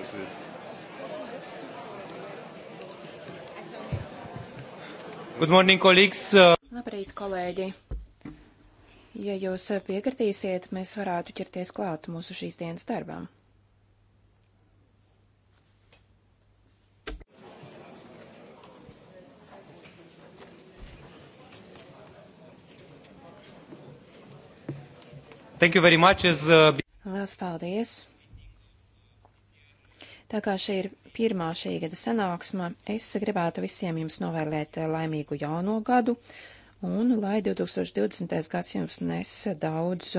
passiert. Good morning, colleagues. Labrīt, kolēģi. Ja jūs piekritīsiet, mēs varētu ķerties klāt mūsu šīs dienas darbām. Thank you very much. As, uh... Lielas paldies! Tā kā šī ir pirmā šī gada sanāksma, es gribētu visiem jums novēlēt eh, laimīgu jauno gadu un lai 2020. gads jums nes daudz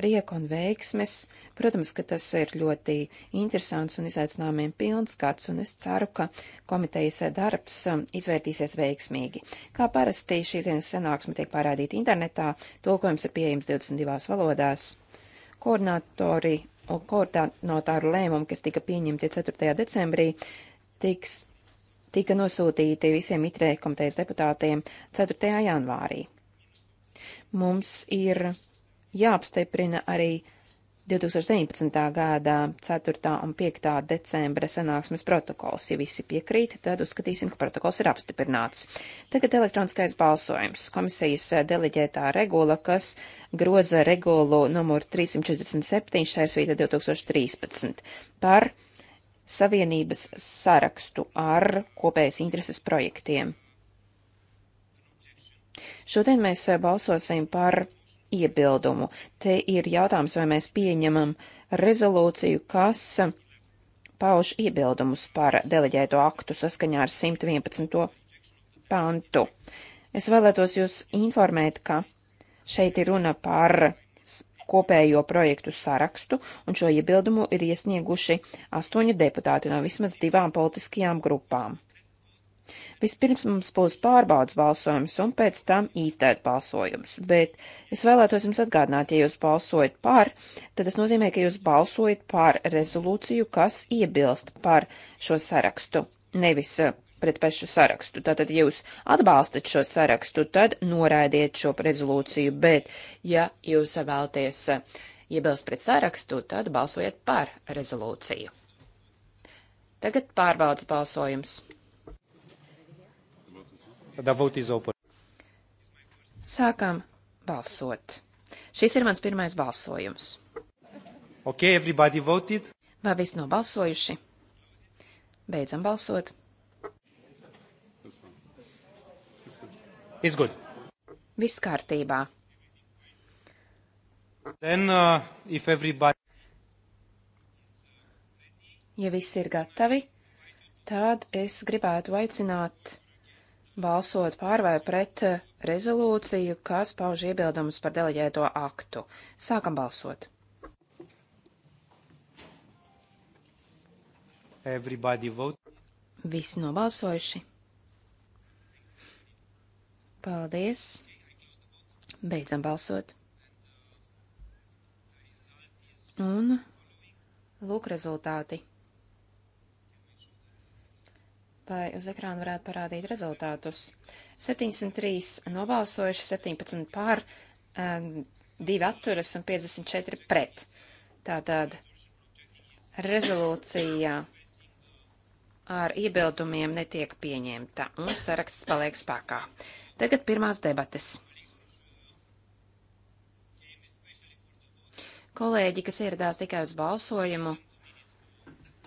prieku un veiksmes. Protams, ka tas ir ļoti interesants un izaicinājumiem pilns gads, un es ceru, ka komitejas darbs um, izvērtīsies veiksmīgi. Kā parasti šīs dienas sanāksme tiek pārādīta internetā, tulkojums ir pieejams 22 valodās. Koordinātori koordinātāru lēmumu, kas tika pieņemti 4. decembrī, tiks, tika nosūtīti visiem itrē komitejas deputātiem 4. janvārī. Mums ir jāapstiprina arī 2019. gada 4. un 5. decembra sanāksmes protokols. Ja visi piekrīt, tad uzskatīsim, ka protokols ir apstiprināts. Tagad elektroniskais balsojums. Komisijas deleģētā regula, kas groza regulu numur 347, sērsvīta 2013 par savienības sarakstu ar kopējas intereses projektiem. Šodien mēs balsosim par iebildumu. Te ir jautājums, vai mēs pieņemam rezolūciju, kas pauž iebildumus par deleģēto aktu saskaņā ar 111. pantu. Es vēlētos jūs informēt, ka šeit ir runa par kopējo projektu sarakstu, un šo iebildumu ir iesnieguši astoņi deputāti no vismaz divām politiskajām grupām. Vispirms mums būs pārbaudas balsojums un pēc tam īstais balsojums, bet es vēlētos jums atgādināt, ja jūs balsojat par, tad tas nozīmē, ka jūs balsojat par rezolūciju, kas iebilst par šo sarakstu, nevis eh, pret pašu sarakstu. Tātad, ja jūs atbalstat šo sarakstu, tad noraidiet šo rezolūciju, bet ja jūs vēlties eh, iebilst pret sarakstu, tad balsojiet par rezolūciju. Tagad pārbaudas balsojums. The vote is open. Sākam balsot. Šis ir mans pirmais balsojums. Ok, everybody voted. Vai viss nobalsojuši? Beidzam balsot. It's good. Viss kārtībā. Then, uh, if everybody... Ja viss ir gatavi, tad es gribētu aicināt balsot pār vai pret eh, rezolūciju, kas pauž iebildumus par deleģēto aktu. Sākam balsot. Visi nobalsojuši. Paldies. Beidzam balsot. Un lūk rezultāti lai uz ekrāna varētu parādīt rezultātus. 73 nobalsojuši, 17 pār, 2 um, atturas un 54 pret. Tātad rezolūcija ar iebildumiem netiek pieņemta un saraksts paliek spēkā. Tagad pirmās debates. Kolēģi, kas ieradās tikai uz balsojumu,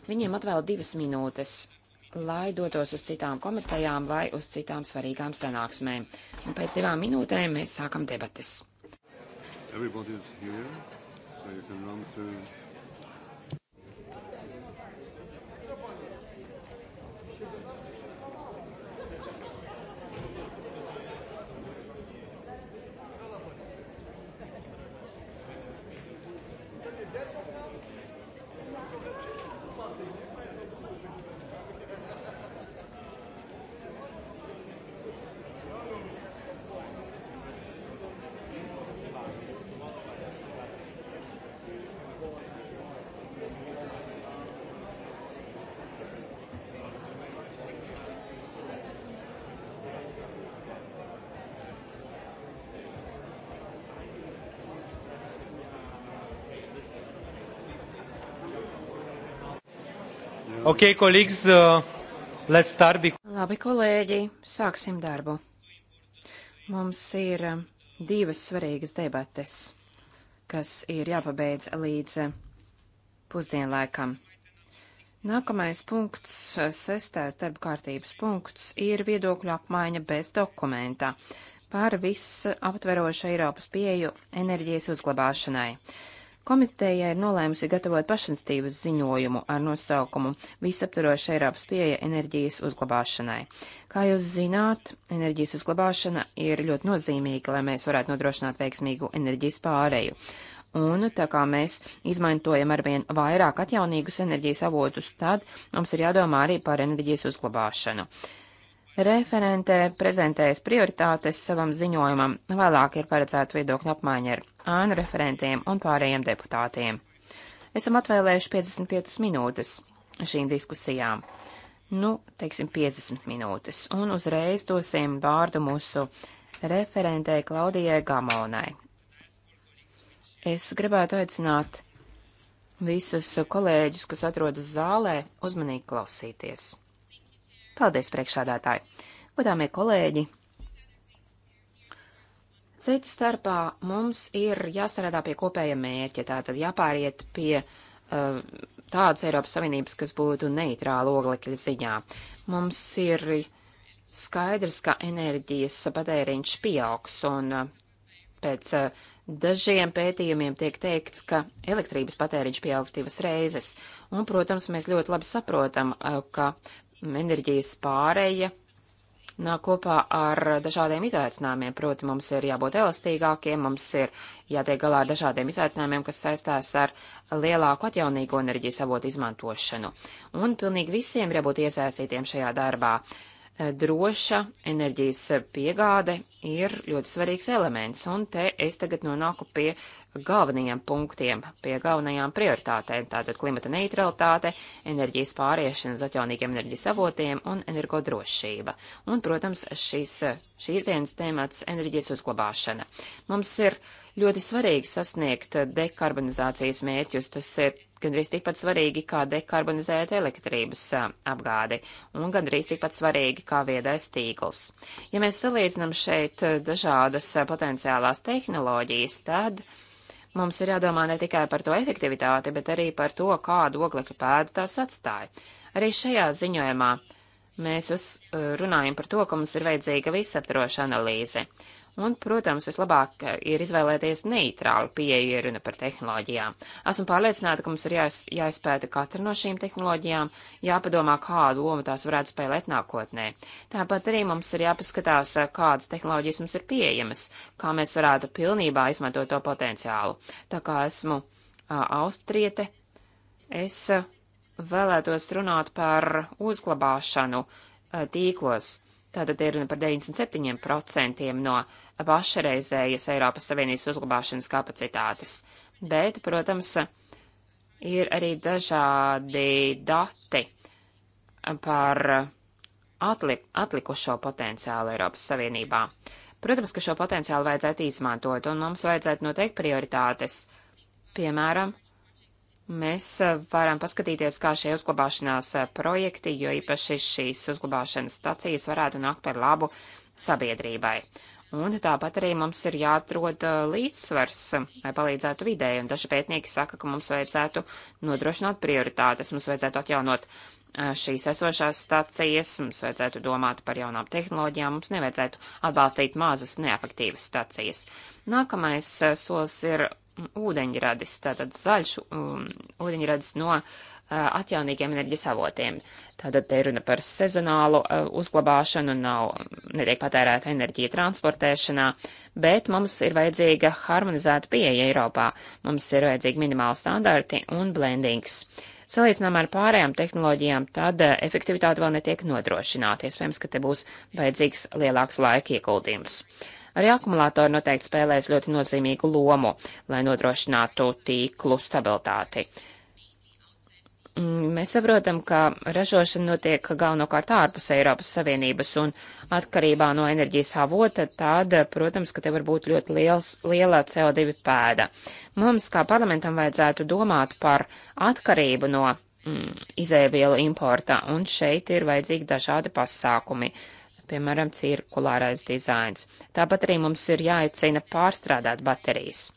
viņiem atvēl divas minūtes lai dotos uz citām komitejām vai uz citām svarīgām sanāksmēm. Un pēc divām minūtēm mēs sākam debatas. Everybody's here, so you can run through Ok, kolēģis, uh, let's start. Labi, kolēģi, sāksim darbu. Mums ir um, divas svarīgas debates, kas ir jāpabeidz līdz uh, pusdienlaikam. Nākamais punkts, uh, sestais darba kārtības punkts, ir viedokļu apmaiņa bez dokumentā par visaptverošu Eiropas pieju enerģijas uzglabāšanai. Komisija ir nolēmusi gatavot pašinstības ziņojumu ar nosaukumu Visaptvaroša Eiropas pieeja enerģijas uzglabāšanai. Kā jūs zināt, enerģijas uzglabāšana ir ļoti nozīmīga, lai mēs varētu nodrošināt veiksmīgu enerģijas pāreju. Un tā kā mēs izmantojam arvien vairāk atjaunīgus enerģijas avotus, tad mums ir jādomā arī par enerģijas uzglabāšanu. Uh, Referente prezentēs prioritātes savam ziņojumam, vēlāk ir paredzēta viedokļa apmaiņa ar ānu referentiem un pārējiem deputātiem. Esam atvēlējuši 55 minūtes šīm diskusijām. Nu, teiksim, 50 minūtes, un uzreiz dosim vārdu mūsu referentei Klaudijai Gamonai. Es gribētu aicināt visus kolēģus, kas atrodas zālē, uzmanīgi klausīties. Paldies, priekšādātāji! Godāmie kolēģi! Cita starpā mums ir jāstrādā pie kopēja mērķa, tātad jāpāriet pie uh, tādas Eiropas Savienības, kas būtu neitrāla oglekļa ziņā. Mums ir skaidrs, ka enerģijas patēriņš pieaugs, un uh, pēc uh, dažiem pētījumiem tiek teikts, ka elektrības patēriņš pieaugs divas reizes. Un, protams, mēs ļoti labi saprotam, uh, ka enerģijas pāreja nāk kopā ar dažādiem izaicinājumiem. Proti, mums ir jābūt elastīgākiem, mums ir jātiek galā ar dažādiem izaicinājumiem, kas saistās ar lielāku atjaunīgo enerģijas avotu izmantošanu. Un pilnīgi visiem ir jābūt iesaistītiem šajā darbā. Uh, droša enerģijas piegāde ir ļoti svarīgs elements, un te es tagad nonāku pie galvenajiem punktiem, pie galvenajām prioritātēm - tātad klimata neutralitāte, enerģijas pāriešana uz atjaunīgiem enerģijas avotiem un energodrošība. Un, protams, šīs, šīs dienas tēmats - enerģijas uzglabāšana. Mums ir ļoti svarīgi sasniegt dekarbonizācijas mērķus, tas ir gandrīz tikpat svarīgi kā dekarbonizēt elektrības apgādi un gandrīz tikpat svarīgi kā viedais tīkls. Ja mēs salīdzinām šeit dažādas potenciālās tehnoloģijas, tad mums ir jādomā ne tikai par to efektivitāti, bet arī par to, kādu oglekļa pēdu tās atstāja. Arī šajā ziņojumā mēs runājam par to, ka mums ir vajadzīga visaptroša analīze. Un, protams, vislabāk ir izvēlēties neitrālu pieeju, ja runa par tehnoloģijām. Esmu pārliecināta, ka mums ir jāiz, jāizpēta katra no šīm tehnoloģijām, jāpadomā, kādu lomu tās varētu spēlēt nākotnē. Tāpat arī mums ir jāpaskatās, kādas tehnoloģijas mums ir pieejamas, kā mēs varētu pilnībā izmantot to potenciālu. Tā kā esmu a, austriete, es a, vēlētos runāt par uzglabāšanu a, tīklos. Tātad ir runa par 97% no pašreizējas Eiropas Savienības uzglabāšanas kapacitātes. Bet, protams, ir arī dažādi dati par atlik atlikušo potenciālu Eiropas Savienībā. Protams, ka šo potenciālu vajadzētu izmantot, un mums vajadzētu noteikt prioritātes. Piemēram, Mēs e, varam paskatīties, kā šie uzglabāšanās e, projekti, jo īpaši šīs uzglabāšanas stacijas varētu nākt par labu sabiedrībai. Un tāpat arī mums ir jāatrod e, līdzsvars, lai palīdzētu vidēji, un daži pētnieki saka, ka mums vajadzētu nodrošināt prioritātes, mums vajadzētu atjaunot šīs esošās stacijas, mums vajadzētu domāt par jaunām tehnoloģijām, mums nevajadzētu atbalstīt mazas neefektīvas stacijas. Nākamais solis ir Mm, ūdeņradis, tātad zaļš um, ūdeņradis no uh, atjaunīgiem enerģijas avotiem. Tātad te runa par sezonālu uh, uzglabāšanu, nav mm, netiek patērēta enerģija transportēšanā, bet mums ir vajadzīga harmonizēta pieeja Eiropā, mums ir vajadzīgi minimāli standarti un blendings. Salīdzinām ar pārējām tehnoloģijām, tad uh, efektivitāte vēl netiek nodrošināta, iespējams, ka te būs vajadzīgs lielāks laika ieguldījums. Uh, Arī akumulātori noteikti spēlēs ļoti nozīmīgu lomu, lai nodrošinātu tīklu stabilitāti. Mm, mēs saprotam, ka ražošana notiek galvenokārt ārpus Eiropas Savienības un atkarībā no enerģijas avota, tad, protams, ka te var būt ļoti liels, liela CO2 pēda. Mums, kā parlamentam, vajadzētu domāt par atkarību no mm, izēvielu importa, un šeit ir vajadzīgi dažādi pasākumi piemēram, cirkulārais dizains. Tāpat arī mums ir jāicina pārstrādāt baterijas.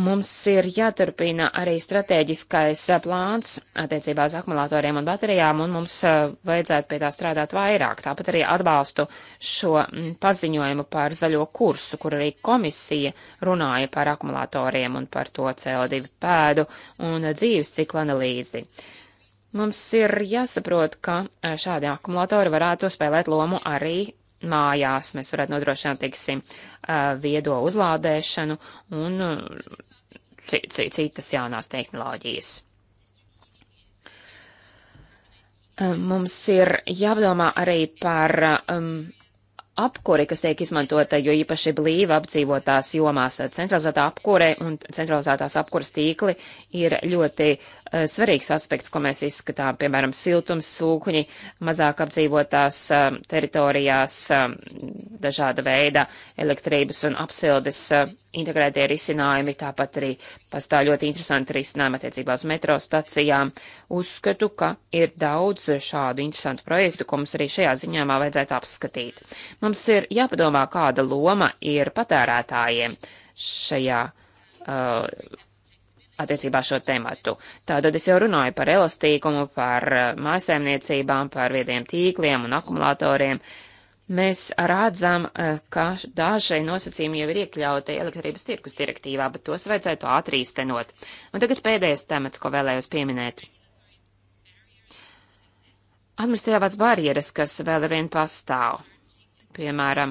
Mums ir jāturpina arī strateģiskais eh, plāns attiecībā uz akumulatoriem un baterijām, un mums eh, vajadzētu pie tā strādāt vairāk. Tāpat arī atbalstu šo mm, paziņojumu par zaļo kursu, kur arī komisija runāja par akumulatoriem un par to CO2 pēdu un dzīves cikla analīzi. Uh, Mums ir jāsaprot, ka e, šādi akumulatori varētu spēlēt lomu arī mājās. Mēs varētu nodrošināt, teiksim, e, viedo uzlādēšanu un e, citas jaunās tehnoloģijas. Mums ir jāpadomā arī par um, apkuri, kas tiek izmantota, jo īpaši blīvi apdzīvotās jomās centralizētā apkure un centralizētās apkuras tīkli ir ļoti Eh, svarīgs aspekts, ko mēs izskatām, piemēram, siltums, sūkuņi, mazāk apdzīvotās eh, teritorijās, eh, dažāda veida elektrības un apsildes integrētie risinājumi, tāpat arī pastāv ļoti interesanti risinājumi attiecībā uz metro stacijām. Uzskatu, ka ir daudz šādu interesantu projektu, ko mums arī šajā ziņāmā vajadzētu apskatīt. Mums ir jāpadomā, kāda loma ir patērētājiem šajā uh, attiecībā šo tematu. Tātad es jau runāju par elastīgumu, par eh, mājasēmniecībām, par viediem tīkliem un akumulatoriem. Mēs rādzam, eh, ka dažai nosacījumi jau ir iekļauti elektrības tirkus direktīvā, bet tos vajadzētu ātri īstenot. Un tagad pēdējais temats, ko vēlējos pieminēt. Administratīvās barjeras, kas vēl ar vienu pastāv. Piemēram,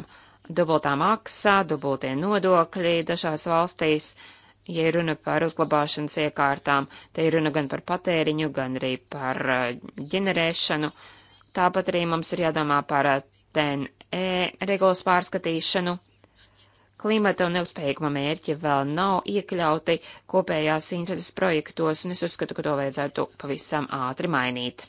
dubultā maksā, dubultie nodokļi dažās valstīs. Uh, ja runa par uzglabāšanas iekārtām, te ir runa gan par patēriņu, gan arī par eh, ģenerēšanu. Tāpat arī mums ir jādomā par eh, TNE regulas pārskatīšanu. Klimata un ilgspējīguma mērķi vēl nav iekļauti kopējās intereses projektos, un es uzskatu, ka to vajadzētu pavisam ātri mainīt.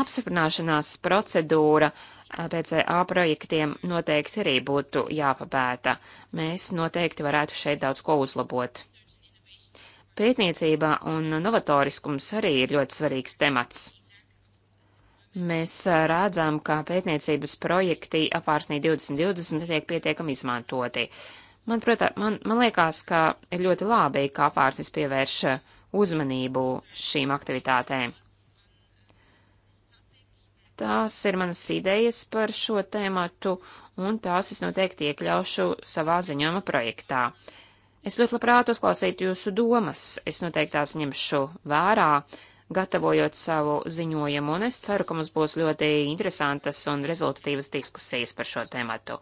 Apsiprināšanās procedūra uh, PCA projektiem noteikti arī būtu jāpabēta. Mēs noteikti varētu šeit daudz ko uzlabot. Pētniecība un novatoriskums arī ir ļoti svarīgs temats. Mēs redzam, ka pētniecības projekti apvārsnī 2020 netiek pietiekami izmantoti. Man, protā, man, man liekas, ka ir ļoti labi, ka apvārsnis pievērš uzmanību šīm aktivitātēm. Tās ir manas idejas par šo tēmatu, un tās es noteikti iekļaušu savā ziņojuma projektā. Es ļoti labprāt uzklausītu jūsu domas, es noteikti tās ņemšu vērā, gatavojot savu ziņojumu, un es ceru, ka mums būs ļoti interesantas un rezultatīvas diskusijas par šo tēmatu.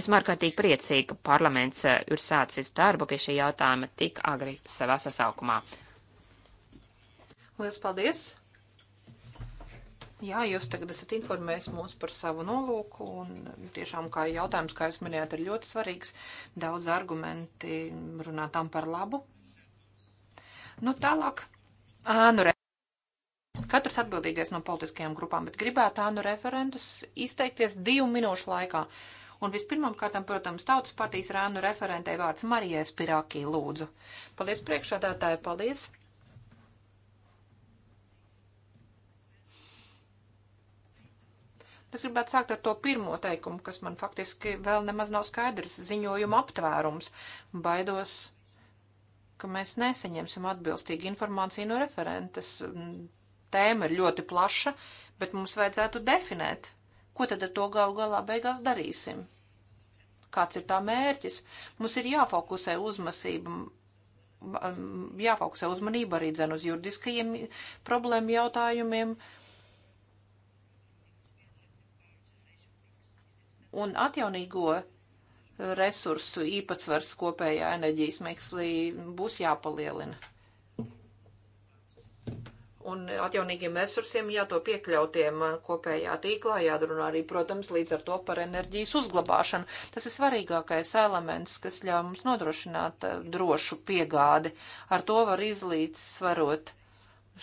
Esmu ārkārtīgi priecīga, ka parlaments eh, ir sācis darbu pie šī jautājuma tik agri savā sasaukumā. Lielas paldies! Jā, jūs tagad esat informējis mūs par savu nolūku, un tiešām, kā jautājums, kā jūs minējāt, ir ļoti svarīgs. Daudz argumenti runā tam par labu. Nu, tālāk. Ānu re... Katrs atbildīgais no politiskajām grupām, bet gribētu ānu referentus izteikties divu minūšu laikā. Un vispirmām kārtām, protams, Tautas partijas rānu referentei vārds Marijai Spirākī lūdzu. Paldies priekšādātāji, paldies! Es gribētu sākt ar to pirmo teikumu, kas man faktiski vēl nemaz nav skaidrs - ziņojuma aptvērums. Baidos, ka mēs nesaņemsim atbilstīgu informāciju no referentes. Mm, tēma ir ļoti plaša, bet mums vajadzētu definēt, ko tad ar to galu galā beigās darīsim. Kāds ir tā mērķis? Mums ir jāfokusē uzmasība jāfokusē uzmanība arī dzen uz juridiskajiem problēmu jautājumiem un atjaunīgo resursu īpatsvars kopējā enerģijas mikslī būs jāpalielina. Un atjaunīgiem resursiem jāto piekļautiem uh, kopējā tīklā, jādrunā arī, protams, līdz ar to par enerģijas uzglabāšanu. Tas ir svarīgākais elements, kas ļauj mums nodrošināt uh, drošu piegādi. Ar to var izlīdzsvarot uh,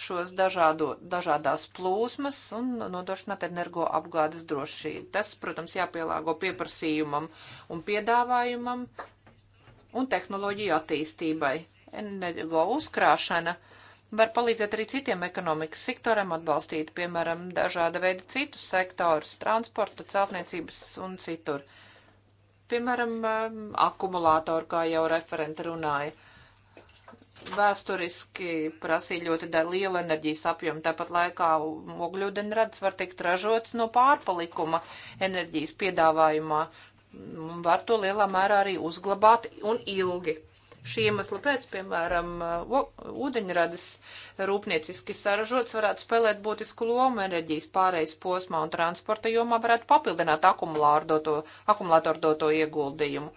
šos dažādo, dažādās plūsmas un nodrošināt energoapgādes drošību. Tas, protams, jāpielāgo pieprasījumam un piedāvājumam un tehnoloģiju attīstībai. Energo uzkrāšana var palīdzēt arī citiem ekonomikas sektoriem atbalstīt, piemēram, dažāda veida citus sektorus, transporta, celtniecības un citur. Piemēram, um, akumulātori, kā jau referenta runāja vēsturiski prasīja ļoti lielu enerģijas apjomu. Tāpat laikā ogļūdenrads var tikt ražots no pārpalikuma enerģijas piedāvājumā. Var to lielā mērā arī uzglabāt un ilgi. Šī iemesla pēc, piemēram, ūdeņradas rūpnieciski saražots varētu spēlēt būtisku lomu enerģijas pārejas posmā un transporta jomā varētu papildināt akumulātoru doto, akumulātor doto ieguldījumu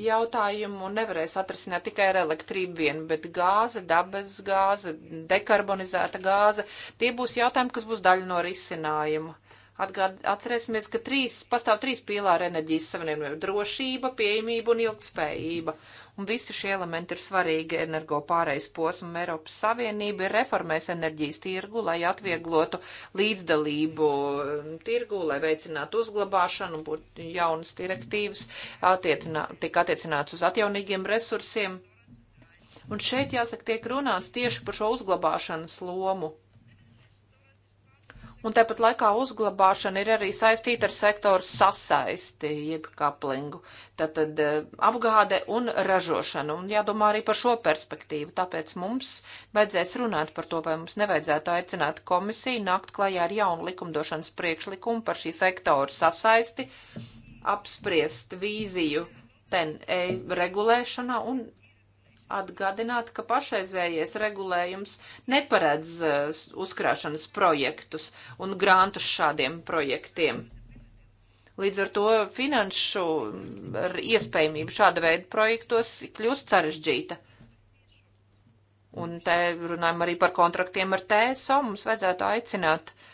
jautājumu nevarēs atrisināt tikai ar elektrību vien, bet gāze, dabas gāze, dekarbonizēta gāze, tie būs jautājumi, kas būs daļa no risinājuma. Atgād, atcerēsimies, ka trīs, pastāv trīs pīlāri enerģijas savienojumiem - drošība, pieejamība un ilgtspējība un visi šie elementi ir svarīgi energo pārejas posmam. Eiropas Savienība ir reformēs enerģijas tirgu, lai atvieglotu līdzdalību um, tirgu, lai veicinātu uzglabāšanu, būtu jaunas direktīvas, attiecinā, tika attiecināts uz atjaunīgiem resursiem. Un šeit, jāsaka, tiek runāts tieši par šo uzglabāšanas lomu un tāpat laikā uzglabāšana ir arī saistīta ar sektoru sasaisti, jeb kaplingu. Tātad eh, apgāde un ražošana, un jādomā arī par šo perspektīvu, tāpēc mums vajadzēs runāt par to, vai mums nevajadzētu aicināt komisiju nākt klajā ar jaunu likumdošanas priekšlikumu par šī sektora sasaisti, apspriest vīziju ten e regulēšanā un atgādināt, ka pašreizējais regulējums neparedz uh, uzkrāšanas projektus un grantus šādiem projektiem. Līdz ar to finanšu iespējamība šāda veida projektos kļūst sarežģīta. Un te runājam arī par kontraktiem ar TSO. Mums vajadzētu aicināt uh,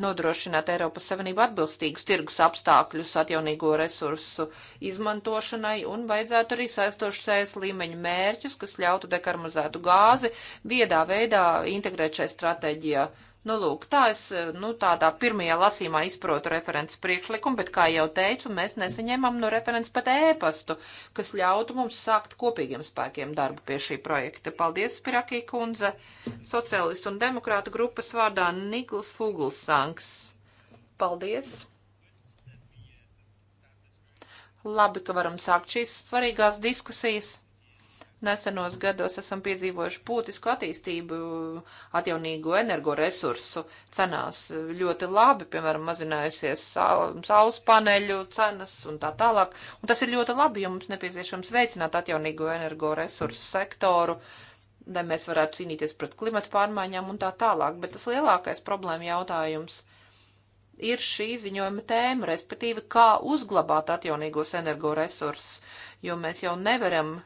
nodrošināt Eiropas Savienību atbilstīgus tirgus apstākļus atjaunīgo resursu izmantošanai un vajadzētu arī saistošus ēs līmeņu mērķus, kas ļautu dekarmazētu gāzi viedā veidā integrēt šai stratēģijā Nu, lūk, tā es, nu, tādā pirmajā lasīmā izprotu referents priekšlikumu, bet, kā jau teicu, mēs nesaņemam no referents pat ēpastu, kas ļautu mums sākt kopīgiem spēkiem darbu pie šī projekta. Paldies, Spirakī kundze, sociālistu un demokrātu grupas vārdā Nikls Fuglsangs. Paldies! Labi, ka varam sākt šīs svarīgās diskusijas. Nesenos gados esam piedzīvojuši būtisku attīstību atjaunīgo energoresursu cenās. Ļoti labi, piemēram, mazinājusies saules paneļu cenas un tā tālāk. Un tas ir ļoti labi, jo mums nepieciešams veicināt atjaunīgo energoresursu sektoru lai mēs varētu cīnīties pret klimatu pārmaiņām un tā tālāk. Bet tas lielākais problēma jautājums ir šī ziņojuma tēma, respektīvi, kā uzglabāt atjaunīgos energoresursus, jo mēs jau nevaram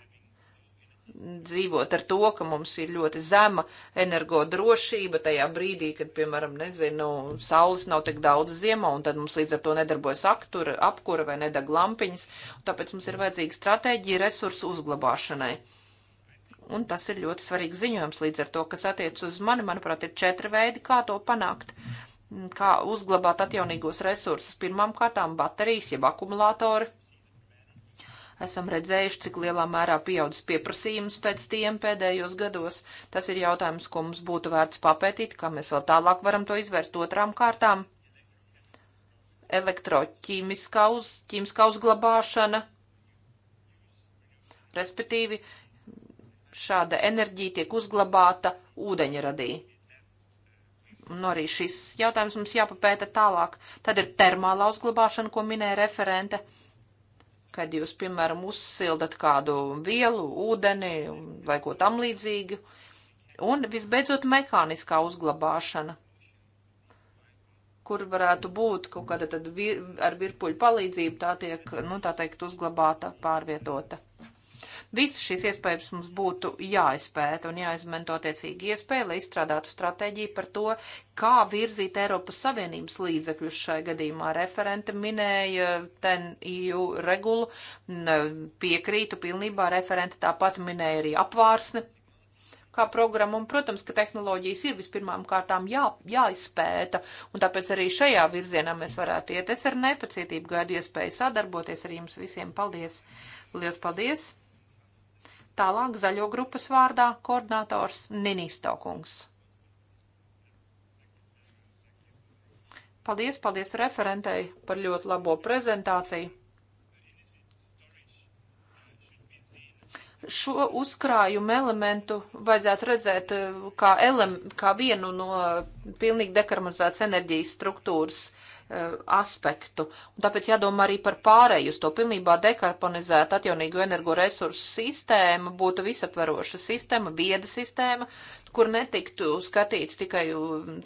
dzīvot ar to, ka mums ir ļoti zema energodrošība tajā brīdī, kad, piemēram, nezinu, saules nav tik daudz ziemā, un tad mums līdz ar to nedarbojas aktura, apkura vai nedeg lampiņas, tāpēc mums ir vajadzīga stratēģija resursu uzglabāšanai. Un tas ir ļoti svarīgs ziņojums līdz ar to, kas attiec uz mani, manuprāt, ir četri veidi, kā to panākt. Kā uzglabāt atjaunīgos resursus. Pirmām kārtām baterijas, jeb akumulātori, Esam redzējuši, cik lielā mērā pieaudzis pieprasījums pēc tiem pēdējos gados. Tas ir jautājums, ko mums būtu vērts papētīt, kā mēs vēl tālāk varam to izvērst otrām kārtām. Elektroķīmiskā uz, uzglabāšana, respektīvi šāda enerģija tiek uzglabāta ūdeņradī. Un arī šis jautājums mums jāpapēta tālāk. Tad ir termālā uzglabāšana, ko minēja referente kad jūs, piemēram, uzsildat kādu vielu, ūdeni vai ko tam līdzīgu. Un visbeidzot, mehāniskā uzglabāšana, kur varētu būt kaut kāda tad vi, ar virpuļu palīdzību tā tiek, nu tā teikt, uzglabāta, pārvietota. Visas šīs iespējas mums būtu jāizpēta un jāizmanto attiecīgi iespēja, lai izstrādātu stratēģiju par to, kā virzīt Eiropas Savienības līdzekļus šai gadījumā. Referente minēja ten EU regulu, piekrītu pilnībā, referente tāpat minēja arī apvārsni kā programma, un, protams, ka tehnoloģijas ir vispirmām kārtām jā, jāizpēta, un tāpēc arī šajā virzienā mēs varētu iet. Es ar nepacietību gaidu iespēju sadarboties ar jums visiem. Paldies! Lielas paldies! Tālāk zaļo grupas vārdā koordinators Ninīstokungs. Paldies, paldies referentei par ļoti labo prezentāciju. Šo uzkrājumu elementu vajadzētu redzēt eh, kā, elem, kā vienu no eh, pilnīgi dekarbonizētas enerģijas struktūras uh, Eh, aspektu. Un tāpēc jādomā arī par pārēju uz to pilnībā dekarbonizētu atjaunīgo energoresursu sistēmu, būtu visaptvaroša sistēma, vieda sistēma, kur netiktu skatīts tikai,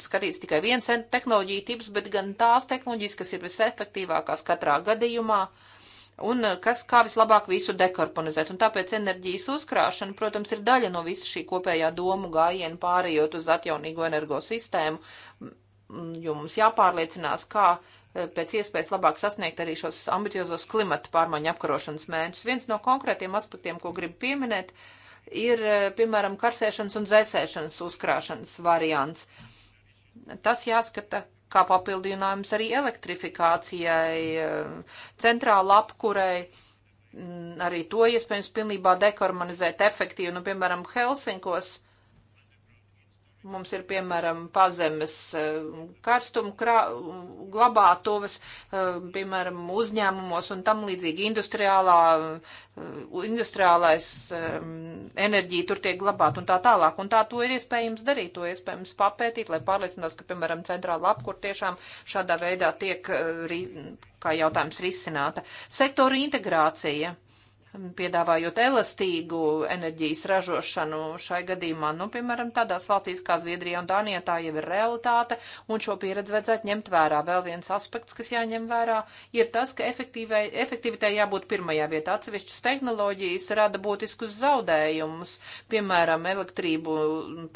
skatīts tikai viens tehnoloģija tips, bet gan tās tehnoloģijas, kas ir visefektīvākās katrā gadījumā. Un eh, kas kā vislabāk visu dekarbonizēt. Un tāpēc enerģijas uzkrāšana, protams, ir daļa no visa šī kopējā domu gājiena pārējot uz atjaunīgo energosistēmu, Mm, jo mums jāpārliecinās, kā eh, pēc iespējas labāk sasniegt arī šos ambiciozos klimatu pārmaiņu apkarošanas mērķus. Viens no konkrētiem aspektiem, ko gribu pieminēt, ir, eh, piemēram, karsēšanas un dzēsēšanas uzkrāšanas variants. Tas jāskata kā papildinājums arī elektrifikācijai, eh, centrāla apkurei mm, arī to iespējams pilnībā dekarbonizēt efektīvi. Nu, piemēram, Helsinkos Mums ir, piemēram, pazemes eh, karstuma krā, glabātuves, eh, piemēram, uzņēmumos un tam līdzīgi industriālā, eh, industriālais enerģija tur tiek glabāta un tā tālāk. Un tā to ir iespējams darīt, to iespējams papētīt, lai pārliecinās, ka, piemēram, centrāla apkur tiešām šādā veidā tiek, kā jautājums, risināta. Sektora integrācija piedāvājot elastīgu enerģijas ražošanu šai gadījumā. Nu, piemēram, tādās valstīs kā Zviedrija un Dānija tā jau ir realitāte, un šo pieredzi vajadzētu ņemt vērā. Vēl viens aspekts, kas jāņem vērā, ir tas, ka efektivitātei jābūt pirmajā vietā. Atsevišķas tehnoloģijas rada būtiskus zaudējumus, piemēram, elektrību,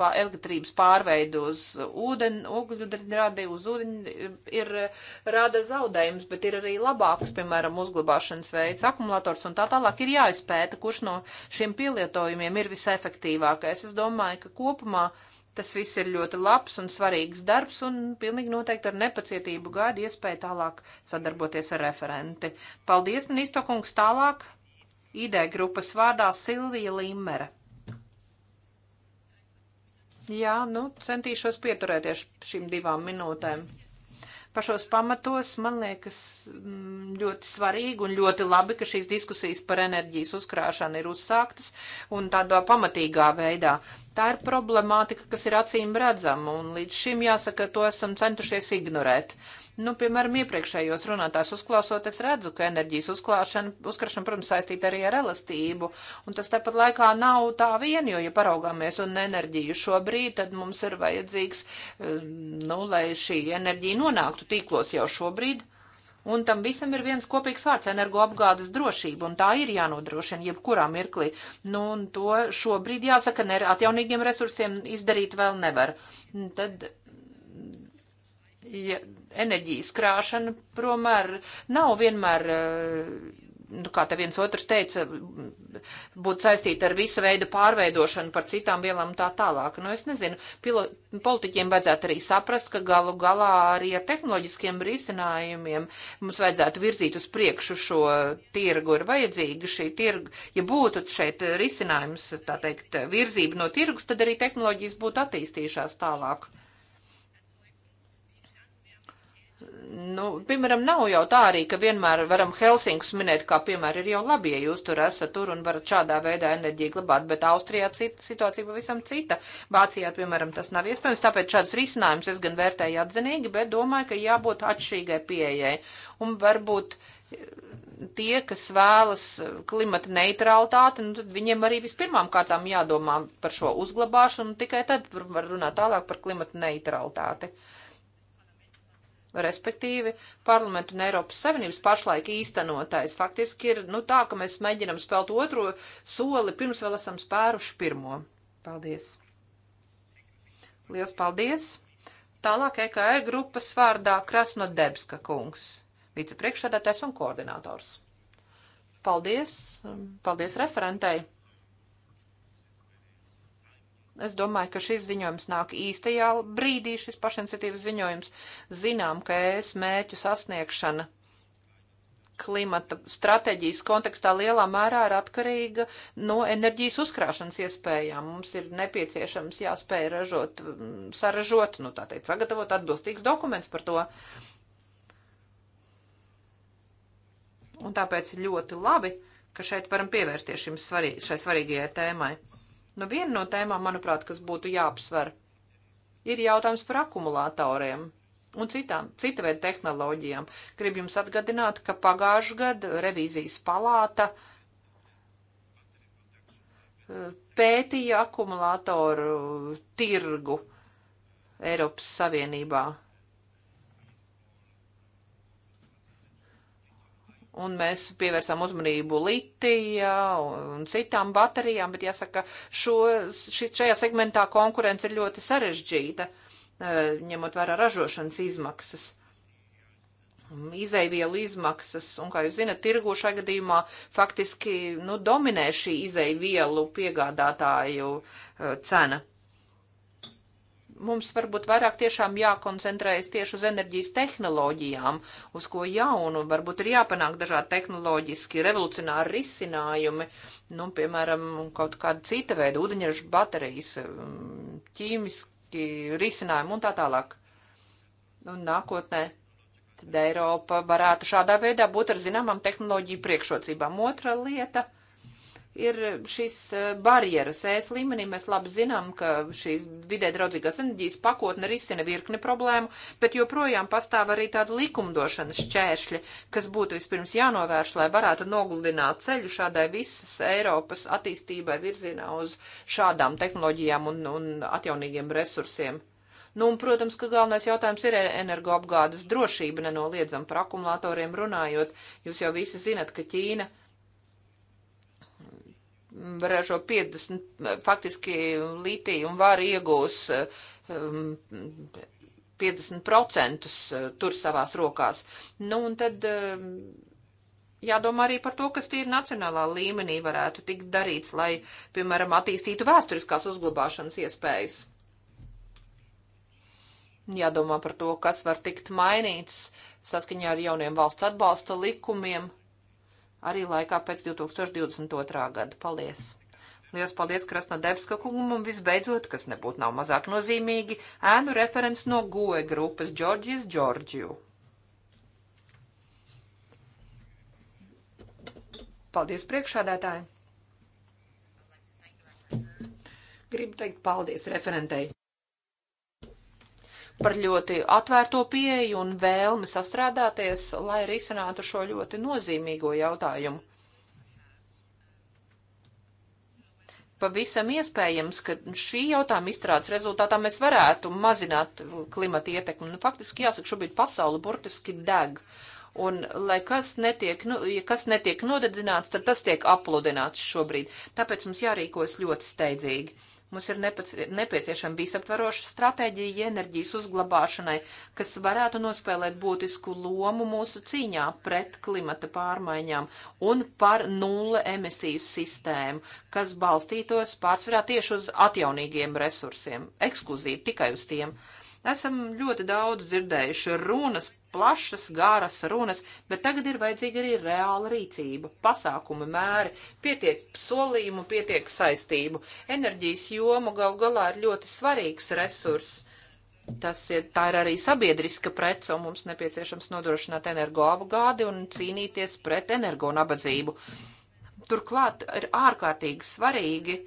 pā, elektrības pārveidu uz ūdeni, ogļudradi uz ūdeni ir rada zaudējumus, bet ir arī labāks, piemēram, uzglabāšanas veids, akumulators un tā tālāk ir jāizpēta, kurš no šiem pielietojumiem ir visefektīvākais. Es domāju, ka kopumā tas viss ir ļoti labs un svarīgs darbs, un pilnīgi noteikti ar nepacietību gaidu iespēju tālāk sadarboties ar referenti. Paldies, Nīsto kungs, tālāk ideja grupas vārdā Silvija Limere. Jā, nu centīšos pieturēties šīm divām minūtēm. Pašos pamatos man liekas mm, ļoti svarīgi un ļoti labi, ka šīs diskusijas par enerģijas uzkrāšanu ir uzsāktas un tādā pamatīgā veidā. Tā ir problemātika, kas ir acīm redzama, un līdz šim jāsaka, to esam centušies ignorēt. Uh, Nu, piemēram, iepriekšējos runātājs uzklausot, es redzu, ka enerģijas uzklāšana, uzkrašana, protams, saistīta arī ar elastību, un tas tāpat laikā nav tā vien, jo, ja paraugāmies un enerģiju šobrīd, tad mums ir vajadzīgs, um, nu, lai šī enerģija nonāktu tīklos jau šobrīd. Un tam visam ir viens kopīgs vārds - energoapgādes drošība, un tā ir jānodrošina jebkurā mirklī. Nu, un to šobrīd, jāsaka, ne, atjaunīgiem resursiem izdarīt vēl nevar. Tad ja, enerģijas krāšana, promēr nav vienmēr. Uh, nu, kā te viens otrs teica, būtu saistīta ar visa veida pārveidošanu par citām vielām un tā tālāk. Nu, es nezinu, pilo, politiķiem vajadzētu arī saprast, ka galu galā arī ar tehnoloģiskiem risinājumiem mums vajadzētu virzīt uz priekšu šo tirgu. Ir vajadzīga šī tirga, ja būtu šeit risinājums, tā teikt, virzība no tirgus, tad arī tehnoloģijas būtu attīstījušās tālāk. nu, piemēram, nav jau tā arī, ka vienmēr varam Helsinkus minēt, kā piemēram ir jau labi, ja jūs tur esat tur un varat šādā veidā enerģiju glabāt, bet Austrijā cita situācija pavisam cita. Vācijā, piemēram, tas nav iespējams, tāpēc šādus risinājumus es gan vērtēju atzinīgi, bet domāju, ka jābūt atšķirīgai pieejai. Un varbūt eh, tie, kas vēlas eh, klimata neutralitāti, nu, tad viņiem arī vispirmām kārtām jādomā par šo uzglabāšanu, un tikai tad var runāt tālāk par klimata neutralitāti. Uh, respektīvi parlamentu un Eiropas Savienības pašlaik īstenotais. Faktiski ir nu, tā, ka mēs mēģinam spēlt otro soli, pirms vēl esam spēruši pirmo. Paldies! Lielas paldies! Tālāk EKR grupas vārdā Krasno Debska kungs, vicepriekšsēdētājs un koordinators. Paldies! Paldies referentei! Es domāju, ka šis ziņojums nāk īstajā brīdī, šis pašiniciatīvas ziņojums. Zinām, ka es mēķu sasniegšana klimata stratēģijas kontekstā lielā mērā ir atkarīga no enerģijas uzkrāšanas iespējām. Mums ir nepieciešams jāspēj ražot, mm, saražot, nu tā teikt, sagatavot atbilstīgs dokuments par to. Un tāpēc ļoti labi, ka šeit varam pievērsties šim svarī, šai svarīgajai tēmai. Nu, viena no tēmām, manuprāt, kas būtu jāapsver, ir jautājums par akumulatoriem un citām, cita veida tehnoloģijām. Gribu jums atgādināt, ka pagājušajā gadā revīzijas palāta eh, pētīja akumulatoru tirgu Eiropas Savienībā. un mēs pievērsām uzmanību litija un citām baterijām, bet jāsaka, šo, šis, šajā segmentā konkurence ir ļoti sarežģīta, eh, ņemot vērā ražošanas izmaksas. Izaivielu izmaksas, un, kā jūs zinat, tirgu šajā gadījumā faktiski nu, dominē šī izaivielu piegādātāju eh, cena mums varbūt vairāk tiešām jākoncentrējas tieši uz enerģijas tehnoloģijām, uz ko jaunu, varbūt ir jāpanāk dažādi tehnoloģiski revolucionāri risinājumi, nu, piemēram, kaut kāda cita veida ūdeņraža baterijas, ķīmiski risinājumi un tā tālāk. Un nākotnē tad Eiropa varētu šādā veidā būt ar zināmām tehnoloģiju priekšrocībām. Otra lieta ir šīs eh, barjeras. Ēs e līmenī mēs labi zinām, ka šīs vidē draudzīgās enerģijas pakotne risina virkni problēmu, bet joprojām pastāv arī tāda likumdošanas šķēršļa, kas būtu vispirms jānovērš, lai varētu nogludināt ceļu šādai visas Eiropas attīstībai virzienā uz šādām tehnoloģijām un, un atjaunīgiem resursiem. Nu, un, protams, ka galvenais jautājums ir energoapgādes drošība, nenoliedzam par akumulatoriem runājot. Jūs jau visi zinat, ka Ķīna uh, ražo 50, faktiski litiju un var iegūs 50% um, uh, tur savās rokās. Nu, un tad um, jādomā arī par to, kas tīri nacionālā līmenī varētu tikt darīts, lai, piemēram, attīstītu vēsturiskās uzglabāšanas iespējas. Jādomā par to, kas var tikt mainīts saskaņā ar jauniem valsts atbalsta likumiem arī laikā pēc 2022. gada. Paldies! Lielas paldies Krasnodebska kungam un visbeidzot, kas nebūtu nav mazāk nozīmīgi, ēnu referents no goe grupas Džordžijas Džordžiju. Paldies priekšādētāji! Gribu teikt paldies referentei par ļoti atvērto pieeju un vēlmi sastrādāties, lai risinātu šo ļoti nozīmīgo jautājumu. Pavisam iespējams, ka šī jautājuma izstrādes rezultātā mēs varētu mazināt klimata ietekmi. Nu, faktiski, jāsaka, šobrīd pasaule burtiski deg. Un, lai kas netiek, nu, ja kas netiek nodedzināts, tad tas tiek apludināts šobrīd. Tāpēc mums jārīkojas ļoti steidzīgi. Mums ir nepieciešama visaptveroša stratēģija enerģijas uzglabāšanai, kas varētu nospēlēt būtisku lomu mūsu cīņā pret klimata pārmaiņām un par nulle emisiju sistēmu, kas balstītos pārsvarā tieši uz atjaunīgiem resursiem, ekskluzīvi tikai uz tiem. Esam ļoti daudz dzirdējuši runas plašas, garas runas, bet tagad ir vajadzīga arī reāla rīcība, pasākuma mēri, pietiek solījumu, pietiek saistību. Enerģijas joma gal galā ir ļoti svarīgs resurss. Tas ir, tā ir arī sabiedriska prece, un mums nepieciešams nodrošināt energoapgādi un cīnīties pret energo nabadzību. Turklāt ir ārkārtīgi svarīgi uh,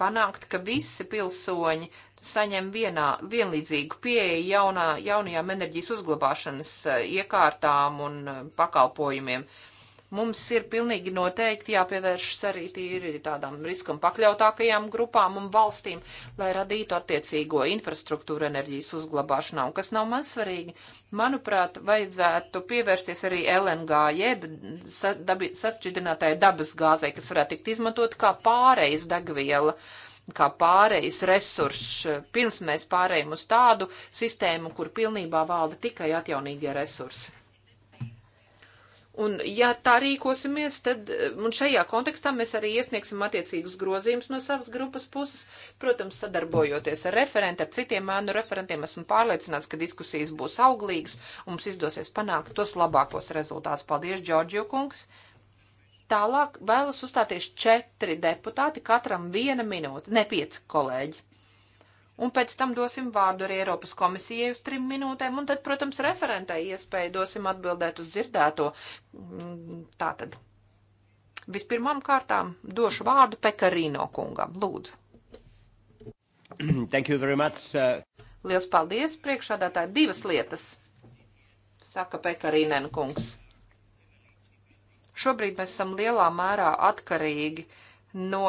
panākt, ka visi pilsoņi saņem vienā, vienlīdzīgu pieeju jaunā, jaunajām enerģijas uzglabāšanas eh, iekārtām un eh, pakalpojumiem. Uh, Mums ir pilnīgi noteikti jāpievēršas arī tīri tādām riskam pakļautākajām grupām un valstīm, lai radītu attiecīgo infrastruktūru enerģijas uzglabāšanā. Un kas nav man svarīgi, manuprāt, vajadzētu pievērsties arī LNG, jeb sa dabi sasčidinātāja dabas gāzei, kas varētu tikt izmantot kā pārejas degviela kā pārejas resurss, pirms mēs pārējām uz tādu sistēmu, kur pilnībā valda tikai atjaunīgie resursi. Un, ja tā rīkosimies, tad eh, šajā kontekstā mēs arī iesniegsim attiecīgus grozījumus no savas grupas puses. Protams, sadarbojoties ar referentu, ar citiem ēnu referentiem, esmu pārliecināts, ka diskusijas būs auglīgas un mums izdosies panākt tos labākos rezultātus. Paldies, Džordžio kungs! Tālāk vēlas uzstāties četri deputāti, katram viena minūte, ne pieci kolēģi un pēc tam dosim vārdu arī Eiropas komisijai uz trim minūtēm, un tad, protams, referentai iespēju dosim atbildēt uz dzirdēto. Mm, tātad. Vispirmām kārtām došu vārdu Pekarīno kungam. Lūdzu. Thank you very much. Uh... Liels paldies, priekšādātāji. Divas lietas, saka Pekarīnen kungs. Šobrīd mēs esam lielā mērā atkarīgi no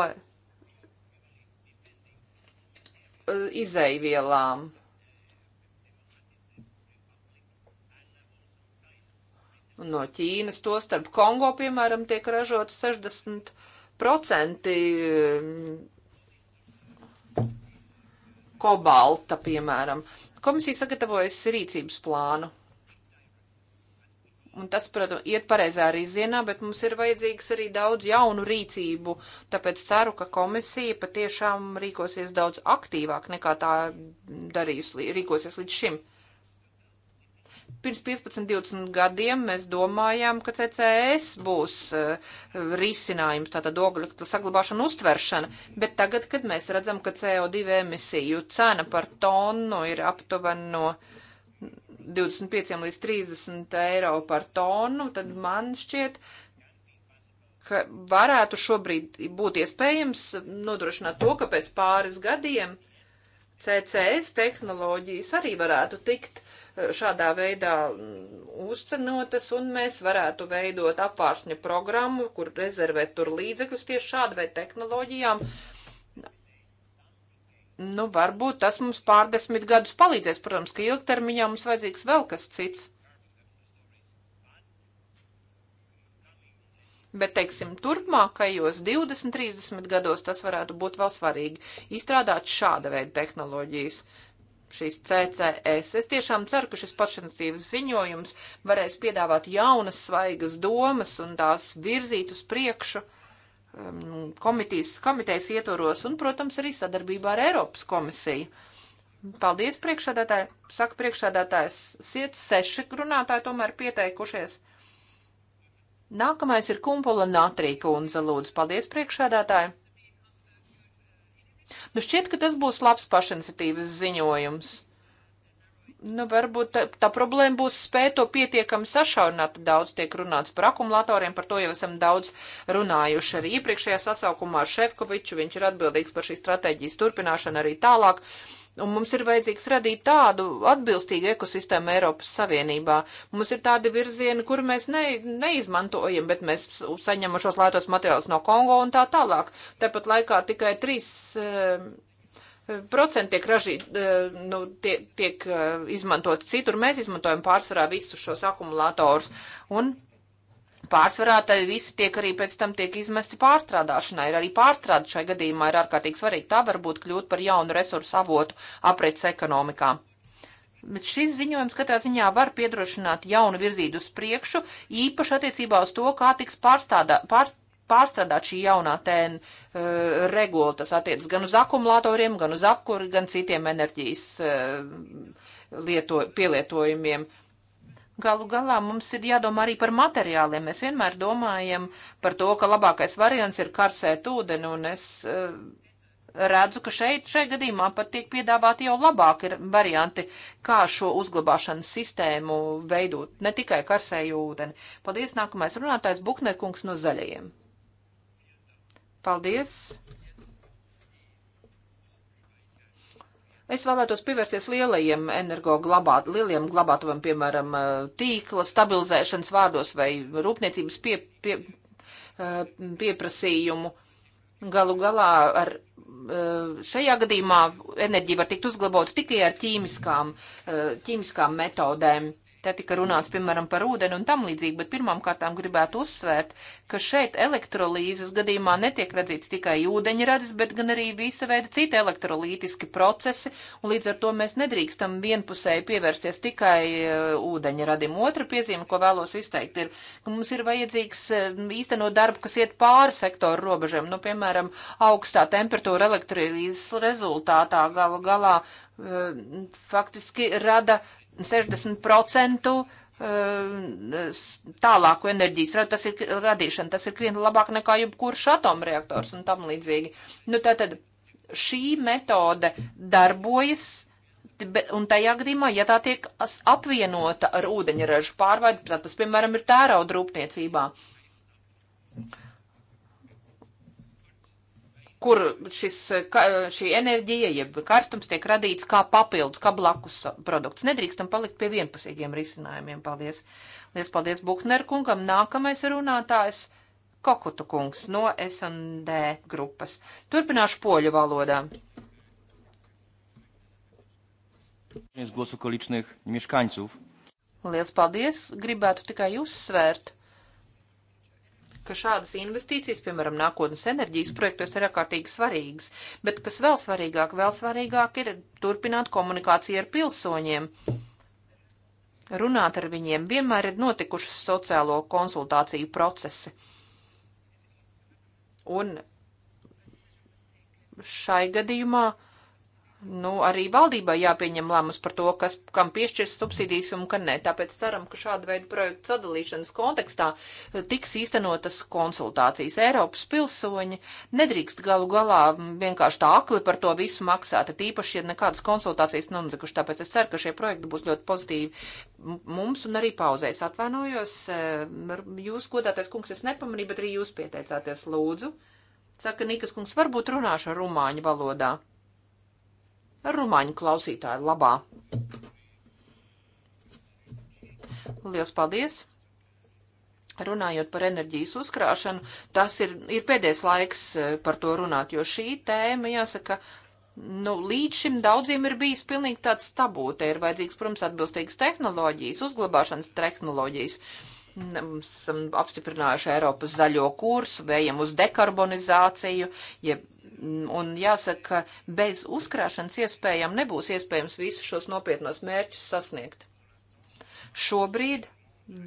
izaivielām. No Ķīnas, to starp Kongo, piemēram, tiek ražota 60% mm, kobalta, piemēram. Komisija sagatavojas rīcības plānu Un tas, protams, iet pareizā virzienā, bet mums ir vajadzīgs arī daudz jaunu rīcību. Tāpēc ceru, ka komisija patiešām rīkosies daudz aktīvāk nekā tā darījusi, rīkosies līdz šim. Pirms 15, 20 gadiem mēs domājām, ka CCS būs uh, risinājums, tātad ogļu saglabāšana, uztveršana, bet tagad, kad mēs redzam, ka CO2 emisiju cena par tonu ir aptuveni no. Uh, 25 līdz 30 eiro par tonu, tad man šķiet, ka varētu šobrīd būt iespējams nodrošināt to, ka pēc pāris gadiem CCS tehnoloģijas arī varētu tikt eh, šādā veidā mm, uzcenotas, un mēs varētu veidot apvāršņa programmu, kur rezervēt tur līdzekļus tieši šāda veida tehnoloģijām, Nu, varbūt tas mums pārdesmit gadus palīdzēs, protams, ka ilgtermiņā mums vajadzīgs vēl kas cits. Bet, teiksim, turpmākajos 20, 30 gados tas varētu būt vēl svarīgi izstrādāt šāda veida tehnoloģijas. Šīs CCS. Es tiešām ceru, ka šis pašinicības ziņojums varēs piedāvāt jaunas, svaigas domas un tās virzīt uz priekšu. Uh, Um, komitīs, komitejas ietvaros un, protams, arī sadarbībā ar Eiropas komisiju. Paldies, priekšsādātāji. Saka priekšsādātājs, siet seši runātāji tomēr pieteikušies. Nākamais ir Kumpula Natrīka un Zalūdzu. Paldies, priekšsādātāji. Nu šķiet, ka tas būs labs pašiniciatīvas ziņojums. Nu, varbūt tā, tā problēma būs spēt to pietiekami sašaurināt. Daudz tiek runāts par akumulatoriem, par to jau esam daudz runājuši arī iepriekšējā sasaukumā ar Šefkoviču. Viņš ir atbildīgs par šīs stratēģijas turpināšanu arī tālāk. Un mums ir vajadzīgs radīt tādu atbilstīgu ekosistēmu Eiropas Savienībā. Mums ir tādi virzieni, kur mēs ne, neizmantojam, bet mēs saņemam šos lētos materiālus no Kongo un tā tālāk. Tāpat laikā tikai trīs. Uh, procenti tiek ražīti, e, nu, tiek, tiek izmantoti citur. Mēs izmantojam pārsvarā visus šos akumulatorus. Un pārsvarā tad visi tiek arī pēc tam tiek izmesti pārstrādāšanai. Ir arī pārstrāde šai gadījumā ir ārkārtīgi svarīga. Tā varbūt kļūt par jaunu resursu avotu aprits ekonomikā. Bet šis ziņojums katrā ziņā var piedrošināt jaunu virzību uz priekšu, īpaši attiecībā uz to, kā tiks pārstrādā, pārst, pārstrādāt šī jaunā tēna uh, regula. Tas attiec gan uz akumulatoriem, gan uz apkuri, gan citiem enerģijas uh, lieto, pielietojumiem. Galu galā mums ir jādomā arī par materiāliem. Mēs vienmēr domājam par to, ka labākais variants ir karsēt ūdeni, un es uh, redzu, ka šeit, šai gadījumā pat tiek piedāvāti jau labāki varianti, kā šo uzglabāšanas sistēmu veidot, ne tikai karsēju ūdeni. Paldies, nākamais runātājs Buknerkungs no Zaļajiem. Paldies! Es vēlētos pievērsties lielajiem energoglabāt, lieliem glabātuviem, piemēram, eh, tīkla stabilizēšanas vārdos vai rūpniecības pie, pie, eh, pieprasījumu. Galu galā ar eh, šajā gadījumā enerģija var tikt uzglabota tikai ar ķīmiskām, ķīmiskām metodēm. Te tika runāts, piemēram, par ūdeni un tam līdzīgi, bet pirmām kārtām gribētu uzsvērt, ka šeit elektrolīzes gadījumā netiek redzīts tikai ūdeņradis, bet gan arī visa veida citi elektrolītiski procesi, un līdz ar to mēs nedrīkstam vienpusēji pievērsties tikai eh, ūdeņradim. Otra piezīme, ko vēlos izteikt, ir, ka mums ir vajadzīgs eh, īstenot darbu, kas iet pāri sektoru robežiem, nu, piemēram, augstā temperatūra elektrolīzes rezultātā galu galā eh, faktiski rada 60% eh, tālāku enerģijas radu, tas ir radīšana, tas ir krietni labāk nekā jebkurš atomreaktors un tam līdzīgi. Nu, tātad šī metode darbojas, un tajā gadījumā, ja tā tiek apvienota ar ūdeņražu pārvaidu, tad tas, piemēram, ir tērauda rūpniecībā kur šis, ka, šī enerģija, jeb karstums tiek radīts kā papildus, kā blakus produkts. Nedrīkstam palikt pie vienpusīgiem risinājumiem. Paldies! Lies paldies Buhner kungam! Nākamais runātājs Kokutu kungs no S&D grupas. Turpināšu poļu valodā. Liels paldies! Gribētu tikai uzsvērt, ka šādas investīcijas, piemēram, nākotnes enerģijas projektos, ir ārkārtīgi svarīgas. Bet kas vēl svarīgāk, vēl svarīgāk ir turpināt komunikāciju ar pilsoņiem runāt ar viņiem, vienmēr ir notikušas sociālo konsultāciju procesi. Un šai gadījumā uh, nu, arī valdībai jāpieņem lēmums par to, kas, kam piešķirs subsīdijas un kam nē. Tāpēc ceram, ka šāda veida projektu sadalīšanas kontekstā eh, tiks īstenotas konsultācijas. Eiropas pilsoņi nedrīkst galu galā mm, vienkārši tā akli par to visu maksāt, tīpaši, ja nekādas konsultācijas nav notikušas. Tāpēc es ceru, ka šie projekti būs ļoti pozitīvi mums un arī pauzēs. Atvainojos, eh, jūs, godātais kungs, es nepamanīju, bet arī jūs pieteicāties lūdzu. Saka Nikas kungs, varbūt runāšu ar rumāņu valodā. Rumāņu klausītāju labā. Lielas paldies! Runājot par enerģijas uzkrāšanu, tas ir, ir pēdējais laiks eh, par to runāt, jo šī tēma, jāsaka, nu, līdz šim daudziem ir bijis pilnīgi tāds tabū. Te ir vajadzīgs, protams, atbilstīgas tehnoloģijas, uzglabāšanas tehnoloģijas. Mēs esam apstiprinājuši Eiropas zaļo kursu, vējam uz dekarbonizāciju, jeb ja Un jāsaka, ka bez uzkrāšanas iespējām nebūs iespējams visus šos nopietnos mērķus sasniegt. Šobrīd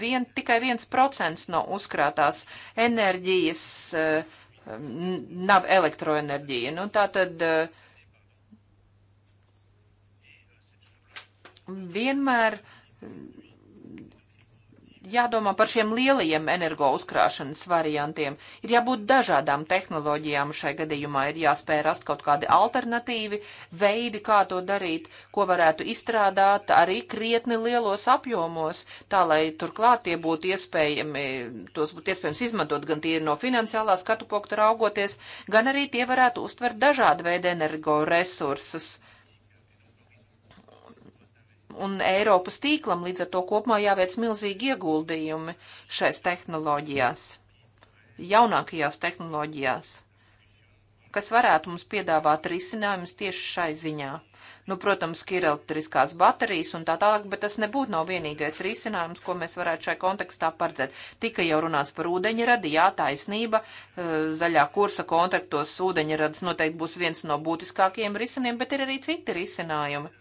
vien, tikai viens procents no uzkrātās enerģijas eh, nav elektroenerģija. Nu, tā tad eh, vienmēr jādomā par šiem lielajiem energouzkrāšanas variantiem. Ir jābūt dažādām tehnoloģijām šai gadījumā, ir jāspēj rast kaut kādi alternatīvi veidi, kā to darīt, ko varētu izstrādāt arī krietni lielos apjomos, tā lai turklāt tie būtu iespējami, tos būtu iespējams izmantot gan tie no finansiālā skatu punkta raugoties, gan arī tie varētu uztvert dažādu veidu energoresursus un Eiropas tīklam līdz ar to kopumā jāveic milzīgi ieguldījumi šais tehnoloģijās, jaunākajās tehnoloģijās, kas varētu mums piedāvāt risinājumus tieši šai ziņā. Nu, protams, ka ir elektriskās baterijas un tā tālāk, bet tas nebūtu nav vienīgais risinājums, ko mēs varētu šai kontekstā paredzēt. Tika jau runāts par ūdeņradi, jā, taisnība, eh, zaļā kursa kontraktos ūdeņradas noteikti būs viens no būtiskākajiem risinājumiem, bet ir arī citi risinājumi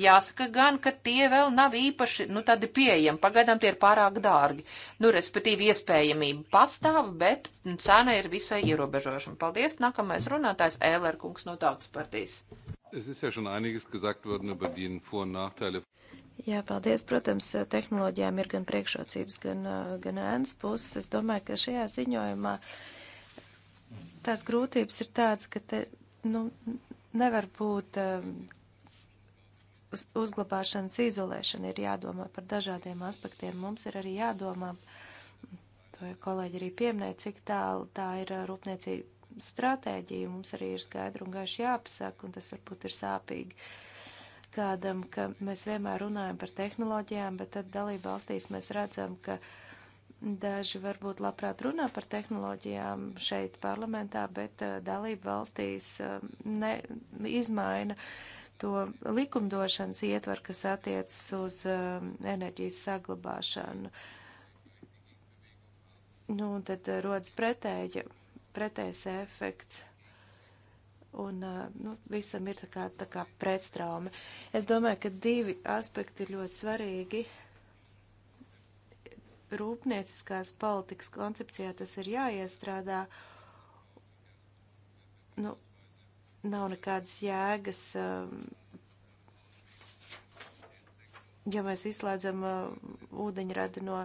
Jāsaka gan, ka tie vēl nav īpaši, nu, tādi pieejami, pagaidām tie ir pārāk dārgi. Nu, respektīvi, iespējamība pastāv, bet cena ir visai ierobežošana. Paldies, nākamais runātājs Ēlēr kungs no tautas partijas. Jā, paldies. Protams, tehnoloģijām ir gan priekšrocības, gan, eh, gan ēnas puses. Es domāju, ka šajā ziņojumā tās grūtības ir tādas, ka te, nu, nevar būt eh, uz, uzglabāšanas izolēšana ir jādomā par dažādiem aspektiem. Mums ir arī jādomā, to ja kolēģi arī pieminēja, cik tālu tā ir uh, rūpniecība stratēģija. Mums arī ir skaidri un gaiši jāpasaka, un tas varbūt ir sāpīgi kādam, ka mēs vienmēr runājam par tehnoloģijām, bet tad dalība valstīs mēs redzam, ka daži varbūt labprāt runā par tehnoloģijām šeit parlamentā, bet uh, dalība valstīs uh, ne, izmaina uh, to likumdošanas ietvaru, kas attiecas uz um, enerģijas saglabāšanu. Nu, tad uh, rodas pretēja, pretējs efekts. Un uh, nu, visam ir tā kā, tā kā pretstraumi. Es domāju, ka divi aspekti ir ļoti svarīgi. Rūpnieciskās politikas koncepcijā tas ir jāiestrādā. Nu, nav nekādas jēgas, um, ja mēs izslēdzam uh, ūdeņradi no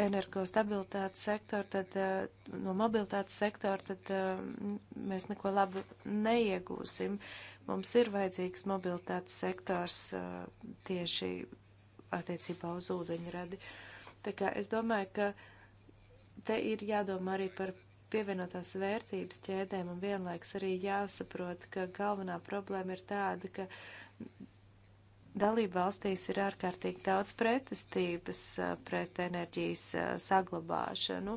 energostabilitātes sektora, tad uh, no mobilitātes sektora, tad uh, mēs neko labu neiegūsim. Mums ir vajadzīgs mobilitātes sektors tieši attiecībā uz ūdeņradi. Tā kā es domāju, ka te ir jādomā arī par pievienotās vērtības ķēdēm, un vienlaiks arī jāsaprot, ka galvenā problēma ir tāda, ka dalība valstīs ir ārkārtīgi daudz pretestības pret enerģijas saglabāšanu,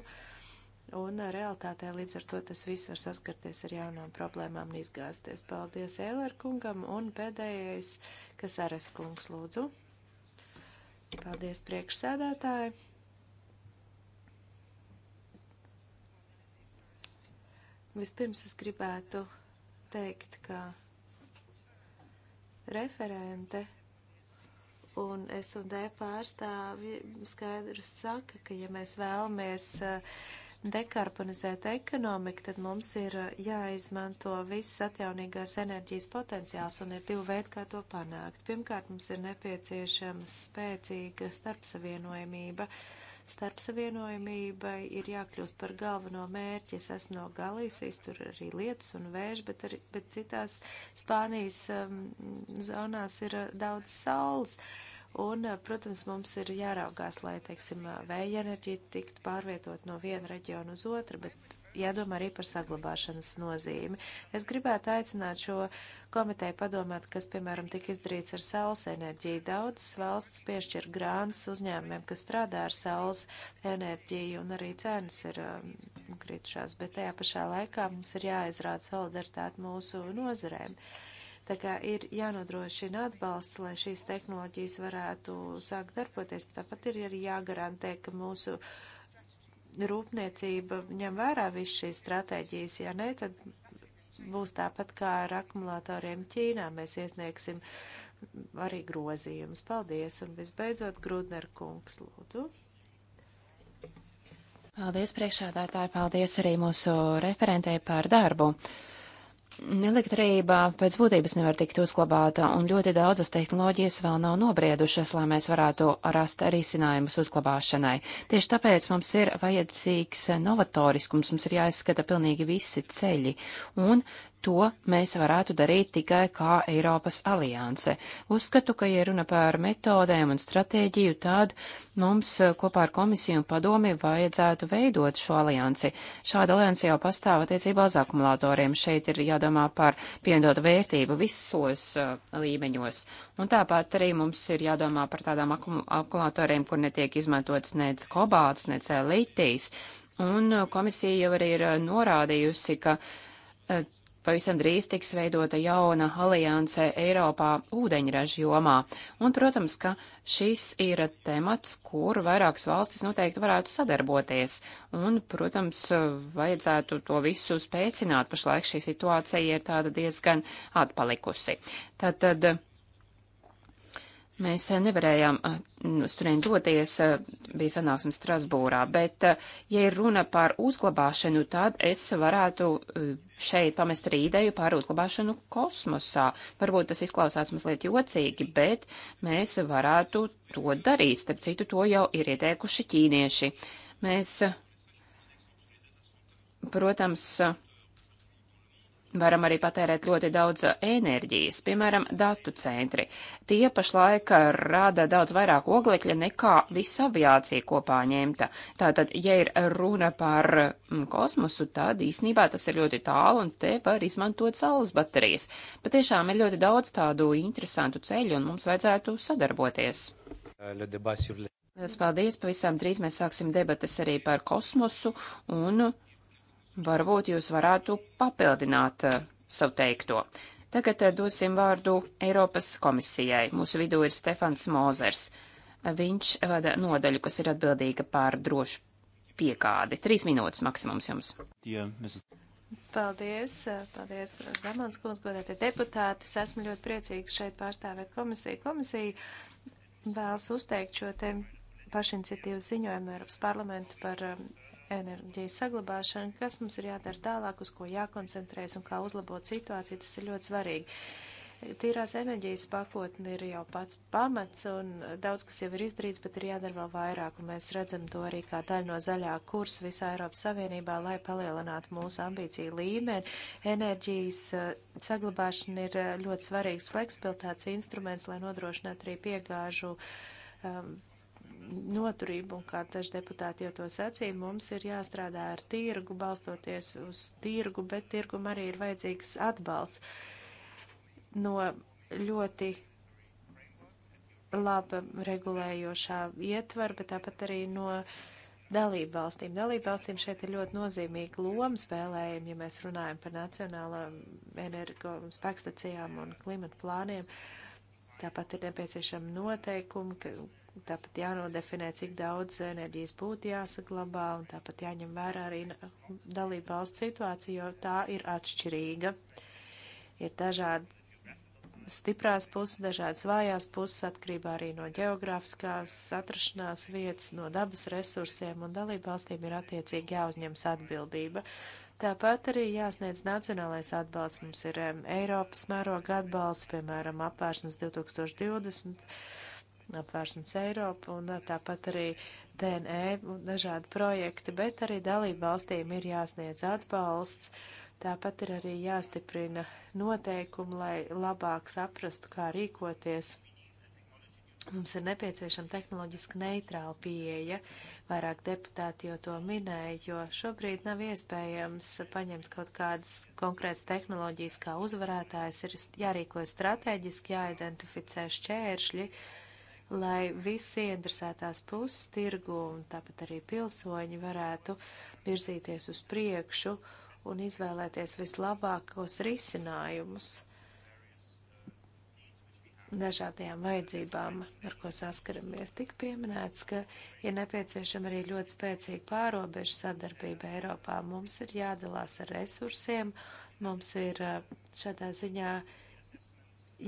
un realtātē līdz ar to tas viss var saskarties ar jaunām problēmām un izgāzties. Paldies Eiler kungam, un pēdējais, kas Ares kungs lūdzu. Paldies priekšsēdētāji! Vispirms es gribētu teikt, ka referente un S&D pārstāvji skaidri saka, ka ja mēs vēlamies eh, dekarbonizēt ekonomiku, tad mums ir eh, jāizmanto viss atjaunīgās enerģijas potenciāls un ir divi veidi, kā to panākt. Pirmkārt, mums ir nepieciešama spēcīga starpsavienojamība. savienojamība Starpsavienojumībai ir jākļūst par galveno mērķi. Es esmu no Galīsijas, tur arī lietus un vēž, bet, arī, bet citās Spānijas um, zonās ir uh, daudz saules. Un, uh, protams, mums ir jāraugās, lai, teiksim, uh, vēja enerģija tiktu pārvietot no viena reģiona uz otru, bet jādomā arī par saglabāšanas nozīmi. Es gribētu aicināt šo komiteju padomāt, kas, piemēram, tika izdarīts ar saules enerģiju. Daudzas valsts piešķir grāntus uzņēmumiem, kas strādā ar saules enerģiju, un arī cenas ir um, kritušās, bet tajā pašā laikā mums ir jāizrāda solidaritāte mūsu nozarēm. Tā kā ir jānodrošina atbalsts, lai šīs tehnoloģijas varētu sākt darboties, tāpat ir arī jāgarantē, ka mūsu uh, rūpniecība ņem vērā visu šīs stratēģijas. Ja nē, tad būs tāpat kā ar akumulatoriem Ķīnā. Mēs iesniegsim arī grozījumus. Paldies! Un visbeidzot, Grudner kungs, lūdzu. Paldies priekšādātāji, paldies arī mūsu referentei par darbu. Neliktarība pēc būtības nevar tikt uzglabāta, un ļoti daudzas tehnoloģijas vēl nav nobriedušas, lai mēs varētu rast risinājumus uzglabāšanai. Tieši tāpēc mums ir vajadzīgs novatoriskums, mums ir jāizskata pilnīgi visi ceļi, un To mēs varētu darīt tikai kā Eiropas alianse. Uzskatu, ka, ja runa par metodēm un stratēģiju, tad mums kopā ar komisiju un padomi vajadzētu veidot šo aliansi. Šāda alianse jau pastāv attiecībā uz akumulatoriem. Šeit ir jādomā par piendotu vērtību visos uh, līmeņos. Un tāpat arī mums ir jādomā par tādām akum akumulatoriem, kur netiek izmantots nec kobalts, nec litijs. Un uh, komisija jau arī ir uh, norādījusi, ka uh, Pavisam drīz tiks veidota jauna alianse Eiropā ūdeņraža jomā, un, protams, ka šis ir temats, kur vairākas valstis noteikti varētu sadarboties, un, protams, vajadzētu to visu spēcināt. Pašlaik šī situācija ir tāda diezgan atpalikusi. Tātad, Mēs eh, nevarējām eh, turien doties, eh, bija sanāksme Strasbūrā, bet, ja ir runa par uzglabāšanu, tad es varētu šeit pamest arī ideju par uzglabāšanu kosmosā. Varbūt tas izklausās mazliet jocīgi, bet mēs varētu to darīt. Starp citu, to jau ir ieteikuši ķīnieši. Mēs, protams, Varam arī patērēt ļoti daudz eh, enerģijas, piemēram, datu centri. Tie pašlaik eh, rada daudz vairāk oglekļa nekā visa aviācija kopā ņemta. Tātad, ja ir runa par mm, kosmosu, tad īsnībā tas ir ļoti tālu un te var izmantot saules baterijas. Patiešām ir ļoti daudz tādu interesantu ceļu un mums vajadzētu sadarboties. Lielas paldies! Pavisam drīz mēs sāksim debatas arī par kosmosu un Varbūt jūs varētu papildināt eh, savu teikto. Tagad eh, dosim vārdu Eiropas komisijai. Mūsu vidū ir Stefans Mozers. Eh, viņš vada nodaļu, kas ir atbildīga pār drošu piekādi. Trīs minūtes maksimums jums. Yeah, Paldies, paldies, Damans kungs, godētie deputāti. Es esmu ļoti priecīgs šeit pārstāvēt komisiju. Komisija vēlas uzteikt šo te pašiniciatīvu ziņojumu Eiropas parlamentu par enerģijas saglabāšanu, kas mums ir jādara tālāk, uz ko jākoncentrēs un kā uzlabot situāciju, tas ir ļoti svarīgi. Tīrās enerģijas pakotne ir jau pats pamats, un daudz kas jau ir izdarīts, bet ir jādara vēl vairāk, un mēs redzam to arī kā daļu no zaļā kursa visā Eiropas Savienībā, lai palielinātu mūsu ambīciju līmeni. Enerģijas eh, saglabāšana ir eh, ļoti svarīgs fleksibilitātes instruments, lai nodrošinātu arī piegāžu um, noturību, un kā daži deputāti jau to sacīja, mums ir jāstrādā ar tirgu, balstoties uz tirgu, bet tirgum arī ir vajadzīgs atbalsts no ļoti laba regulējošā ietvara, bet tāpat arī no dalību valstīm. Dalību valstīm šeit ir ļoti nozīmīga loma spēlējuma, ja mēs runājam par nacionālām energo spēkstacijām un klimata plāniem. Tāpat ir nepieciešama noteikumi, Tāpat jānodefinē, cik daudz enerģijas būtu jāsaglabā, un tāpat jāņem vērā arī dalību valsts situācija, jo tā ir atšķirīga. Ir dažādi stiprās puses, dažādas vājās puses, atkarībā arī no geogrāfiskās atrašanās vietas, no dabas resursiem, un dalību valstīm ir attiecīgi jāuzņems atbildība. Tāpat arī jāsniedz nacionālais atbalsts. Mums ir um, Eiropas mēroga atbalsts, piemēram, apvērsnes 2020 apvērsnes Eiropu un uh, tāpat arī TNE un dažādi projekti, bet arī dalību valstīm ir jāsniedz atbalsts. Tāpat ir arī jāstiprina noteikumi, lai labāk saprastu, kā rīkoties. Mums ir nepieciešama tehnoloģiski neitrāla pieeja, vairāk deputāti jau to minēja, jo šobrīd nav iespējams paņemt kaut kādas konkrētas tehnoloģijas kā uzvarētājs, ir jārīkojas strateģiski, jāidentificē šķēršļi, uh, lai visi interesētās puses tirgu un tāpat arī pilsoņi varētu virzīties uz priekšu un izvēlēties vislabākos risinājumus dažādajām vajadzībām, ar ko saskaramies. Tik pieminēts, ka ir nepieciešama arī ļoti spēcīga pārobežu sadarbība Eiropā. Mums ir jādalās ar resursiem, mums ir šādā ziņā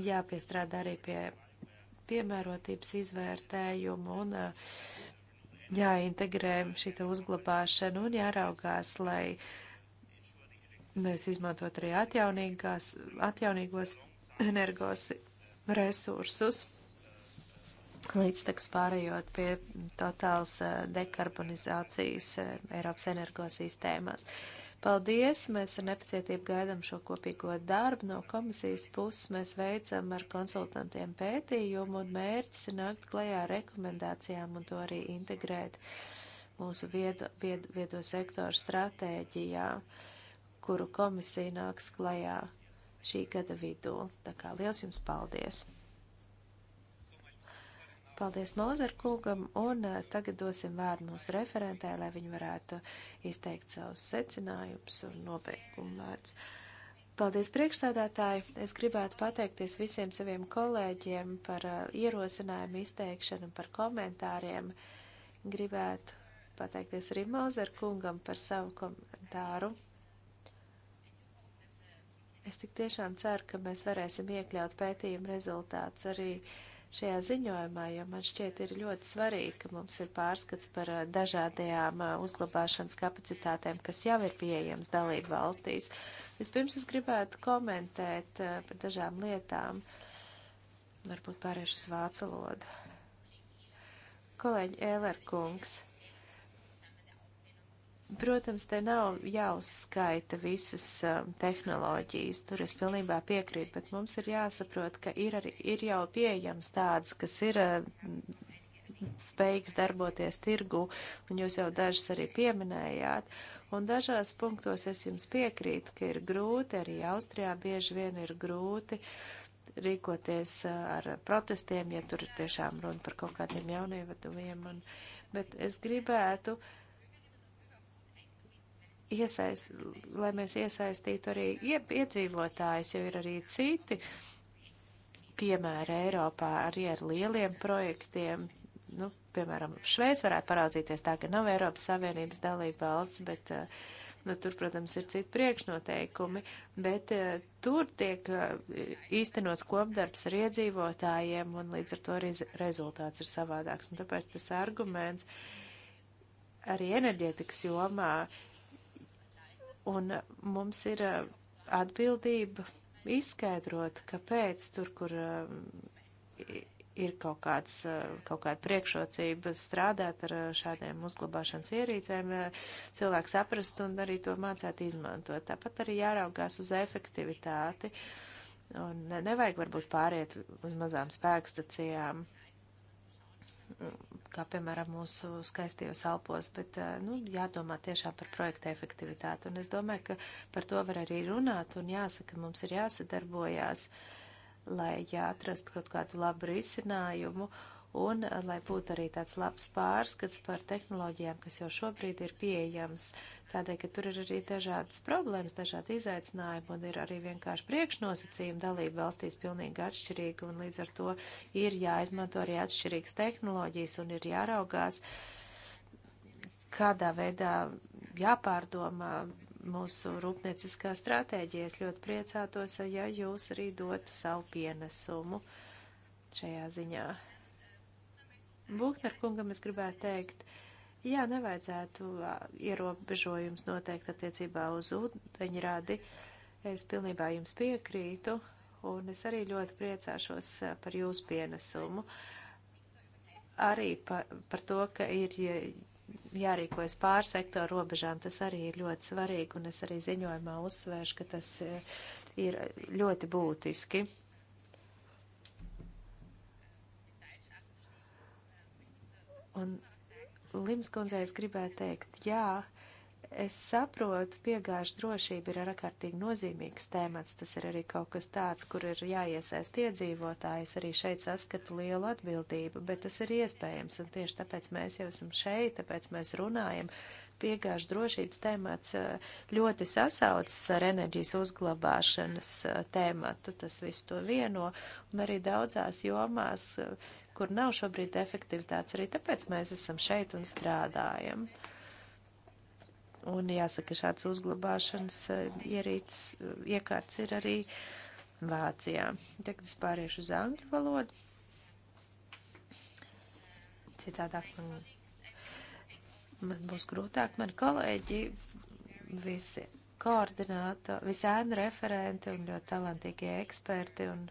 jāpiestrādā arī pie piemērotības izvērtējumu un eh, jāintegrē šī uzglabāšana un jāraugās, lai mēs izmantot arī atjaunīgos energos resursus līdztekus pārējot pie totāls eh, dekarbonizācijas eh, Eiropas energosistēmās. Uh, Paldies! Mēs ar nepacietību gaidām šo kopīgo darbu. No komisijas puses mēs veicam ar konsultantiem pētījumu un mērķis ir nākt klajā ar rekomendācijām un to arī integrēt mūsu viedo, vied, viedo sektoru stratēģijā, kuru komisija nāks klajā šī gada vidū. Tā kā liels jums paldies! Paldies Mozerkungam, un eh, tagad dosim vārdu mūsu referentē, lai viņi varētu izteikt savus secinājumus un nobeigumu vārdus. Paldies priekšsādātāji! Es gribētu pateikties visiem saviem kolēģiem par uh, ierosinājumu izteikšanu, par komentāriem. Gribētu pateikties arī Mauzer kungam par savu komentāru. Es tik tiešām ceru, ka mēs varēsim iekļaut pētījumu rezultātus arī uh, šajā ziņojumā, jo man šķiet ir ļoti svarīgi, ka mums ir pārskats par dažādajām uzglabāšanas kapacitātēm, kas jau ir pieejams dalību valstīs. Vispirms es gribētu komentēt par dažām lietām, varbūt pārējuši uz vācu valodu. Kolēģi Ēlerkungs. kungs Protams, te nav jāuzskaita visas um, tehnoloģijas, tur es pilnībā piekrītu, bet mums ir jāsaprot, ka ir, arī, ir jau pieejams tāds, kas ir uh, spējīgs darboties tirgu, un jūs jau dažas arī pieminējāt. Un dažās punktos es jums piekrītu, ka ir grūti, arī Austrijā bieži vien ir grūti rīkoties uh, ar protestiem, ja tur tiešām runa par kaut kādiem jaunievadumiem. Un, bet es gribētu uh, iesaist, lai mēs iesaistītu arī iedzīvotājs, jo ir arī citi piemēri Eiropā arī ar lieliem projektiem. Nu, piemēram, Šveic varētu paraudzīties tā, ka nav Eiropas Savienības dalība valsts, bet eh, nu, tur, protams, ir citi priekšnoteikumi, bet eh, tur tiek eh, īstenots kopdarbs ar iedzīvotājiem un līdz ar to arī rezultāts ir savādāks. Un tāpēc tas arguments arī enerģētikas jomā Un mums ir eh, atbildība izskaidrot, kāpēc tur, kur eh, ir kaut, kāds, eh, kaut kāda priekšrocība strādāt ar šādiem uzglabāšanas ierīcēm, cilvēks saprast un arī to mācēt izmantot. Tāpat arī jāraugās uz efektivitāti. Un nevajag varbūt pāriet uz mazām spēkstacijām. Uh, kā piemēram mūsu skaistajos alpos, bet eh, nu, jādomā tiešām par projekta efektivitāti. Un es domāju, ka par to var arī runāt un jāsaka, mums ir jāsadarbojās, lai jāatrast kaut kādu labu risinājumu. Uh, un eh, lai būtu arī tāds labs pārskats par tehnoloģijām, kas jau šobrīd ir pieejams, tādēļ, ka tur ir arī dažādas problēmas, dažādi izaicinājumi un ir arī vienkārši priekšnosacījumi dalība valstīs pilnīgi atšķirīgi, un līdz ar to ir jāizmanto arī atšķirīgas tehnoloģijas un ir jāraugās, kādā veidā jāpārdomā mūsu rūpnieciskā stratēģija. Es ļoti priecātos, ja jūs arī dotu savu pienesumu šajā ziņā. Buhner kungam es gribētu teikt, jā, nevajadzētu ierobežojums noteikt attiecībā uz ūdeņradi. Es pilnībā jums piekrītu, un es arī ļoti priecāšos par jūsu pienesumu. Arī par, par to, ka ir jārīkojas pār sektoru robežām, tas arī ir ļoti svarīgi, un es arī ziņojumā uzsvēršu, ka tas ir ļoti būtiski. Un Limskundzē es gribēju teikt, jā, es saprotu, piegāžu drošība ir ārkārtīgi nozīmīgs tēmats. Tas ir arī kaut kas tāds, kur ir jāiesaist iedzīvotājs. Arī šeit saskatu lielu atbildību, bet tas ir iespējams. Un tieši tāpēc mēs jau esam šeit, tāpēc mēs runājam. Piegāžu drošības tēmats eh, ļoti sasaucas ar enerģijas uzglabāšanas eh, tēmatu. Tas viss to vieno. Un arī daudzās jomās eh, kur nav šobrīd efektivitātes. Arī tāpēc mēs esam šeit un strādājam. Un jāsaka, šāds uzglabāšanas eh, ierīts, eh, iekārts ir arī Vācijā. Tagad es pāriešu uz angļu valodu. Citādāk man, man būs grūtāk. Man kolēģi visi koordinātori, visi ēnu referenti un ļoti talantīgie eksperti un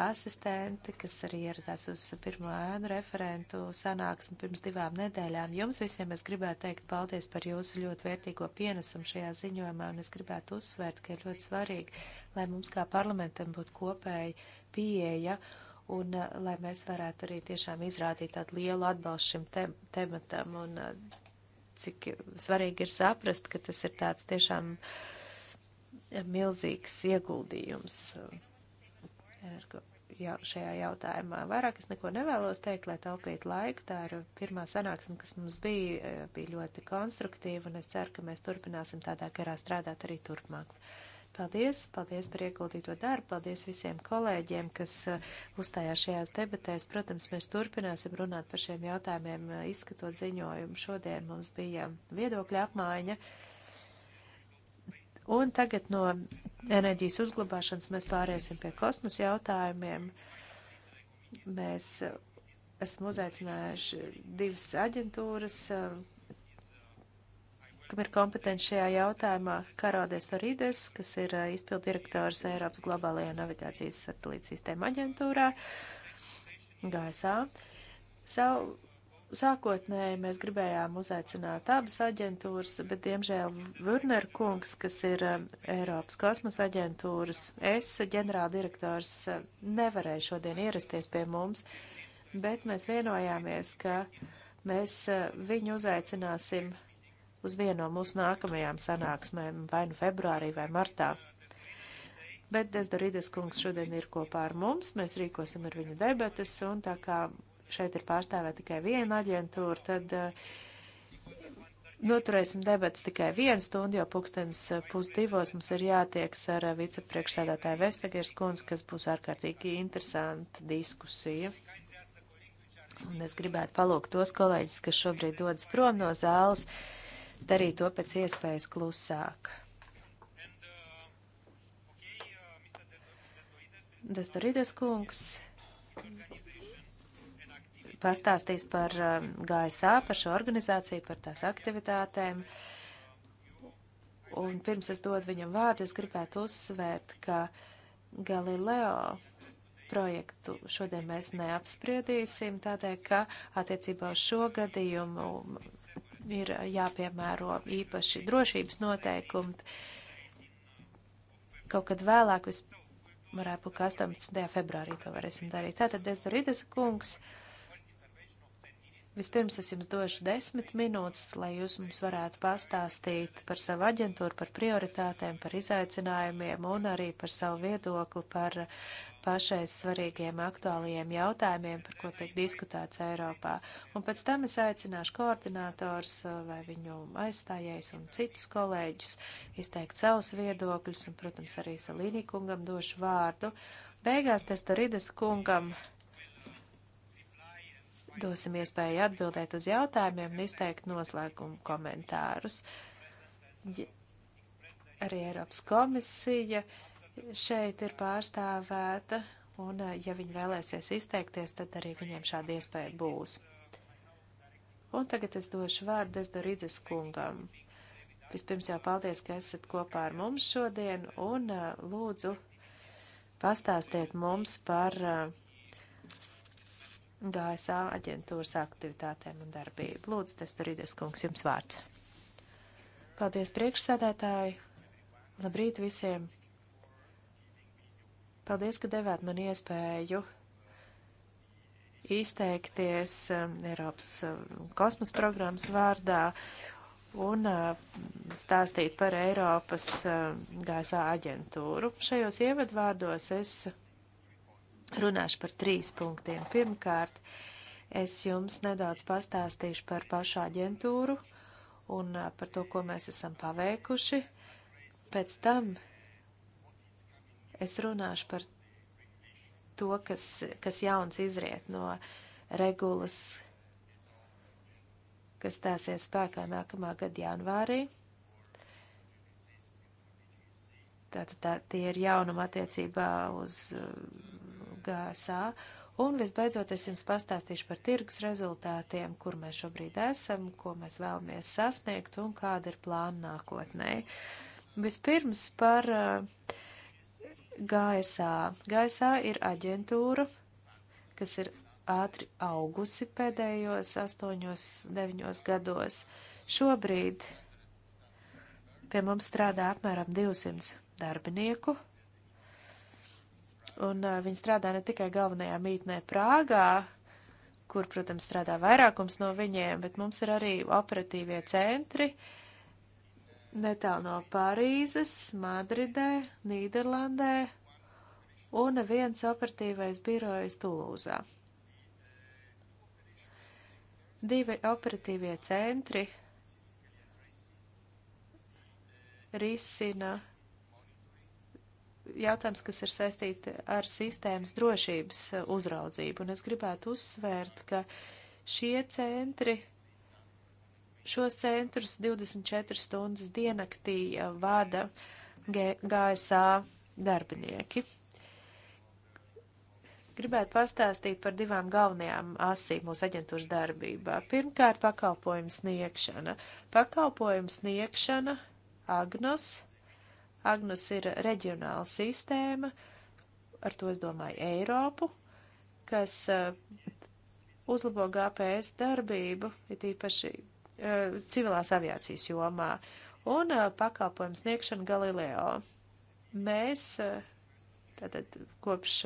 asistenti, kas arī ieradās uz pirmo ēnu referentu sanāksmi pirms divām nedēļām. Jums visiem es gribētu teikt paldies par jūsu ļoti vērtīgo pienesumu šajā ziņojumā, un es gribētu uzsvērt, ka ir ļoti svarīgi, lai mums kā parlamentam būtu kopēja pieeja un eh, lai mēs varētu arī tiešām izrādīt tādu lielu atbalstu šim te tematam un eh, cik svarīgi ir saprast, ka tas ir tāds tiešām eh, milzīgs ieguldījums jau šajā jautājumā. Vairāk es neko nevēlos teikt, lai taupītu laiku. Tā ir pirmā sanāksme, kas mums bija, e, bija ļoti konstruktīva, un es ceru, ka mēs turpināsim tādā garā strādāt arī turpmāk. Paldies, paldies par ieguldīto darbu, paldies visiem kolēģiem, kas e, uzstājās šajās debatēs. Protams, mēs turpināsim runāt par šiem jautājumiem, e, izskatot ziņojumu. Šodien mums bija viedokļa apmaiņa. Un tagad no enerģijas uzglabāšanas mēs pāriesim pie kosmosa jautājumiem. Mēs eh, esam uzaicinājuši divas aģentūras, eh, kam ir kompetenci šajā jautājumā, Karodies Torides, kas ir eh, izpildirektors Eiropas globālajā navigācijas satelīta sistēma aģentūrā, GSA. Savu Sākotnēji mēs gribējām uzaicināt abas aģentūras, bet, diemžēl, Vurner kungs, kas ir um, Eiropas kosmosa aģentūras, es, ģenerāldirektors, um, nevarēju šodien ierasties pie mums, bet mēs vienojāmies, ka mēs um, viņu uzaicināsim uz vienu no mūsu nākamajām sanāksmēm, vai nu februārī vai martā. Bet Desdarides kungs šodien ir kopā ar mums, mēs rīkosim ar viņu debatas, un tā kā šeit ir pārstāvēta tikai viena aģentūra, tad eh, noturēsim debats tikai vienu stundu, jo pulkstens eh, pusdivos mums ir jātieks ar eh, vicepriekšsēdētāju Vestagers kundzi, kas būs ārkārtīgi interesanta diskusija. Un es gribētu palūgt tos kolēģis, kas šobrīd dodas prom no zāles, darīt to pēc iespējas klusāk. Destorides kungs, pastāstīs par um, GSA, par šo organizāciju, par tās aktivitātēm. Un pirms es dodu viņam vārdu, es gribētu uzsvērt, ka Galileo projektu šodien mēs neapspriedīsim, tādēļ, ka attiecībā uz šo gadījumu ir jāpiemēro īpaši drošības noteikumi. Kaut kad vēlāk, vis varētu būt 18. februārī, to varēsim darīt. Tātad Desdorides kungs. Uh, Vispirms es jums došu desmit minūtes, lai jūs mums varētu pastāstīt par savu aģentūru, par prioritātēm, par izaicinājumiem un arī par savu viedokli par pašais svarīgiem aktuālajiem jautājumiem, par ko tiek diskutēts Eiropā. Un pēc tam es aicināšu koordinators eh, vai viņu aizstājējus un citus kolēģus izteikt savus viedokļus un, protams, arī Salīnī kungam došu vārdu. Beigās Testorides kungam dosim iespēju atbildēt uz jautājumiem un izteikt noslēgumu komentārus. Ja arī Eiropas komisija šeit ir pārstāvēta, un eh, ja viņi vēlēsies izteikties, tad arī viņiem šāda iespēja būs. Un tagad es došu vārdu Desdorides kungam. Vispirms jau paldies, ka esat kopā ar mums šodien, un eh, lūdzu pastāstiet mums par uh, GSA aģentūras aktivitātēm un darbību. Lūdzu, Testorīdes kungs, jums vārds. Paldies priekšsēdētāji. Labrīt visiem. Paldies, ka devāt man iespēju izteikties um, Eiropas um, kosmos programmas vārdā un um, stāstīt par Eiropas GSA aģentūru. Šajos ievadvārdos es Runāšu par trīs punktiem. Pirmkārt, es jums nedaudz pastāstīšu par pašu aģentūru un par to, ko mēs esam paveikuši. Pēc tam es runāšu par to, kas, kas jauns izriet no regulas, kas stāsies spēkā nākamā gada janvārī. Tātad tā, tie ir jaunuma attiecībā uz GSA. Un visbeidzot es jums pastāstīšu par tirgus rezultātiem, kur mēs šobrīd esam, ko mēs vēlamies sasniegt un kāda ir plāna nākotnē. Vispirms par eh, GSA. GSA ir aģentūra, kas ir ātri augusi pēdējos astoņos, deviņos gados. Šobrīd pie mums strādā apmēram 200 darbinieku, Un uh, viņi strādā ne tikai galvenajā mītnē Prāgā, kur, protams, strādā vairākums no viņiem, bet mums ir arī operatīvie centri netālu no Parīzes, Madridē, Nīderlandē un viens operatīvais birojas Tulūzā. Divi operatīvie centri risina jautājums, kas ir saistīti ar sistēmas drošības eh, uzraudzību. Un es gribētu uzsvērt, ka šie centri, šos centrus 24 stundas diennaktī eh, vada GSA darbinieki. Gribētu pastāstīt par divām galvenajām asīm mūsu aģentūras darbībā. Pirmkārt, pakalpojumu sniegšana. Pakalpojumu sniegšana, Agnos, Agnus ir reģionāla sistēma, ar to es domāju Eiropu, kas eh, uzlabo GPS darbību, it īpaši eh, civilās aviācijas jomā, un eh, pakalpojumu sniegšanu Galileo. Mēs tātad kopš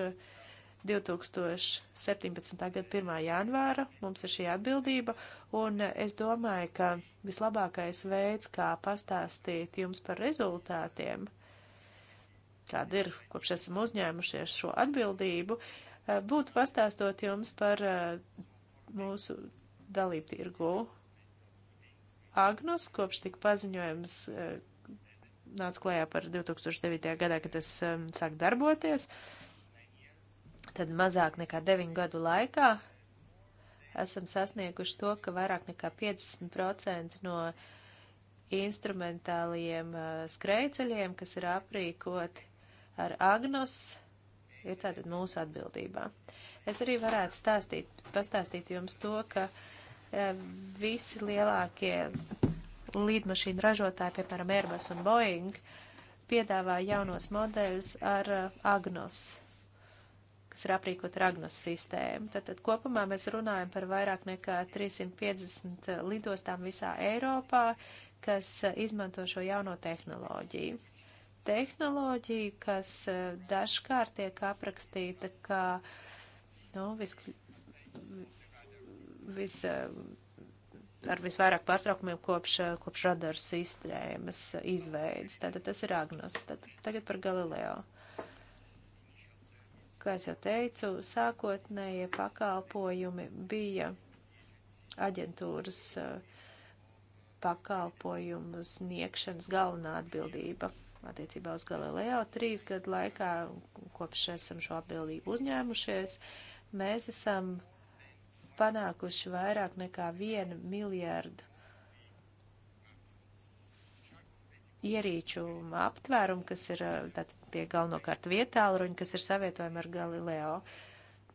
2017. gada 1. janvāra mums ir šī atbildība, un es domāju, ka vislabākais veids, kā pastāstīt jums par rezultātiem, kāda ir, kopš esam uzņēmušies šo atbildību, būtu pastāstot jums par eh, mūsu dalību tirgu. Agnus, kopš tika paziņojums, eh, nāca klajā par 2009. gadā, kad tas eh, sāk darboties, tad mazāk nekā 9 gadu laikā esam sasnieguši to, ka vairāk nekā 50% no instrumentāliem uh, skrejceļiem, kas ir aprīkoti ar Agnus, ir tātad mūsu atbildībā. Es arī varētu stāstīt, pastāstīt jums to, ka uh, visi lielākie līdmašīnu ražotāji, piemēram, Airbus un Boeing, piedāvā jaunos modeļus ar Agnus. Uh, kas ir aprīkot ar Agnus sistēmu. Tātad kopumā mēs runājam par vairāk nekā 350 lidostām visā Eiropā, kas eh, izmanto šo jauno tehnoloģiju. Tehnoloģija, kas eh, dažkārt tiek aprakstīta kā nu, vis, vis, eh, ar visvairāk pārtraukumiem kopš, kopš radaru sistēmas izveidas. Tātad tas ir Agnus. Tātad, tagad par Galileo. Uh, Kā es jau teicu, sākotnējie pakalpojumi bija aģentūras eh, pakalpojumu sniegšanas galvenā atbildība attiecībā uz Galileo trīs gadu laikā, kopš esam šo atbildību uzņēmušies, mēs esam panākuši vairāk nekā vienu miljārdu ierīču aptvērumu, kas ir tātad, tie galvenokārt vietāluruņi, kas ir savietojami ar Galileo.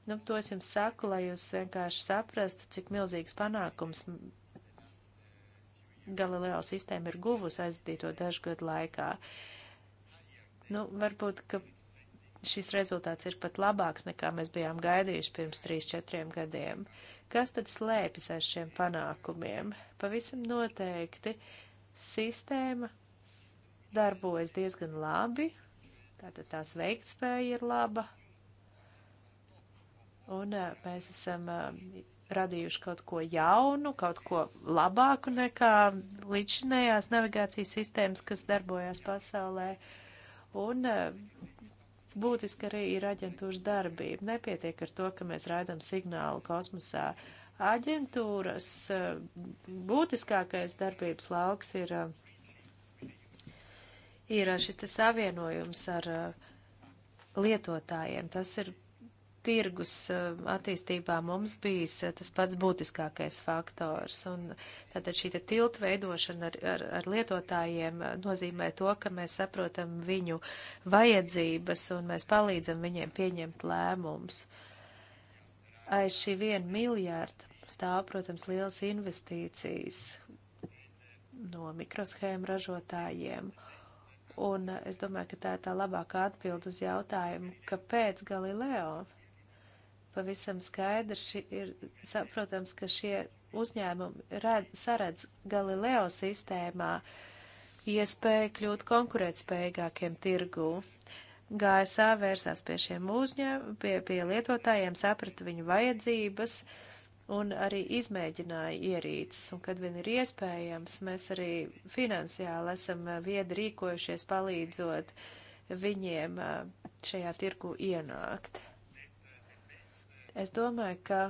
Nu, to es jums saku, lai jūs vienkārši saprastu, cik milzīgs panākums Galileo sistēma ir guvusi aizdīto dažu gadu laikā. Nu, varbūt, ka šis rezultāts ir pat labāks, nekā mēs bijām gaidījuši pirms 3-4 gadiem. Kas tad slēpjas aiz šiem panākumiem? Pavisam noteikti sistēma, darbojas diezgan labi, tātad tās veiktspēja ir laba, un mēs esam radījuši kaut ko jaunu, kaut ko labāku nekā līdzinējās navigācijas sistēmas, kas darbojās pasaulē. Un būtiski arī ir aģentūras darbība. Nepietiek ar to, ka mēs raidam signālu kosmosā. Aģentūras būtiskākais darbības lauks ir uh, ir šis te savienojums ar lietotājiem. Tas ir tirgus attīstībā mums bijis tas pats būtiskākais faktors. Un tātad šī tiltu veidošana ar, ar, ar lietotājiem nozīmē to, ka mēs saprotam viņu vajadzības un mēs palīdzam viņiem pieņemt lēmumus. Aiz šī viena miljārda stāv, protams, lielas investīcijas no mikroshēmu ražotājiem. Uh, Un es domāju, ka tā ir tā labākā atbild uz jautājumu, kāpēc Galileo? Pavisam skaidrs ir saprotams, ka šie uzņēmumi red, saredz Galileo sistēmā iespēju kļūt konkurētspējīgākiem tirgū. GSA vērsās pie šiem uzņēmumiem, pie, pie lietotājiem, saprata viņu vajadzības, uh, un arī izmēģināja ierīces, un kad vien ir iespējams, mēs arī finansiāli esam viedi rīkojušies palīdzot viņiem šajā tirgu ienākt. Es domāju, ka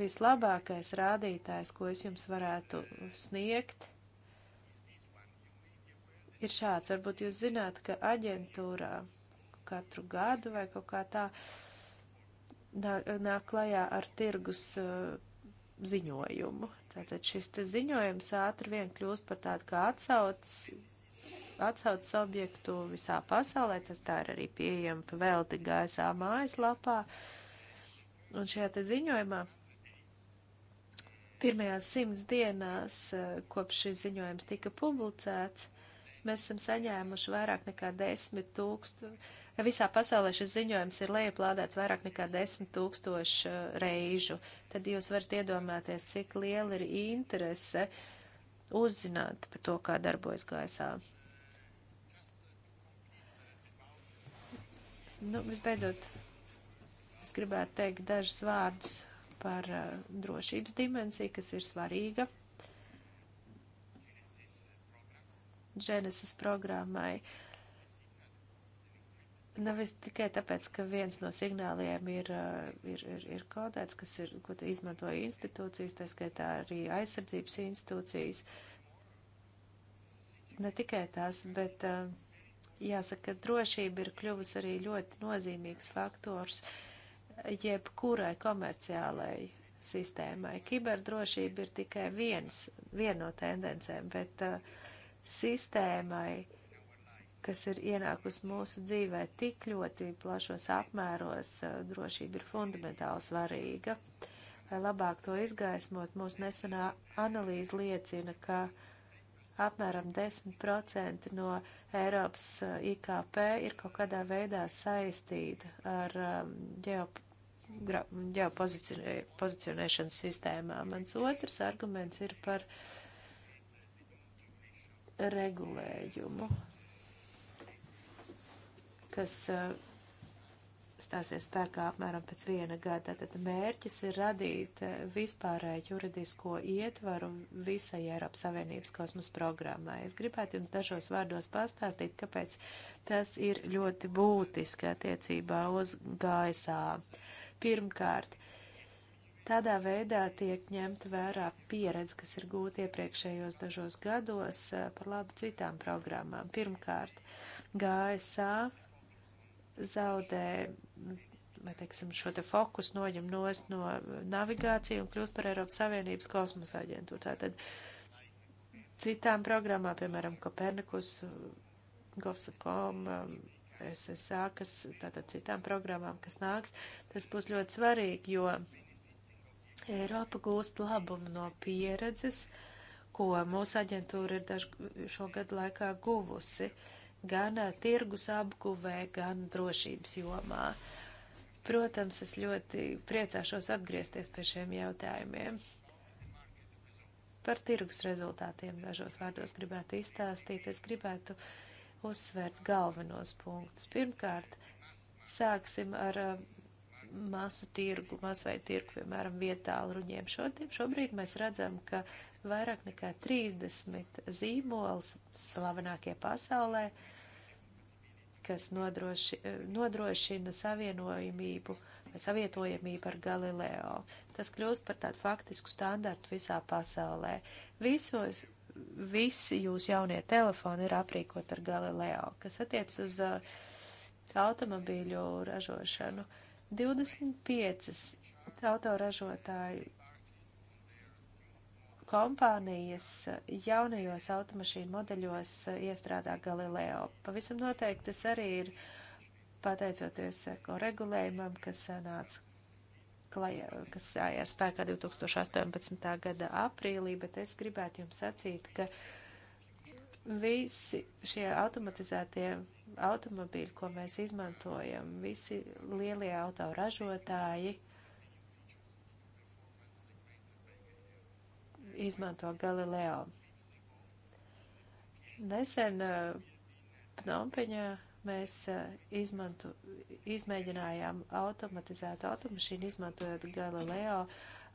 vislabākais rādītājs, ko es jums varētu sniegt, ir šāds. Varbūt jūs zināt, ka aģentūrā katru gadu vai kaut kā tā uh, nāk klajā ar tirgus uh, ziņojumu. Tātad šis te ziņojums ātri vien kļūst par tādu kā atsaucas atsaucas objektu visā pasaulē, tas tā ir arī pieejama paveldi gaisā mājaslapā. Un šajā te ziņojumā pirmajās simts dienās, uh, kopš šis ziņojums tika publicēts, mēs esam saņēmuši vairāk nekā desmit tūkstoši Visā pasaulē šis ziņojums ir lejuplādēts vairāk nekā 10 tūkstoši uh, reižu. Tad jūs varat iedomāties, cik liela ir interese uzzināt par to, kā darbojas gaisā. Nu, visbeidzot, es gribētu teikt dažus vārdus par uh, drošības dimensiju, kas ir svarīga. Genesis programmai uh, nav nu, tikai tāpēc, ka viens no signāliem ir, ir, ir, ir kodēts, kas ir, ko izmantoja institūcijas, tā skaitā arī aizsardzības institūcijas. Ne tikai tās, bet jāsaka, ka drošība ir kļuvusi arī ļoti nozīmīgs faktors jebkurai komerciālai sistēmai. Kiberdrošība ir tikai viens, viena no tendencēm, bet uh, sistēmai kas ir ienākusi mūsu dzīvē tik ļoti plašos apmēros, eh, drošība ir fundamentāli svarīga. Lai labāk to izgaismot, mūsu nesenā analīze liecina, ka apmēram 10% no Eiropas eh, IKP ir kaut kādā veidā saistīta ar um, ģeop ģeopozicionēšanas sistēmām. Mans otrs arguments ir par regulējumu kas eh, stāsies spēkā apmēram pēc viena gada. Tad mērķis ir radīt eh, vispārēju juridisko ietvaru visai Eiropas Savienības kosmosa programmai. Es gribētu jums dažos vārdos pastāstīt, kāpēc tas ir ļoti būtiski attiecībā uz gaisā. Pirmkārt, Tādā veidā tiek ņemta vērā pieredze, kas ir gūta iepriekšējos dažos gados eh, par labu citām programmām. Pirmkārt, GSA zaudē, vai teiksim, šo te fokus noņem nost no navigāciju un kļūst par Eiropas Savienības kosmosa aģentūru. Tātad citām programmām, piemēram, Kopernikus, Govsakom, SSA, kas tātad citām programmām, kas nāks, tas būs ļoti svarīgi, jo Eiropa gūst labumu no pieredzes, ko mūsu aģentūra ir dažu šo gadu laikā guvusi. Uh, gan tirgus apguvē, gan drošības jomā. Protams, es ļoti priecāšos atgriezties pie šiem jautājumiem. Par tirgus rezultātiem dažos vārdos gribētu izstāstīt. Es gribētu uzsvērt galvenos punktus. Pirmkārt, sāksim ar masu tirgu, masveidu tirgu, piemēram, vietālu ruņiem. Šodien, šobrīd mēs redzam, ka vairāk nekā 30 zīmols slavenākie pasaulē uh, kas nodroši, nodrošina savienojumību vai savietojamību ar Galileo. Tas kļūst par tādu faktisku standartu visā pasaulē. Visos, visi jūs jaunie telefoni ir aprīkot ar Galileo, kas attiec uz uh, automobīļu ražošanu. 25 autoražotāju kompānijas jaunajos automašīnu modeļos iestrādā Galileo. Pavisam noteikti tas arī ir pateicoties regulējumam, kas nāca klajā, kas sājās spēkā 2018. gada aprīlī, bet es gribētu jums sacīt, ka visi šie automatizētie automobīļi, ko mēs izmantojam, visi lielie autoražotāji, izmanto Galileo. Nesen eh, Pnompeņā mēs eh, izmantu, izmēģinājām automatizētu automašīnu, izmantojot Galileo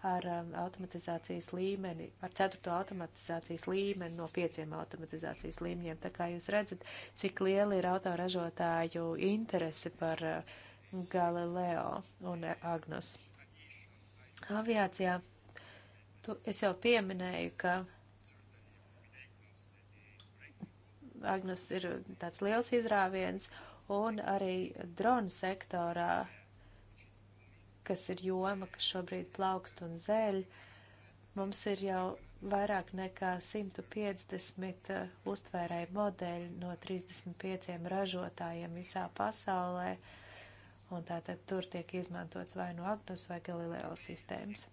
ar um, automatizācijas līmeni, ar ceturto automatizācijas līmeni no pieciem automatizācijas līmeņiem. Tā kā jūs redzat, cik liela ir autoražotāju interese par uh, Galileo un Agnus. Aviācijā Tu, es jau pieminēju, ka Agnus ir tāds liels izrāviens, un arī dronu sektorā, kas ir joma, kas šobrīd plaukst un zeļ, mums ir jau vairāk nekā 150 uh, uztvērēju modeļu no 35 ražotājiem visā pasaulē, un tātad tur tiek izmantots vai no nu Agnus vai Galileo sistēmas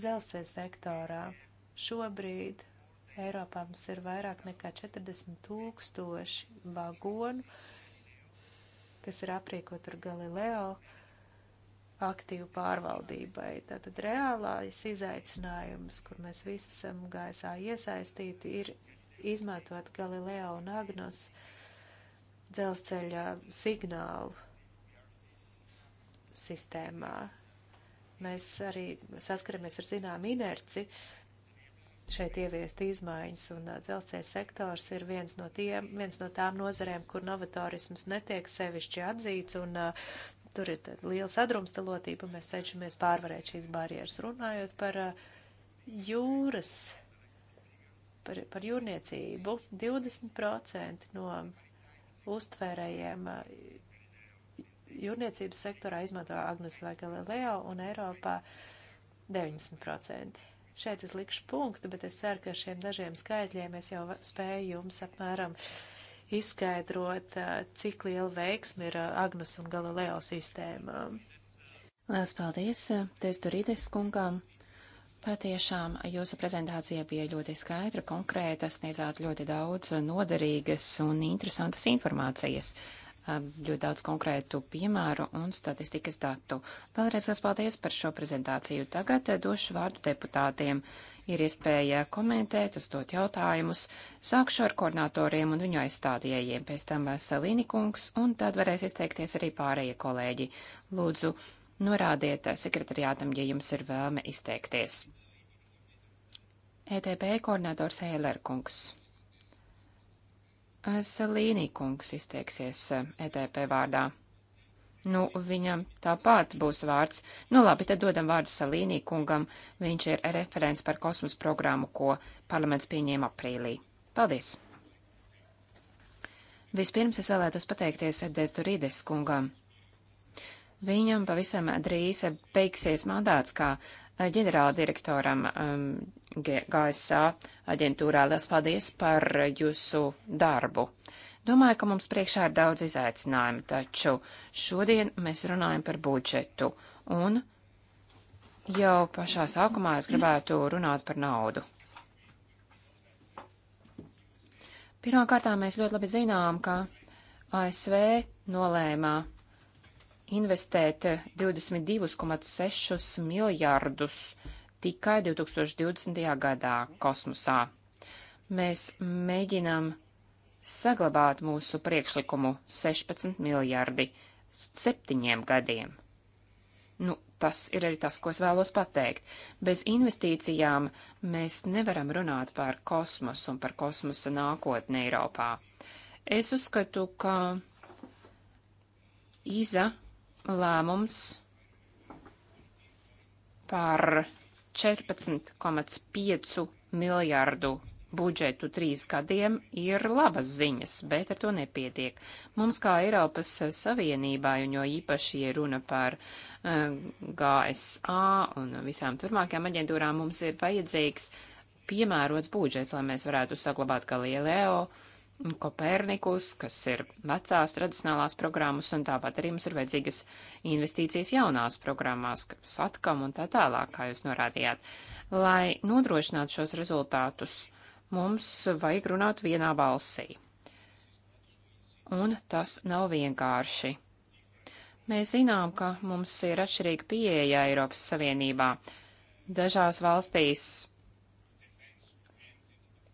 dzelzceļa sektorā. Šobrīd Eiropā mums ir vairāk nekā 40 tūkstoši vagonu, kas ir aprīkot ar Galileo aktīvu pārvaldībai. Tātad reālais izaicinājums, kur mēs visi esam gaisā iesaistīti, ir izmantot Galileo un Agnos dzelzceļa signālu sistēmā. Mēs arī saskaramies ar zinām inerci šeit ieviest izmaiņas, un uh, dzelzceļa sektors ir viens no, tiem, viens no tām nozarēm, kur novatorisms netiek sevišķi atzīts, un uh, tur ir liela sadrumstalotība, un mēs cenšamies pārvarēt šīs barjeras. Runājot par uh, jūras, par, par jūrniecību, 20% no uztvērējiem uh, jūrniecības sektorā izmanto Agnus vai Galileo un Eiropā 90%. Šeit es likšu punktu, bet es ceru, ka ar šiem dažiem skaitļiem es jau spēju jums apmēram izskaidrot, cik liela veiksmi ir Agnus un Galileo sistēmām. Lielas paldies, Testurīdes kungām! Patiešām jūsu prezentācija bija ļoti skaidra, konkrēta, sniedzāt ļoti daudz noderīgas un interesantas informācijas. Um, ļoti daudz konkrētu piemēru un statistikas datu. Vēlreiz liels paldies par šo prezentāciju. Tagad eh, došu vārdu deputātiem. Ir iespēja komentēt, uzdot jautājumus. Sākšu ar koordinatoriem un viņu aizstādījējiem, pēc tam Veselīni kungs, un tad varēs izteikties arī pārējie kolēģi. Lūdzu, norādiet eh, sekretariātam, ja jums ir vēlme izteikties. ETP koordinators Eiler kungs. Salīnī kungs izteiksies ETP eh, e vārdā. Nu, viņam tāpat būs vārds. Nu, labi, tad dodam vārdu Salīnī kungam. Viņš ir referents par kosmos programmu, ko parlaments pieņēma aprīlī. Paldies! Vispirms es vēlētos pateikties Destu Rīdes kungam. Viņam pavisam drīz beigsies mandāts kā ģenerāldirektoram um, GSA aģentūrā. Lielas paldies par jūsu darbu. Domāju, ka mums priekšā ir daudz izaicinājumu, taču šodien mēs runājam par budžetu, un jau pašā sākumā es gribētu runāt par naudu. Pirmkārt, mēs ļoti labi zinām, ka ASV nolēma investēt 22,6 eh, miljārdus tikai 2020. gadā kosmosā. Mēs mēģinām saglabāt mūsu priekšlikumu 16 miljārdi septiņiem gadiem. Nu, tas ir arī tas, ko es vēlos pateikt. Bez investīcijām mēs nevaram runāt par kosmosu un par kosmosa nākotni Eiropā. Es uzskatu, ka IZA lēmums par 14,5 miljardu budžetu trīs gadiem ir labas ziņas, bet ar to nepietiek. Mums kā Eiropas Savienībai, un jo īpaši, ja runa par uh, eh, GSA un visām turmākajām aģentūrām, mums ir vajadzīgs piemērots budžets, lai mēs varētu saglabāt Galileo, uh, Kopernikus, kas ir vecās tradicionālās programmas, un tāpat arī mums ir vajadzīgas investīcijas jaunās programmās, satkam un tā tālāk, kā jūs norādījāt. Lai nodrošinātu šos rezultātus, mums vajag runāt vienā balsī. Un tas nav vienkārši. Mēs zinām, ka mums ir atšķirīga pieeja Eiropas Savienībā. Dažās valstīs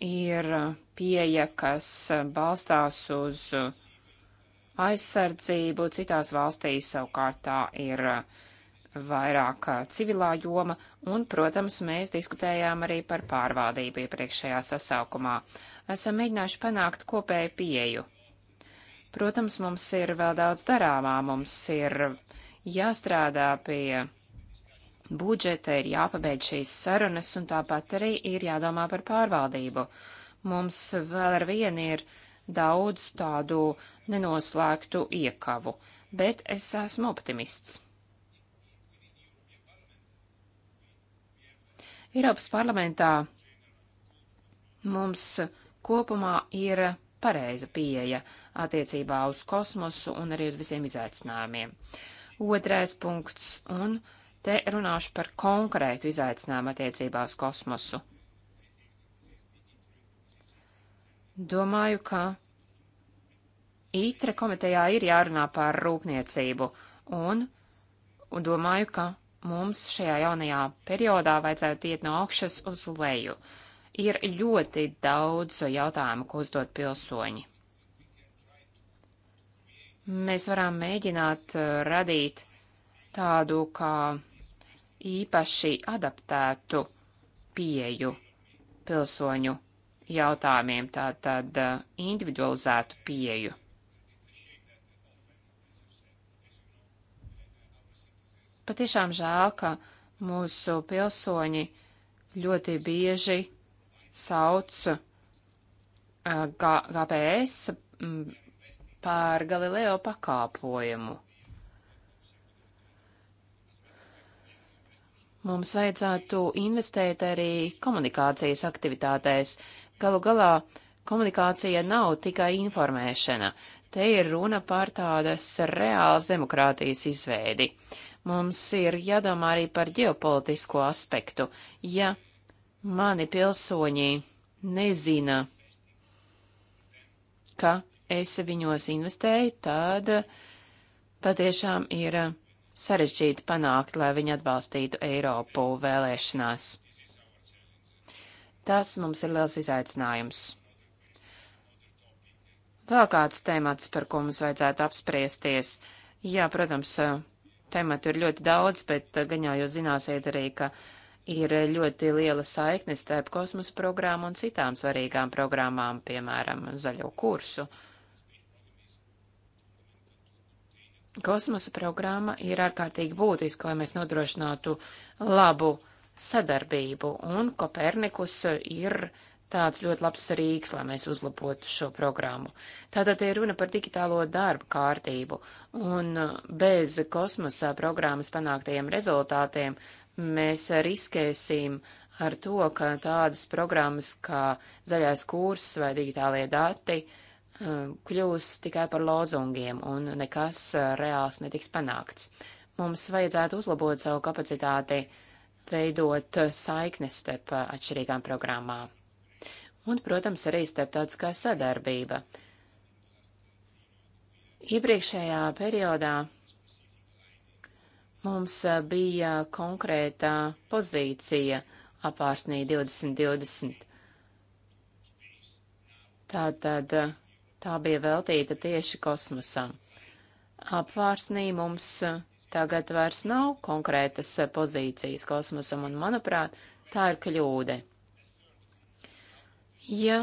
ir pieeja, kas balstās uz aizsardzību, citās valstīs savukārt tā ir vairāk civilā joma, un, protams, mēs diskutējām arī par pārvaldību iepriekšējā sasaukumā. Esam mēģinājuši panākt kopēju pieju. Protams, mums ir vēl daudz darāmā, mums ir jāstrādā pie budžeta, ir jāpabeidz šīs sarunas, un tāpat arī ir jādomā par pārvaldību. Mums vēl ar vienu ir daudz tādu nenoslēgtu iekavu, bet es esmu optimists. Eiropas parlamentā mums kopumā ir pareiza pieeja attiecībā uz kosmosu un arī uz visiem izaicinājumiem. Otrais punkts, un Te runāšu par konkrētu izaicinājumu attiecībā uz kosmosu. Domāju, ka ITRE komitejā ir jārunā par rūpniecību, un, un domāju, ka mums šajā jaunajā periodā vajadzētu iet no augšas uz leju. Ir ļoti daudz jautājumu, ko uzdot pilsoņi. Mēs varam mēģināt eh, radīt tādu kā īpaši adaptētu pieju pilsoņu jautājumiem, tātad uh, individualizētu pieju. Patiešām žēl, ka mūsu pilsoņi ļoti bieži sauc uh, GPS mm, par Galileo pakāpojumu. Mums vajadzētu investēt arī komunikācijas aktivitātēs. Galu galā komunikācija nav tikai informēšana. Te ir runa par tādas reālas demokrātijas izveidi. Mums ir jādomā arī par ģeopolitisko aspektu. Ja mani pilsoņi nezina, ka es viņos investēju, tad patiešām ir sarežģīti panākt, lai viņi atbalstītu Eiropu vēlēšanās. Tas mums ir liels izaicinājums. Vēl kāds temats, par ko mums vajadzētu apspriesties. Jā, protams, tematu ir ļoti daudz, bet eh, gan jau jūs zināsiet arī, ka ir ļoti liela saikne starp kosmosa programmu un citām svarīgām programmām, piemēram, zaļo kursu. Uh, Kosmosa programma ir ārkārtīgi būtiska, lai mēs nodrošinātu labu sadarbību, un Kopernikus ir tāds ļoti labs rīks, lai mēs uzlabotu šo programmu. Tātad ir runa par digitālo darbu kārtību, un bez kosmosa programmas panāktajiem rezultātiem mēs riskēsim ar to, ka tādas programmas kā zaļais kurs vai digitālie dati uh, Eh, kļūs tikai par lozungiem un nekas eh, reāls netiks panākts. Mums vajadzētu uzlabot savu kapacitāti, veidot eh, saiknes starp atšķirīgām programmām. Un, protams, arī starptautiskā sadarbība. Iepriekšējā periodā mums bija konkrēta pozīcija apvārsnī 2020. Tātad Tā bija veltīta tieši kosmosam. Apvārsnī mums uh, tagad vairs nav konkrētas uh, pozīcijas kosmosam, un, manuprāt, tā ir kļūde. Ja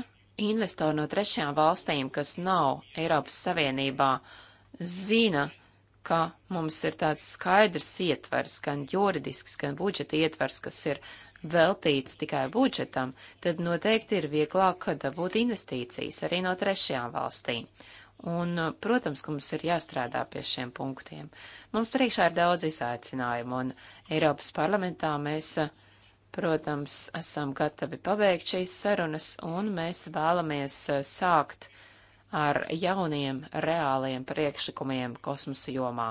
investori no trešajām valstīm, kas nav Eiropas Savienībā, zina, ka mums ir tāds skaidrs ietvers, gan juridisks, gan budžeta ietvers, kas ir uh, veltīts tikai budžetam, tad noteikti ir vieglāk dabūt investīcijas arī no trešajām valstīm. Un, protams, ka mums ir jāstrādā pie šiem punktiem. Mums priekšā ir daudz izaicinājumu, un Eiropas parlamentā mēs, protams, esam gatavi pabeigt šīs sarunas, un mēs vēlamies eh, sākt uh, ar jauniem reāliem priekšlikumiem kosmosa jomā.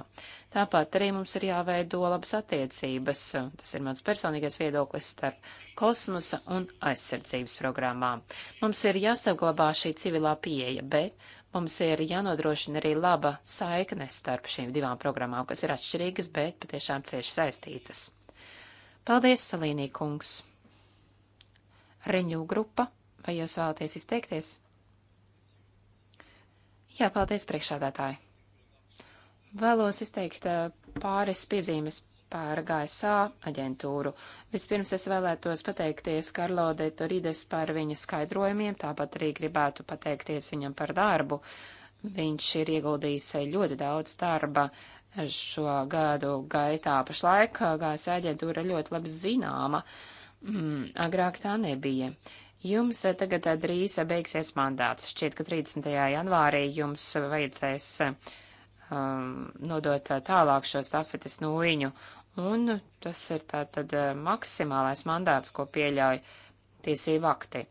Tāpat arī mums ir jāveido labas attiecības, tas ir mans personīgais viedoklis starp kosmosa un aizsardzības programmām. Mums ir jāsaglabā šī civilā pieeja, bet mums ir jānodrošina arī laba saikne starp šīm divām programmām, kas ir atšķirīgas, bet patiešām cieši saistītas. Paldies, Salīnī kungs! Reņū grupa, vai jūs vēlaties izteikties? Jā, paldies priekšādātāji. Vēlos izteikt eh, pāris piezīmes par GSA aģentūru. Vispirms es vēlētos pateikties Karlo de Torides par viņa skaidrojumiem, tāpat arī gribētu pateikties viņam par darbu. Viņš ir ieguldījis eh, ļoti daudz darba šo gadu gaitā. Pašlaik eh, GSA aģentūra ļoti labi zināma. Mm, agrāk tā nebija. Jums eh, tagad eh, drīz eh, beigsies mandāts. Šķiet, ka 30. janvārī jums vajadzēs um, nodot tālāk šo stafetes nūjiņu, un tas ir tātad maksimālais mandāts, ko pieļauj tiesību akti.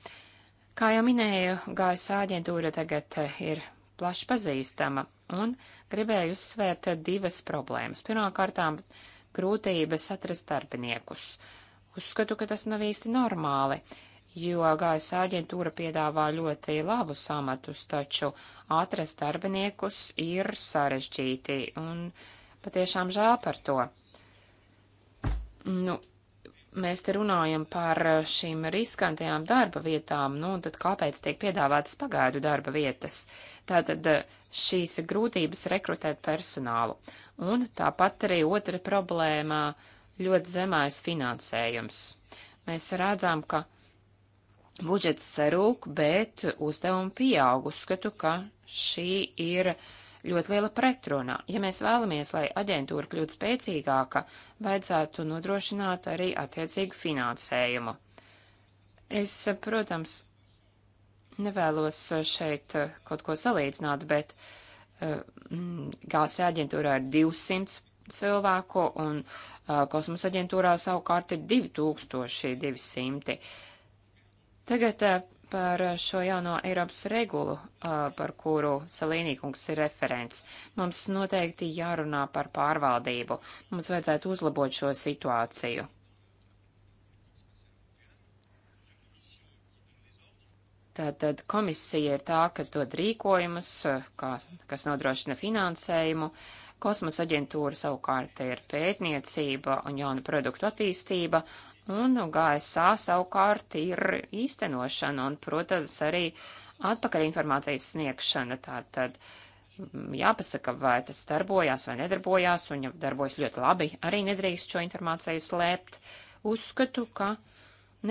Kā jau minēju, GSA aģentūra tagad ir plaši pazīstama, un gribēju uzsvērt divas problēmas. Pirmkārtām, grūtības atrast darbiniekus. Uzskatu, ka tas nav īsti normāli jo gaisa aģentūra piedāvā ļoti labu samatus, taču atrast darbiniekus ir sarežģīti, un patiešām žēl par to. Nu, mēs te runājam par šīm riskantajām darba vietām, nu, tad kāpēc tiek piedāvātas pagaidu darba vietas? Tātad eh, šīs grūtības rekrutēt personālu. Un tāpat arī otra problēma - ļoti zemais finansējums. Mēs redzam, ka uh, budžets sarūk, bet uzdevumi pieaug. Uzskatu, ka šī ir ļoti liela pretruna. Ja mēs vēlamies, lai aģentūra kļūtu spēcīgāka, vajadzētu nodrošināt arī attiecīgu finansējumu. Es, protams, nevēlos šeit kaut ko salīdzināt, bet uh, eh, mm, GASE aģentūrā ir 200 cilvēku un uh, eh, kosmosa aģentūrā savukārt ir 2200. Tagad eh, par šo jauno Eiropas regulu, eh, par kuru Salīnīkungs ir referents. Mums noteikti jārunā par pārvaldību. Mums vajadzētu uzlabot šo situāciju. Tātad komisija ir tā, kas dod rīkojumus, eh, kā, kas nodrošina finansējumu. Kosmosa aģentūra savukārt ir pētniecība un jauna produktu attīstība, Un nu, GSA savukārt ir īstenošana un, protams, arī atpakaļinformācijas sniegšana. Tātad mm, jāpasaka, vai tas darbojās vai nedarbojās, un ja darbojas ļoti labi, arī nedrīkst šo informāciju slēpt. Uzskatu, ka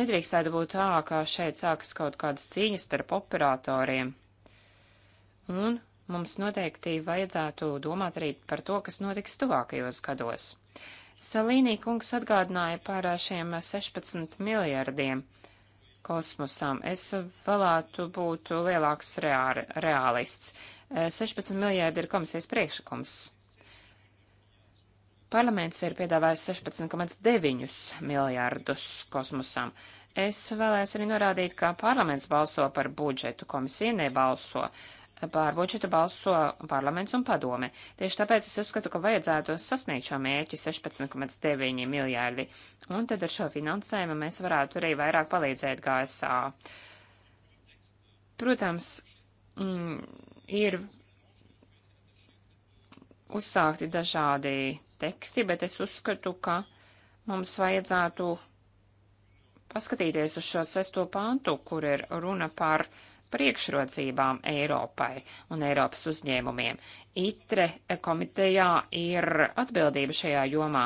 nedrīkstētu būt tā, ka šeit sākas kaut kādas cīņas starp operatoriem. Un mums noteikti vajadzētu domāt arī par to, kas notiks tuvākajos gados. Salīnī kungs atgādināja par šiem 16 miljardiem kosmosam. Es vēlētu būt lielāks reāri, reālists. 16 miljardi ir komisijas priekšlikums. Parlaments ir piedāvājis 16,9 miljārdus kosmosam. Es vēlējos arī norādīt, ka parlaments balso par budžetu, komisija nebalso. Uh, par budžetu balso parlaments un padome. Tieši tāpēc es uzskatu, ka vajadzētu sasniegt šo mērķi 16,9 miljārdi, un tad ar šo finansējumu mēs varētu arī vairāk palīdzēt GSA. Protams, mm, ir uzsākti dažādi teksti, bet es uzskatu, ka mums vajadzētu paskatīties uz šo sesto pantu, kur ir runa par uh, priekšrocībām Eiropai un Eiropas uzņēmumiem. ITRE komitejā ir atbildība šajā jomā,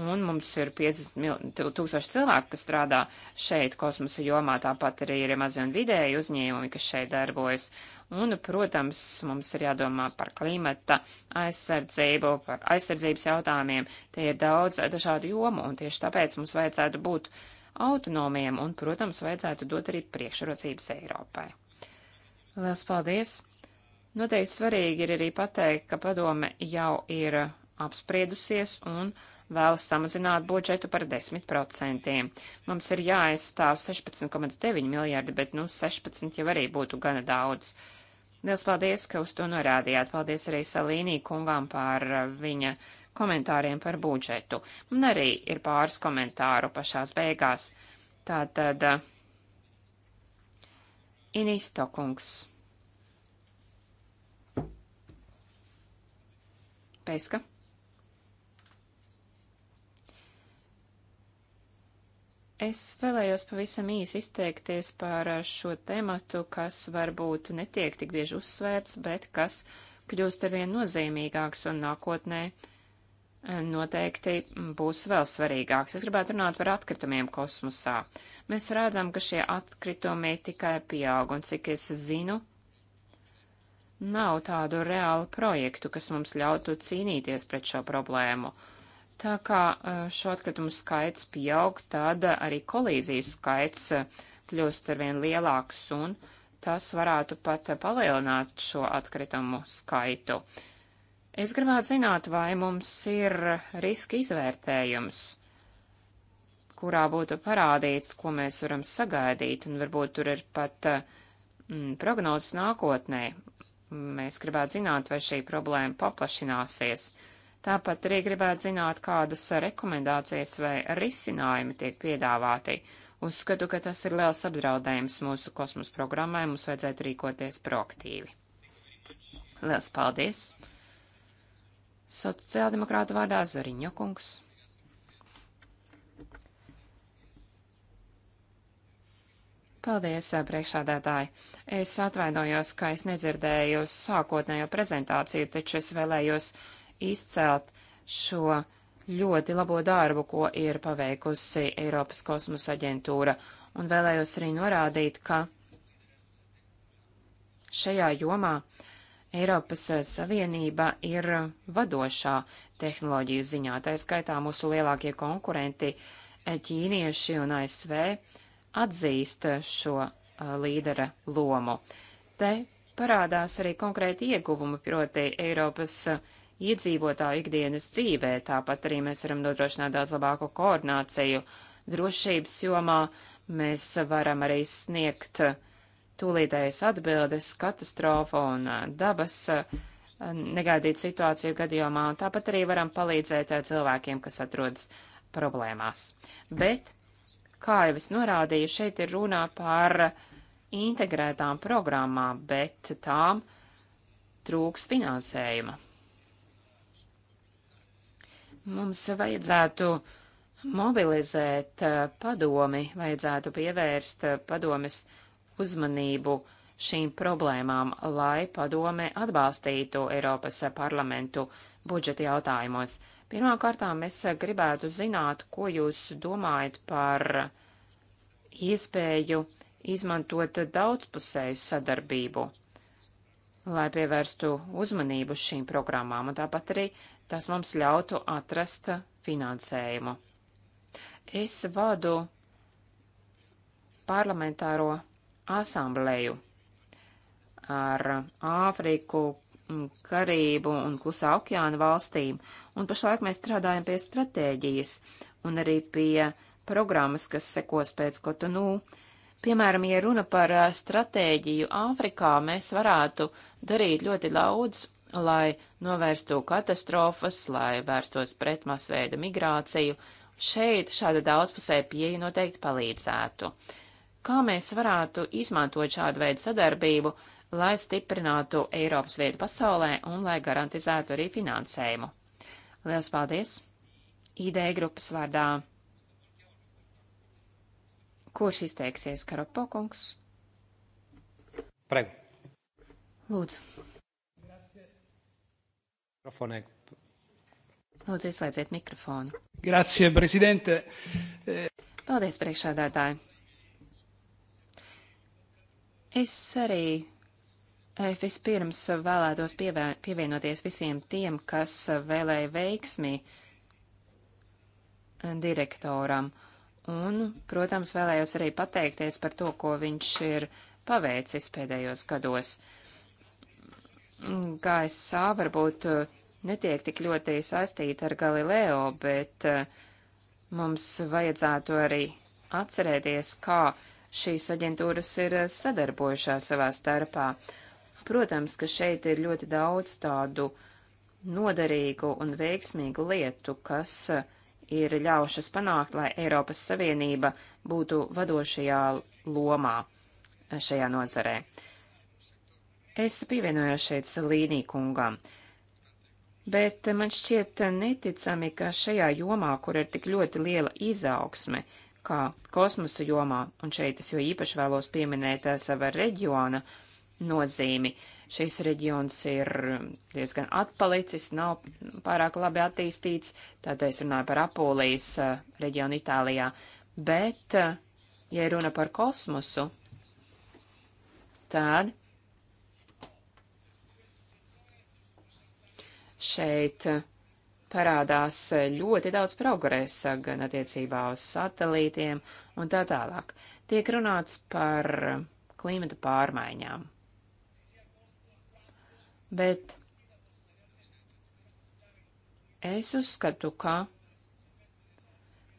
un mums ir 50 tūkstoši cilvēku, kas strādā šeit kosmosa jomā, tāpat arī ir mazi un vidēji uzņēmumi, kas šeit darbojas. Un, protams, mums ir jādomā par klimata aizsardzību, par aizsardzības jautājumiem. Tie ir daudz dažādu jomu, un tieši tāpēc mums vajadzētu būt autonomiem, un, protams, vajadzētu dot arī priekšrocības Eiropai. Liels paldies! Noteikti svarīgi ir arī pateikt, ka padome jau ir apspriedusies un vēlas samazināt budžetu par 10%. Mums ir jāaizstāv 16,9 miljardi, bet nu 16 jau arī būtu gana daudz. Liels paldies, ka uz to norādījāt. Paldies arī Salīnī kungām par uh, viņa komentāriem par budžetu. Man arī ir pāris komentāru pašās beigās. Tātad, uh, Inisto kungs. Pēska. Es vēlējos pavisam īsi izteikties par šo tematu, kas varbūt netiek tik bieži uzsvērts, bet kas kļūst arvien nozīmīgāks un nākotnē noteikti būs vēl svarīgāks. Es gribētu runāt par atkritumiem kosmosā. Mēs redzam, ka šie atkritumi tikai pieaug, un cik es zinu, Nav tādu reālu projektu, kas mums ļautu cīnīties pret šo problēmu. Tā kā šo atkritumu skaits pieaug, tad arī kolīziju skaits kļūst arvien lielāks, un tas varētu pat palielināt šo atkritumu skaitu. Es gribētu zināt, vai mums ir riska izvērtējums kurā būtu parādīts, ko mēs varam sagaidīt, un varbūt tur ir pat mm, prognozes nākotnē, Mēs gribētu zināt, vai šī problēma paplašināsies. Tāpat arī gribētu zināt, kādas rekomendācijas vai risinājumi tiek piedāvāti. Uzskatu, ka tas ir liels apdraudējums mūsu kosmosa programmai, mums vajadzētu rīkoties proaktīvi. Liels paldies! Sociāldemokrāta vārdā Zariņokungs. Paldies, priekšādātāji. Es atvainojos, ka es nedzirdēju sākotnējo prezentāciju, taču es vēlējos izcelt šo ļoti labo darbu, ko ir paveikusi Eiropas kosmosa aģentūra, un vēlējos arī norādīt, ka šajā jomā Eiropas Savienība ir vadošā tehnoloģiju ziņā, tā skaitā mūsu lielākie konkurenti Ķīnieši un ASV atzīst eh, šo uh, līdera lomu. Te parādās arī konkrēti ieguvumi, proti Eiropas uh, iedzīvotāju ikdienas dzīvē, tāpat arī mēs varam nodrošināt daudz labāku koordināciju drošības jomā, mēs varam arī sniegt tūlītējas atbildes katastrofu un dabas negaidītu situāciju gadījumā, un tāpat arī varam palīdzēt cilvēkiem, kas atrodas problēmās. Bet Kā jau es norādīju, šeit ir runā par integrētām programmām, bet tām trūks finansējuma. Mums vajadzētu mobilizēt eh, padomi, vajadzētu pievērst eh, padomes uzmanību šīm problēmām, lai padome atbalstītu Eiropas parlamentu budžeta jautājumos. Pirmkārtām es gribētu zināt, ko jūs domājat par iespēju izmantot daudzpusēju sadarbību, lai pievērstu uzmanību šīm programmām, un tāpat arī tas mums ļautu atrast finansējumu. Es vadu parlamentāro asamblēju ar Āfriku, Karību un Klusā okeāna valstīm, un pašlaik mēs strādājam pie stratēģijas un arī pie programmas, kas sekos pēc Kotonu. Piemēram, ja runa par stratēģiju Āfrikā, mēs varētu darīt ļoti daudz, lai novērstu katastrofas, lai vērstos pret masveida migrāciju. Šeit šāda daudzpusēja pieeja noteikti palīdzētu. Kā mēs varētu izmantot šādu veidu sadarbību, lai stiprinātu Eiropas vietu pasaulē un lai garantizētu arī finansējumu. Lielas paldies! ID grupas vārdā. Kurš izteiksies, Karopokungs? Prego. Lūdzu. Mikrofonē. Lūdzu, ieslēdziet mikrofonu. Grazie, prezidente. Paldies, priekšādātāji. Es arī Vispirms vēlētos pievienoties visiem tiem, kas vēlēja veiksmi direktoram. Un, protams, vēlējos arī pateikties par to, ko viņš ir paveicis pēdējos gados. GSA varbūt netiek tik ļoti saistīta ar Galileo, bet eh, mums vajadzētu arī atcerēties, kā šīs aģentūras ir eh, sadarbojušās savā starpā. Uh, Protams, ka šeit ir ļoti daudz tādu noderīgu un veiksmīgu lietu, kas eh, ir ļaušas panākt, lai Eiropas Savienība būtu vadošajā lomā eh, šajā nozarē. Es pievienojos šeit Salīnī kungam, bet man šķiet neticami, ka šajā jomā, kur ir tik ļoti liela izaugsme, kā kosmosa jomā, un šeit es jo īpaši vēlos pieminēt eh, sava reģiona, uh, nozīmi. Šis reģions ir diezgan atpalicis, nav pārāk labi attīstīts, tādēļ es runāju par Apulijas eh, reģionu Itālijā. Bet, eh, ja runa par kosmosu, tad šeit eh, parādās ļoti daudz progresa gan attiecībā uz satelītiem un tā tālāk. Tiek runāts par klimata pārmaiņām bet es uzskatu, ka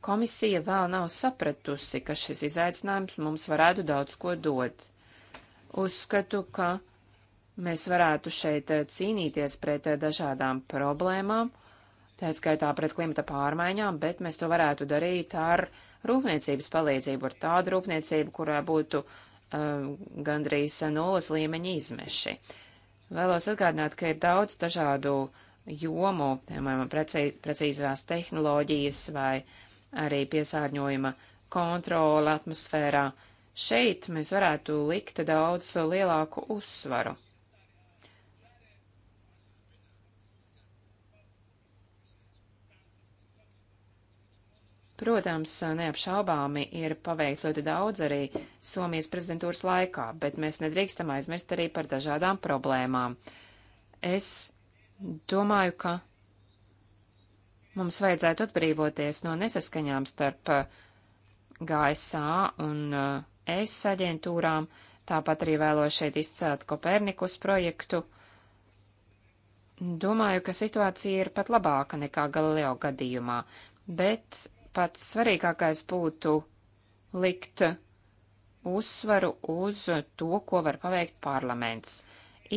komisija vēl nav sapratusi, ka šis izaicinājums mums varētu daudz ko dot. Uzskatu, ka mēs varētu šeit eh, cīnīties pret eh, dažādām problēmām, tā skaitā pret klimata pārmaiņām, bet mēs to varētu darīt ar rūpniecības palīdzību, ar tādu rūpniecību, kurā būtu um, gandrīz nulles līmeņa izmeši. Vēlos atgādināt, ka ir daudz dažādu jomu, piemēram, precī, precīzās tehnoloģijas vai arī piesārņojuma kontrola atmosfērā. Šeit mēs varētu likt daudz lielāku uzsvaru. Protams, neapšaubāmi ir paveikts ļoti daudz arī Somijas prezidentūras laikā, bet mēs nedrīkstam aizmirst arī par dažādām problēmām. Es domāju, ka mums vajadzētu atbrīvoties no nesaskaņām starp uh, GSA un uh, ES aģentūrām, tāpat arī vēlos šeit izcelt Kopernikus projektu. Domāju, ka situācija ir pat labāka nekā Galileo gadījumā, bet pats svarīgākais būtu likt uzsvaru uz to, ko var paveikt parlaments.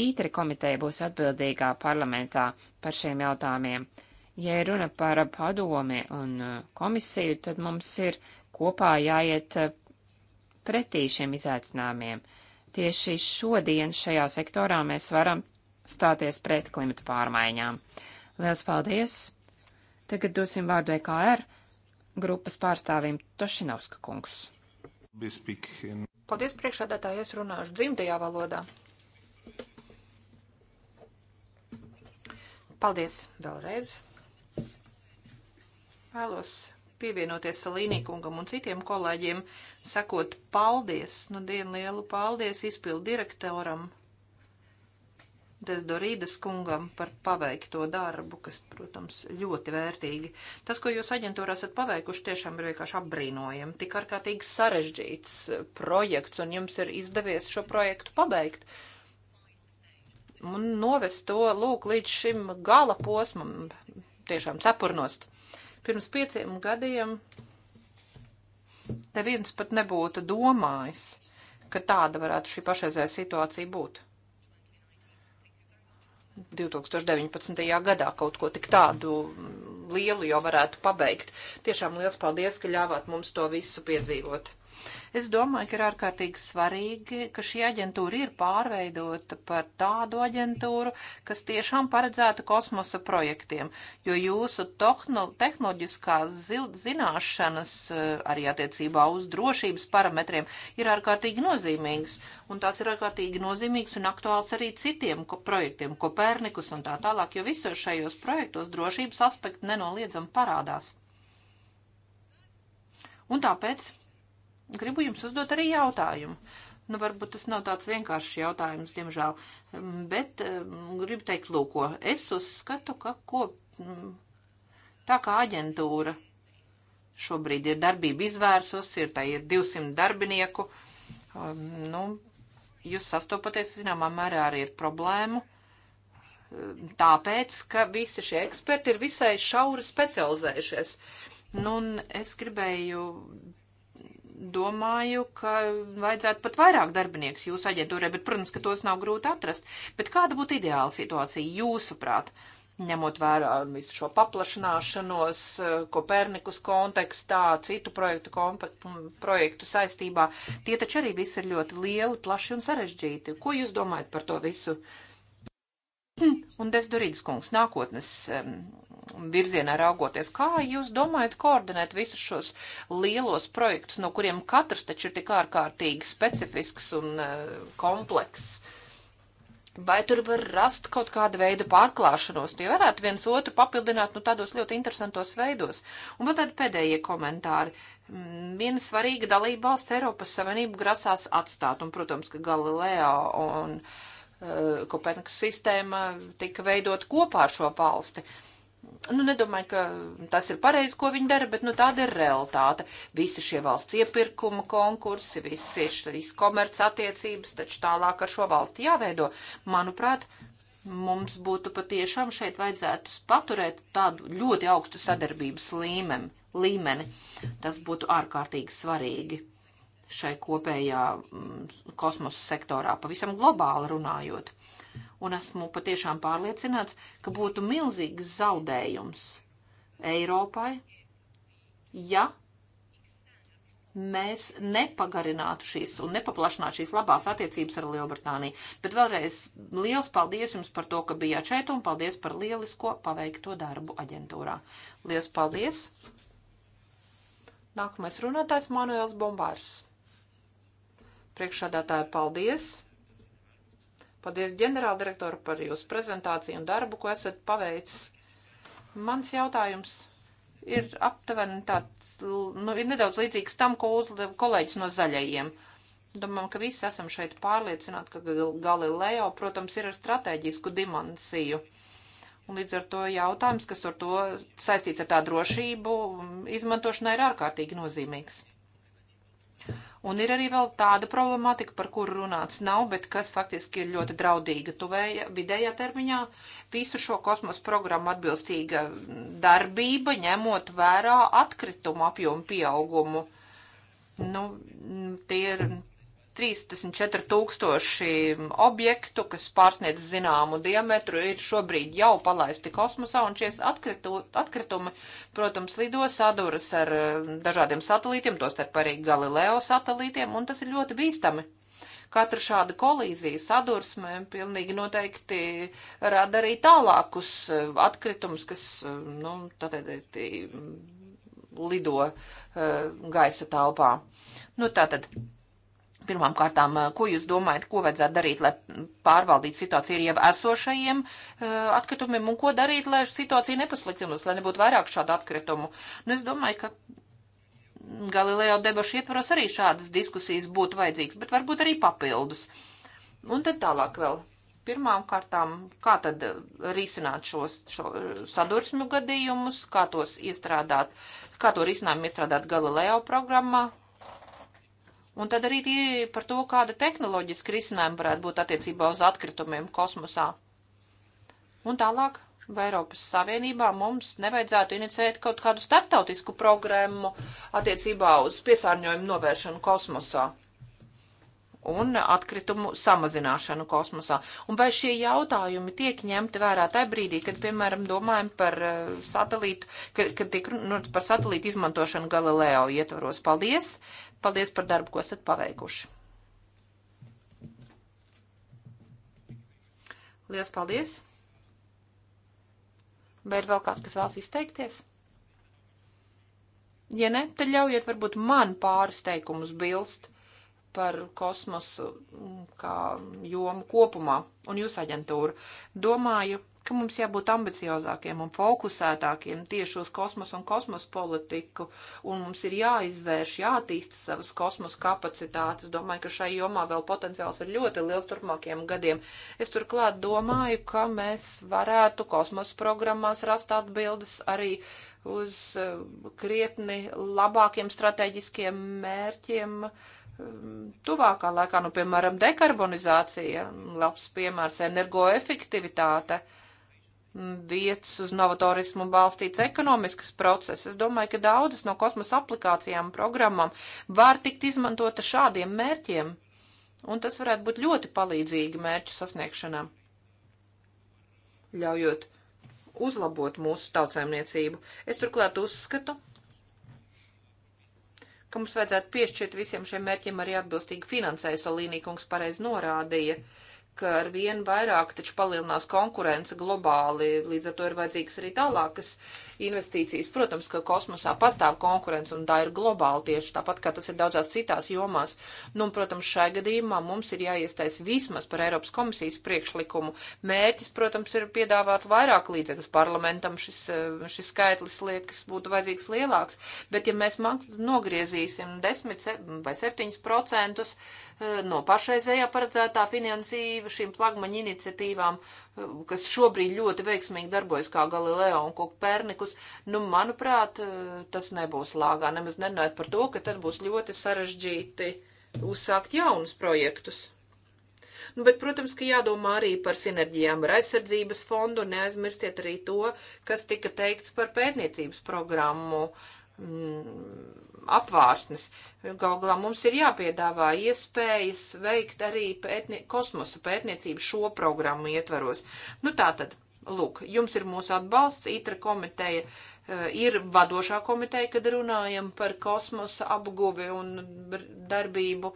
Ītri komiteja būs atbildīgā parlamentā par šiem jautājumiem. Ja ir runa par padomi un komisiju, tad mums ir kopā jāiet pretī šiem izaicinājumiem. Tieši šodien šajā sektorā mēs varam stāties pret klimatu pārmaiņām. Lielas paldies! Tagad dosim vārdu EKR grupas pārstāvim Tošinovska kungs. Paldies priekšādātāji, es runāšu dzimtajā valodā. Paldies vēlreiz. Vēlos pievienoties Salīnī kungam un citiem kolēģiem, sakot paldies, nu dienu lielu paldies izpildu direktoram Desdorīdas kungam par paveikto darbu, kas, protams, ļoti vērtīgi. Tas, ko jūs aģentūrā esat paveikuši, tiešām ir vienkārši apbrīnojami. Tik ārkārtīgi sarežģīts projekts, un jums ir izdevies šo projektu pabeigt. Un novest to, lūk, līdz šim gala posmam, tiešām cepurnost. Pirms pieciem gadiem neviens pat nebūtu domājis, ka tāda varētu šī pašreizējā situācija būt. 2019. gadā kaut ko tik tādu lielu jau varētu pabeigt. Tiešām liels paldies, ka ļāvāt mums to visu piedzīvot. Es domāju, ka ir ārkārtīgi svarīgi, ka šī aģentūra ir pārveidota par tādu aģentūru, kas tiešām paredzētu kosmosa projektiem, jo jūsu tehnoloģiskās zināšanas eh, arī attiecībā uz drošības parametriem ir ārkārtīgi nozīmīgas, un tās ir ārkārtīgi nozīmīgas un aktuāls arī citiem ko projektiem, Kopernikus un tā tālāk, jo visos šajos projektos drošības aspekti nenoliedzami parādās. Un tāpēc gribu jums uzdot arī jautājumu. Nu, varbūt tas nav tāds vienkāršs jautājums, diemžēl, mm, bet um, gribu teikt, lūko, es uzskatu, ka ko, mm, tā kā aģentūra šobrīd ir darbība izvērsus, ir tā ir 200 darbinieku, um, nu, jūs sastopaties, zināmā mērā arī ir problēmu um, tāpēc, ka visi šie eksperti ir visai šauri specializējušies. Nu, un es gribēju domāju, ka vajadzētu pat vairāk darbinieks jūsu aģentūrai, bet, protams, ka tos nav grūti atrast. Bet kāda būtu ideāla situācija jūsuprāt, ņemot vērā visu šo paplašināšanos, eh, Kopernikus kontekstā, citu projektu, kompakt, projektu saistībā? Tie taču arī visi ir ļoti lieli, plaši un sarežģīti. Ko jūs domājat par to visu? Un Desdorīdas kungs, nākotnes virzienā raugoties. Kā jūs domājat koordinēt visus šos lielos projektus, no kuriem katrs taču ir tik ārkārtīgi specifisks un e, komplekss? Vai tur var rast kaut kādu veidu pārklāšanos? Tie varētu viens otru papildināt nu, tādos ļoti interesantos veidos. Un vēl tādi pēdējie komentāri. Mm, viena svarīga dalība valsts Eiropas Savienību grasās atstāt, un, protams, ka Galileo un. Uh, e, Kopernikas sistēma tika veidot kopā ar šo valsti. Uh, Nu, nedomāju, ka tas ir pareizi, ko viņi dara, bet nu, tāda ir realitāte. Visi šie valsts iepirkuma konkursi, visi šīs komerc attiecības, taču tālāk ar šo valsti jāveido. Manuprāt, mums būtu patiešām šeit vajadzētu paturēt tādu ļoti augstu sadarbības līmeni. līmeni. Tas būtu ārkārtīgi svarīgi šai kopējā mm, kosmosa sektorā, pavisam globāli runājot un esmu patiešām pārliecināts, ka būtu milzīgs zaudējums Eiropai, ja mēs nepagarinātu šīs un nepaplašinātu šīs labās attiecības ar Lielbritāniju. Bet vēlreiz liels paldies jums par to, ka bijāt šeit un paldies par lielisko paveikto darbu aģentūrā. Lielas paldies! Nākamais runātājs Manuels Bombārs. Priekšādātāji, paldies! Paldies, ģenerāldirektori, par jūsu prezentāciju un darbu, ko esat paveicis. Mans jautājums ir aptuveni tāds, nu, ir nedaudz līdzīgs tam, ko uzdeva kolēģis no zaļajiem. Domājam, ka visi esam šeit pārliecināti, ka Galileo, protams, ir ar strateģisku dimensiju. Un līdz ar to jautājums, kas ar to saistīts ar tā drošību, izmantošanai ir ārkārtīgi nozīmīgs. Un ir arī vēl tāda problemātika, par kuru runāts nav, bet kas faktiski ir ļoti draudīga. Tuvēja vidējā termiņā visu šo kosmosa programmu atbilstīga darbība, ņemot vērā atkritumu apjomu pieaugumu. Nu, tie ir 34 tūkstoši objektu, kas pārsniedz zināmu diametru, ir šobrīd jau palaisti kosmosā, un šies atkritu, atkritumi, protams, lido saduras ar eh, dažādiem satelītiem, tostarp arī Galileo satelītiem, un tas ir ļoti bīstami. Katra šāda kolīzija, sadursme pilnīgi noteikti rada arī tālākus eh, atkritumus, kas, eh, nu, tātad, lido uh, gaisa telpā. Nu, tātad Pirmām kārtām, ko jūs domājat, ko vajadzētu darīt, lai pārvaldītu situāciju ar jau esošajiem uh, atkritumiem, un ko darīt, lai situācija nepasliktinos, lai nebūtu vairāk šādu atkritumu? Nu, es domāju, ka Galileo debašu ietvaros arī šādas diskusijas būtu vajadzīgas, bet varbūt arī papildus. Un tad tālāk vēl. Pirmām kārtām, kā tad risināt šos šo sadursmu gadījumus, kā tos iestrādāt, kā to risinājumu iestrādāt Galileo programmā, Un tad arī ir par to, kāda tehnoloģiska risinājuma varētu būt attiecībā uz atkritumiem kosmosā. Un tālāk, vai Eiropas Savienībā mums nevajadzētu inicēt kaut kādu startautisku programmu attiecībā uz piesārņojumu novēršanu kosmosā un atkritumu samazināšanu kosmosā. Un vai šie jautājumi tiek ņemti vērā tajā brīdī, kad, piemēram, domājam par eh, satelītu, kad, kad tiek nu, par satelītu izmantošanu Galileo ietvaros? Paldies! Paldies par darbu, ko esat paveikuši! Lielas paldies! Vai ir vēl kāds, kas vēlas izteikties? Ja ne, tad ļaujiet varbūt man pāris teikumus bilst par kosmosu mm, kā jomu kopumā un jūsu aģentūru. Domāju, ka mums jābūt ambiciozākiem un fokusētākiem tieši uz kosmosu un kosmosu politiku, un mums ir jāizvērš, jātīsta savas kosmosu kapacitātes. Domāju, ka šai jomā vēl potenciāls ir ļoti liels turpmākajiem gadiem. Es turklāt domāju, ka mēs varētu kosmosu programmās rast atbildes arī uz eh, krietni labākiem strateģiskiem mērķiem, uh, Um, tuvākā laikā, nu, piemēram, dekarbonizācija, labs piemērs energoefektivitāte, mm, vietas uz novatorismu balstīts ekonomiskas process. Es domāju, ka daudzas no kosmosa aplikācijām un programmām var tikt izmantota šādiem mērķiem, un tas varētu būt ļoti palīdzīgi mērķu sasniegšanā, ļaujot uzlabot mūsu tautsēmniecību. Es turklāt uzskatu, ka mums vajadzētu piešķirt visiem šiem mērķiem arī atbilstīgu finansēju, Salīnī kungs pareiz norādīja ka ar vien vairāk taču palielinās konkurence globāli, līdz ar to ir vajadzīgas arī tālākas investīcijas. Protams, ka kosmosā pastāv konkurence un tā ir globāli tieši tāpat, kā tas ir daudzās citās jomās. Nu, un, protams, šajā gadījumā mums ir jāiestais vismaz par Eiropas komisijas priekšlikumu. Mērķis, protams, ir piedāvāt vairāk līdzekļus parlamentam. Šis, eh, šis skaitlis liekas būtu vajadzīgs lielāks, bet ja mēs nogriezīsim 10 vai 7 procentus eh, no pašreizējā paredzētā finansīva šīm flagmaņa iniciatīvām, kas šobrīd ļoti veiksmīgi darbojas kā Galileo un Kopernikus, nu, manuprāt, eh, tas nebūs lāgā. Nemaz nerunājot par to, ka tad būs ļoti sarežģīti uzsākt jaunus projektus. Nu, bet, protams, ka jādomā arī par sinerģijām ar aizsardzības fondu, un neaizmirstiet arī to, kas tika teikts par pētniecības programmu. Mm apvārsnes. Galu galā mums ir jāpiedāvā iespējas veikt arī pētnie kosmosa pētniecību šo programmu ietvaros. Nu tā tad, lūk, jums ir mūsu atbalsts, ITRA komiteja eh, ir vadošā komiteja, kad runājam par kosmosa apguvi un darbību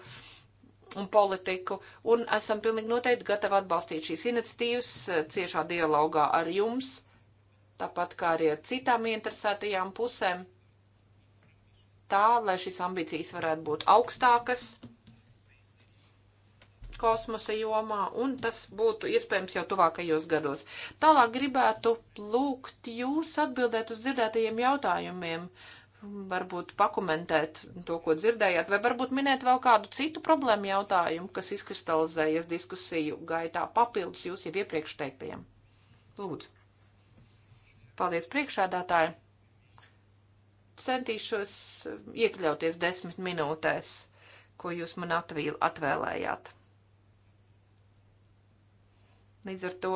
un politiku, un esam pilnīgi noteikti gatavi atbalstīt šīs iniciatīvas eh, ciešā dialogā ar jums, tāpat kā arī ar citām interesētajām pusēm tā, lai šīs ambīcijas varētu būt augstākas kosmosa jomā, un tas būtu iespējams jau tuvākajos gados. Tālāk gribētu lūgt jūs atbildēt uz dzirdētajiem jautājumiem, varbūt pakomentēt to, ko dzirdējāt, vai varbūt minēt vēl kādu citu problēmu jautājumu, kas izkristalizējies diskusiju gaitā papildus jūs jau iepriekš teiktajiem. Lūdzu. Paldies priekšādātāji! centīšos um, iekļauties desmit minūtēs, ko jūs man atvīl, atvēlējāt. Līdz ar to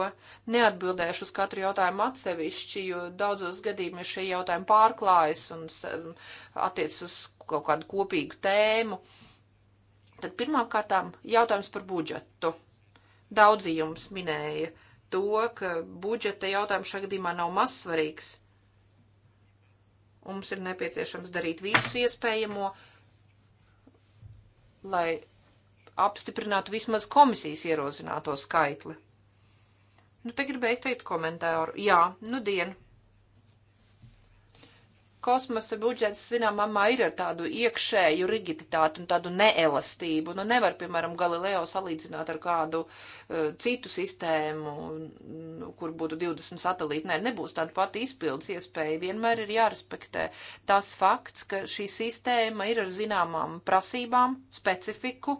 neatbildēšu uz katru jautājumu atsevišķi, jo daudzos gadījumos šie jautājumi pārklājas un um, attiec uz kaut kādu kopīgu tēmu. Tad pirmkārtām jautājums par budžetu. Daudzi jums minēja to, ka budžeta jautājums šajā gadījumā nav mazsvarīgs. Un mums ir nepieciešams darīt visu iespējamo, lai apstiprinātu vismaz komisijas ierozināto skaitli. Nu, te gribēju teikt komentāru. Jā, nu dien kosmosa budžets, zināmā mērā, ir ar tādu iekšēju rigiditāti un tādu neelastību. Nu, nevar, piemēram, Galileo salīdzināt ar kādu uh, citu sistēmu, nu, kur būtu 20 satelīti. Nē, nebūs tāda pati izpildes iespēja. Vienmēr ir jārespektē tas fakts, ka šī sistēma ir ar zināmām prasībām, specifiku,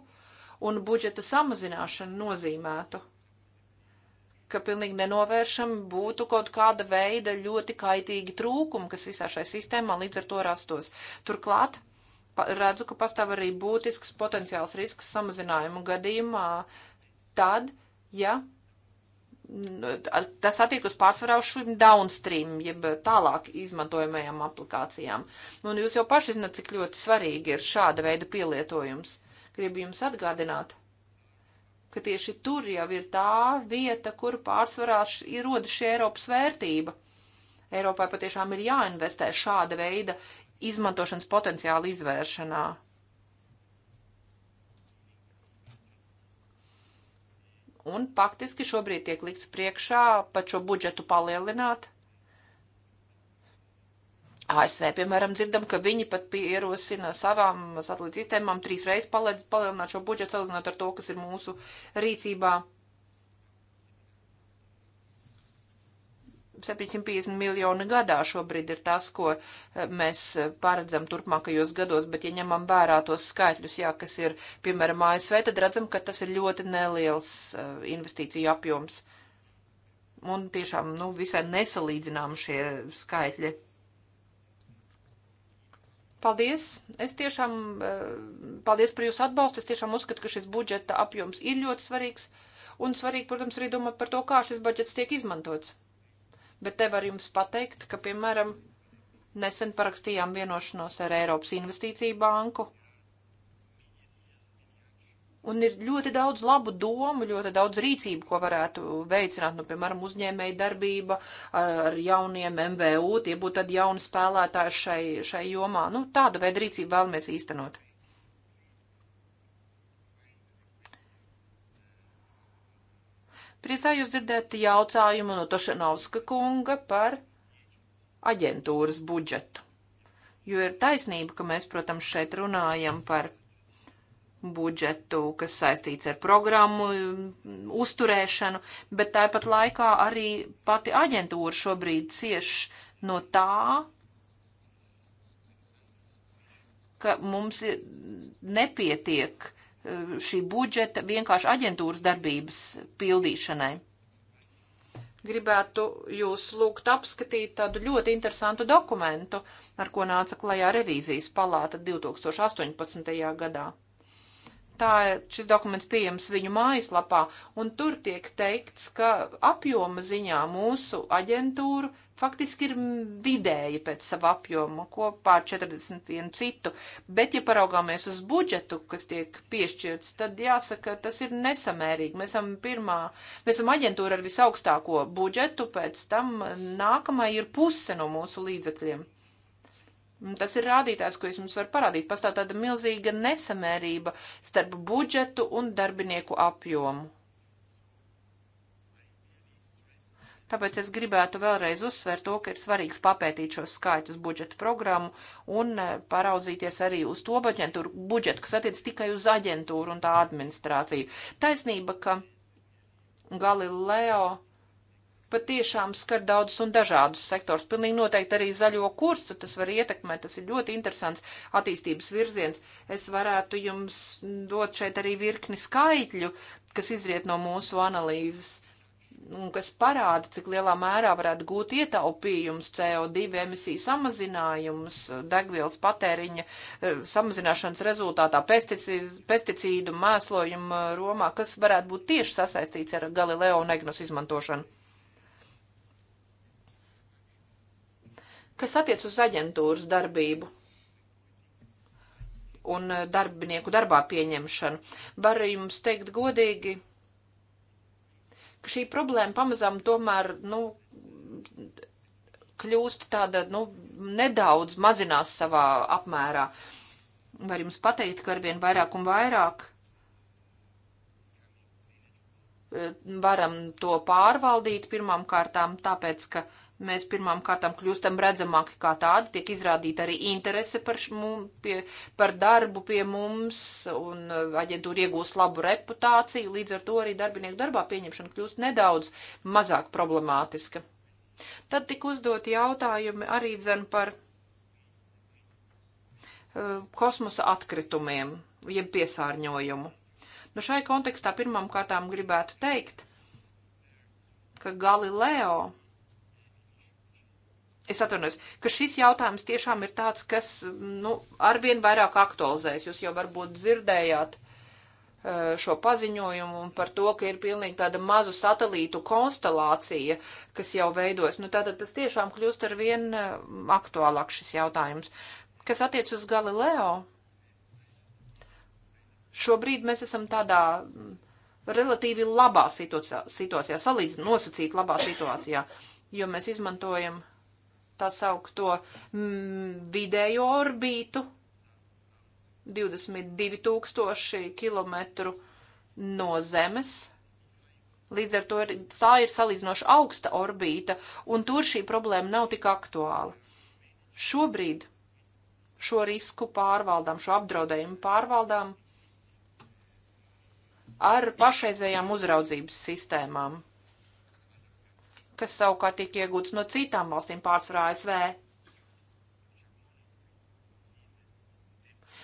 un budžeta samazināšana nozīmētu ka pilnīgi nenovēršami būtu kaut kāda veida ļoti kaitīgi trūkumi, kas visā šai sistēmā līdz ar to rastos. Turklāt redzu, ka pastāv arī būtisks potenciāls risks samazinājumu gadījumā tad, ja tas attiek uz pārsvarā uz šīm downstream, jeb tālāk izmantojamajām aplikācijām. Un jūs jau paši zināt, cik ļoti svarīgi ir šāda veida pielietojums. Gribu jums atgādināt, ka tieši tur jau ir tā vieta, kur pārsvarā ir roda šī Eiropas vērtība. Eiropai patiešām ir jāinvestē šāda veida izmantošanas potenciāla izvēršanā. Un faktiski šobrīd tiek likts priekšā pat šo budžetu palielināt ASV, piemēram, dzirdam, ka viņi pat pierosina savām satelīta sistēmām trīs reizes palielināt šo budžetu, salīdzinot ar to, kas ir mūsu rīcībā. 750 miljoni gadā šobrīd ir tas, ko eh, mēs eh, paredzam turpmākajos gados, bet, ja ņemam vērā tos skaitļus, jā, kas ir, piemēram, ASV, tad redzam, ka tas ir ļoti neliels eh, investīciju apjoms. Un tiešām, nu, visai nesalīdzinām šie skaitļi. Paldies! Es tiešām, eh, paldies par jūsu atbalstu. Es tiešām uzskatu, ka šis budžeta apjoms ir ļoti svarīgs. Un svarīgi, protams, arī domāt par to, kā šis budžets tiek izmantots. Bet te var jums pateikt, ka, piemēram, nesen parakstījām vienošanos ar Eiropas Investīciju banku Un ir ļoti daudz labu domu, ļoti daudz rīcību, ko varētu veicināt, nu, piemēram, uzņēmēja darbība ar jauniem MVU, tie būtu tad jauni spēlētāji šai, šai jomā. Nu, tādu veidu rīcību vēlamies īstenot. Priecājos dzirdēt jautājumu no Tošanovska kunga par aģentūras budžetu. Jo ir taisnība, ka mēs, protams, šeit runājam par budžetu, kas saistīts ar programmu uzturēšanu, bet tāpat laikā arī pati aģentūra šobrīd cieš no tā, ka mums ir nepietiek eh, šī budžeta vienkārši aģentūras darbības pildīšanai. Gribētu jūs lūgt apskatīt tādu ļoti interesantu dokumentu, ar ko nāca klajā revīzijas palāta 2018. gadā. Tā, šis dokuments pieejams viņu mājaslapā, un tur tiek teikts, ka apjoma ziņā mūsu aģentūra faktiski ir vidēji pēc sava apjoma, kopā ar 41 citu. Bet, ja paraugāmies uz budžetu, kas tiek piešķirts, tad jāsaka, tas ir nesamērīgi. Mēs esam pirmā, mēs esam aģentūra ar visaugstāko budžetu, pēc tam nākamā ir puse no mūsu līdzekļiem. Tas ir rādītājs, ko es jums varu parādīt. Pastāv tāda milzīga nesamērība starp budžetu un darbinieku apjomu. Tāpēc es gribētu vēlreiz uzsvērt to, ka ir svarīgs papētīt šos skaitļus budžeta programmu un e, paraudzīties arī uz to aģentūru budžetu, kas attiec tikai uz aģentūru un tā administrāciju. Taisnība, ka Galileo patiešām skar daudzus un dažādus sektors. Pilnīgi noteikti arī zaļo kursu tas var ietekmēt. Tas ir ļoti interesants attīstības virziens. Es varētu jums dot šeit arī virkni skaitļu, kas izriet no mūsu analīzes un kas parāda, cik lielā mērā varētu gūt ietaupījums, CO2 emisiju samazinājums, degvielas patēriņa e, samazināšanas rezultātā, pesticīdu mēslojuma Romā, kas varētu būt tieši sasaistīts ar Galileo un Egnus izmantošanu. Kas attiec uz aģentūras darbību un eh, darbinieku darbā pieņemšanu, varu jums teikt godīgi, ka šī problēma pamazām tomēr, nu, kļūst tāda, nu, nedaudz mazinās savā apmērā. Var jums pateikt, ka arvien vairāk un vairāk eh, varam to pārvaldīt pirmām kārtām, tāpēc, ka mēs pirmām kārtām kļūstam redzamāki kā tādi, tiek izrādīta arī interese par, šmum, pie, par darbu pie mums, un uh, aģentūra iegūst labu reputāciju, līdz ar to arī darbinieku darbā pieņemšana kļūst nedaudz mazāk problemātiska. Tad tik uzdot jautājumi arī dzen par uh, kosmosa atkritumiem, jeb piesārņojumu. Nu, šai kontekstā pirmām kārtām gribētu teikt, ka Galileo Es atvainojos, ka šis jautājums tiešām ir tāds, kas nu, arvien vairāk aktualizējas. Jūs jau varbūt dzirdējāt eh, šo paziņojumu par to, ka ir pilnīgi tāda mazu satelītu konstelācija, kas jau veidojas. Nu, tātad tas tiešām kļūst arvien eh, aktuālāk šis jautājums. Kas attiec uz Galileo? Šobrīd mēs esam tādā mm, relatīvi labā situācijā, situācijā salīdzinot nosacīt labā situācijā, jo mēs izmantojam tā saukto mm, vidējo orbītu 22,000 km no Zemes. Līdz ar to ir, tā ir salīdzinoši augsta orbīta, un tur šī problēma nav tik aktuāla. Šobrīd šo risku pārvaldām, šo apdraudējumu pārvaldām ar pašreizējām uzraudzības sistēmām kas savukārt tiek iegūts no citām valstīm, pārsvarā ASV.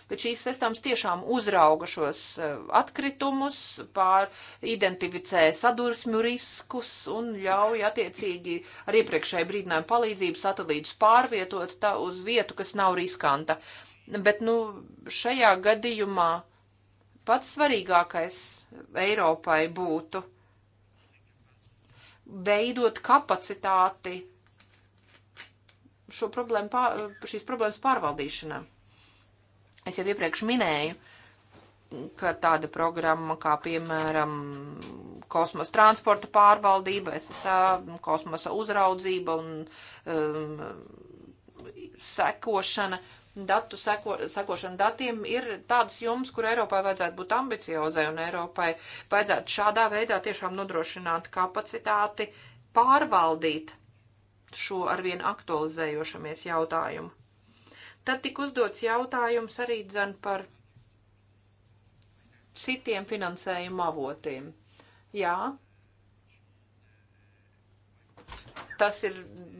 Bet šīs sistēmas tiešām uzrauga šos eh, atkritumus, pār identificē sadursmju riskus un ļauj attiecīgi ar iepriekšēju brīdinājumu palīdzību satelītus pārvietot tā uz vietu, kas nav riskanta. Bet, nu, šajā gadījumā pats svarīgākais Eiropai būtu veidot kapacitāti šo problēmu, pār, šīs problēmas pārvaldīšanā. Es jau iepriekš minēju, ka tāda programma kā, piemēram, kosmosa transporta pārvaldība, SSA, kosmosa uzraudzība un um, sekošana, uh, datu seko, sekošana datiem ir tādas jomas, kur Eiropai vajadzētu būt ambiciozai un Eiropai vajadzētu šādā veidā tiešām nodrošināt kapacitāti pārvaldīt šo arvien aktualizējošamies jautājumu. Tad tika uzdots jautājums arī dzen par citiem finansējuma avotiem. Jā, tas ir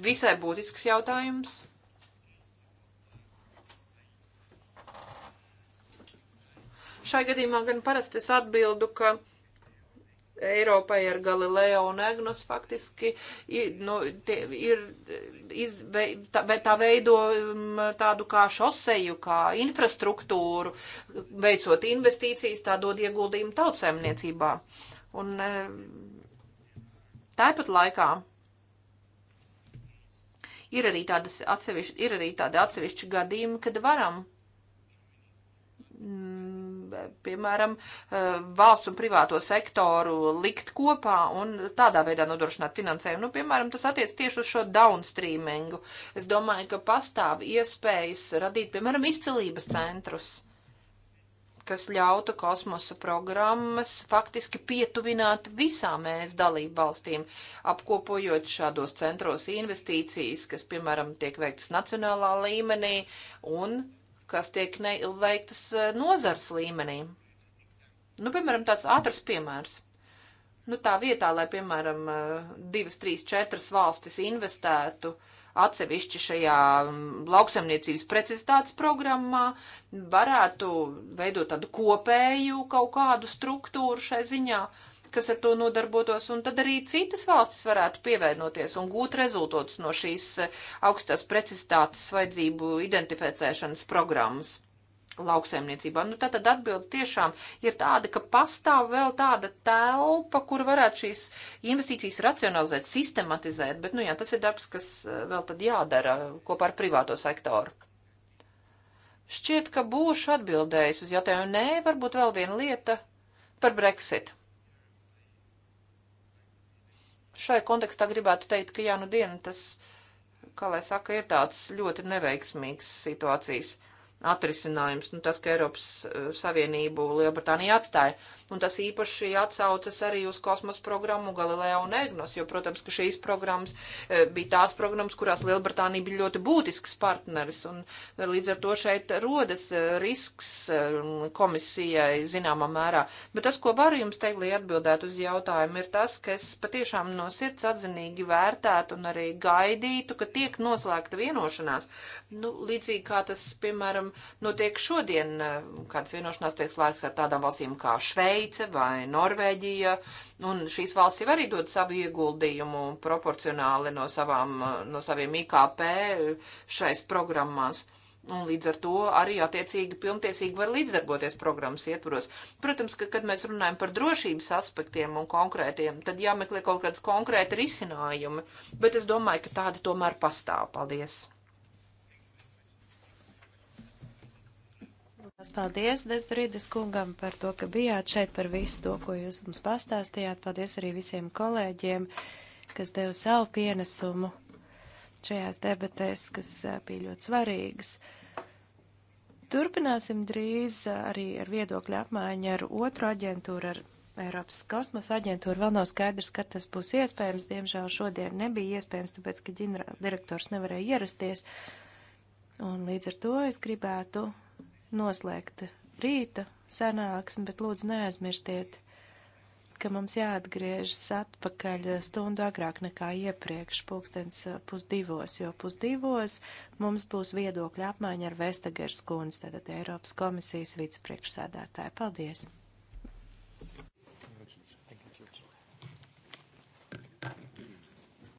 visai būtisks jautājums Šai gadījumā gan parasti es atbildu, ka. Eiropai ar Galileo un Agnos faktiski nu, tie, ir izve, tā, tā veido tādu kā šoseju, kā infrastruktūru, veicot investīcijas, tā dod ieguldījumu tautsēmniecībā. Un e, tāpat laikā ir arī, tādas atsevišķi, ir arī tādi atsevišķi gadījumi, kad varam piemēram, eh, valsts un privāto sektoru likt kopā un tādā veidā nodrošināt finansējumu. Nu, piemēram, tas attiec tieši uz šo downstreamingu. Es domāju, ka pastāv iespējas radīt, piemēram, izcilības centrus kas ļautu kosmosa programmas faktiski pietuvināt visām mēs dalību valstīm, apkopojot šādos centros investīcijas, kas, piemēram, tiek veiktas nacionālā līmenī un kas tiek veiktas eh, nozars līmenī. Nu, piemēram, tāds ātrs piemērs. Nu, tā vietā, lai, piemēram, eh, divas, trīs, četras valstis investētu atsevišķi šajā mm, lauksaimniecības precizitātes programmā, varētu veidot tādu kopēju kaut kādu struktūru šai ziņā. Uh, kas ar to nodarbotos, un tad arī citas valstis varētu pievienoties un gūt rezultātus no šīs eh, augstās precizitātes vajadzību identificēšanas programmas lauksaimniecībā. Nu, tad atbilde tiešām ir tāda, ka pastāv vēl tāda telpa, kur varētu šīs investīcijas racionalizēt, sistematizēt, bet, nu jā, tas ir darbs, kas eh, vēl tad jādara kopā ar privāto sektoru. Šķiet, ka būšu atbildējis uz jautājumu. Nē, varbūt vēl viena lieta par Brexit. Šai kontekstā gribētu teikt, ka jā, nu diena tas, kā lai saka, ir tāds ļoti neveiksmīgs situācijas atrisinājums, nu, tas, ka Eiropas eh, Savienību Lielbritānija atstāja. Un tas īpaši atsaucas arī uz kosmosa programmu Galileo un Egnos, jo, protams, ka šīs programmas eh, bija tās programmas, kurās Lielbritānija bija ļoti būtisks partneris, un eh, līdz ar to šeit rodas risks komisijai zināmā mērā. Bet tas, ko varu jums teikt, lai atbildētu uz jautājumu, ir tas, ka es patiešām no sirds atzinīgi vērtētu un arī gaidītu, ka tiek noslēgta vienošanās. Nu, līdzīgi kā tas, piemēram, piemēram, notiek šodien, eh, kāds vienošanās tiek slēgts ar tādām valstīm kā Šveice vai Norvēģija, un šīs valsts jau arī dod savu ieguldījumu proporcionāli no, savām, eh, no saviem IKP šais programmās. Un līdz ar to arī attiecīgi pilntiesīgi var līdzdarboties programmas ietvaros. Protams, ka, kad mēs runājam par drošības aspektiem un konkrētiem, tad jāmeklē kaut kāds konkrēti risinājumi, bet es domāju, ka tādi tomēr pastāv. Paldies! Es paldies Desdrīdes kungam par to, ka bijāt šeit, par visu to, ko jūs mums pastāstījāt. Paldies arī visiem kolēģiem, kas deva savu pienesumu šajās debatēs, kas eh, bija ļoti svarīgas. Turpināsim drīz eh, arī ar viedokļu apmaiņu ar otru aģentūru, ar Eiropas kosmosa aģentūra vēl nav skaidrs, kad tas būs iespējams. Diemžēl šodien nebija iespējams, tāpēc, ka ģenerāldirektors nevarēja ierasties. Un līdz ar to es gribētu noslēgta rīta sanāksme, bet lūdzu neaizmirstiet, ka mums jāatgriežas atpakaļ stundu agrāk nekā iepriekš, pulkstens eh, pusdivos, jo pusdivos mums būs viedokļa apmaiņa ar Vestagers kundzi, tātad Eiropas komisijas vicepriekšsēdētāju. Paldies!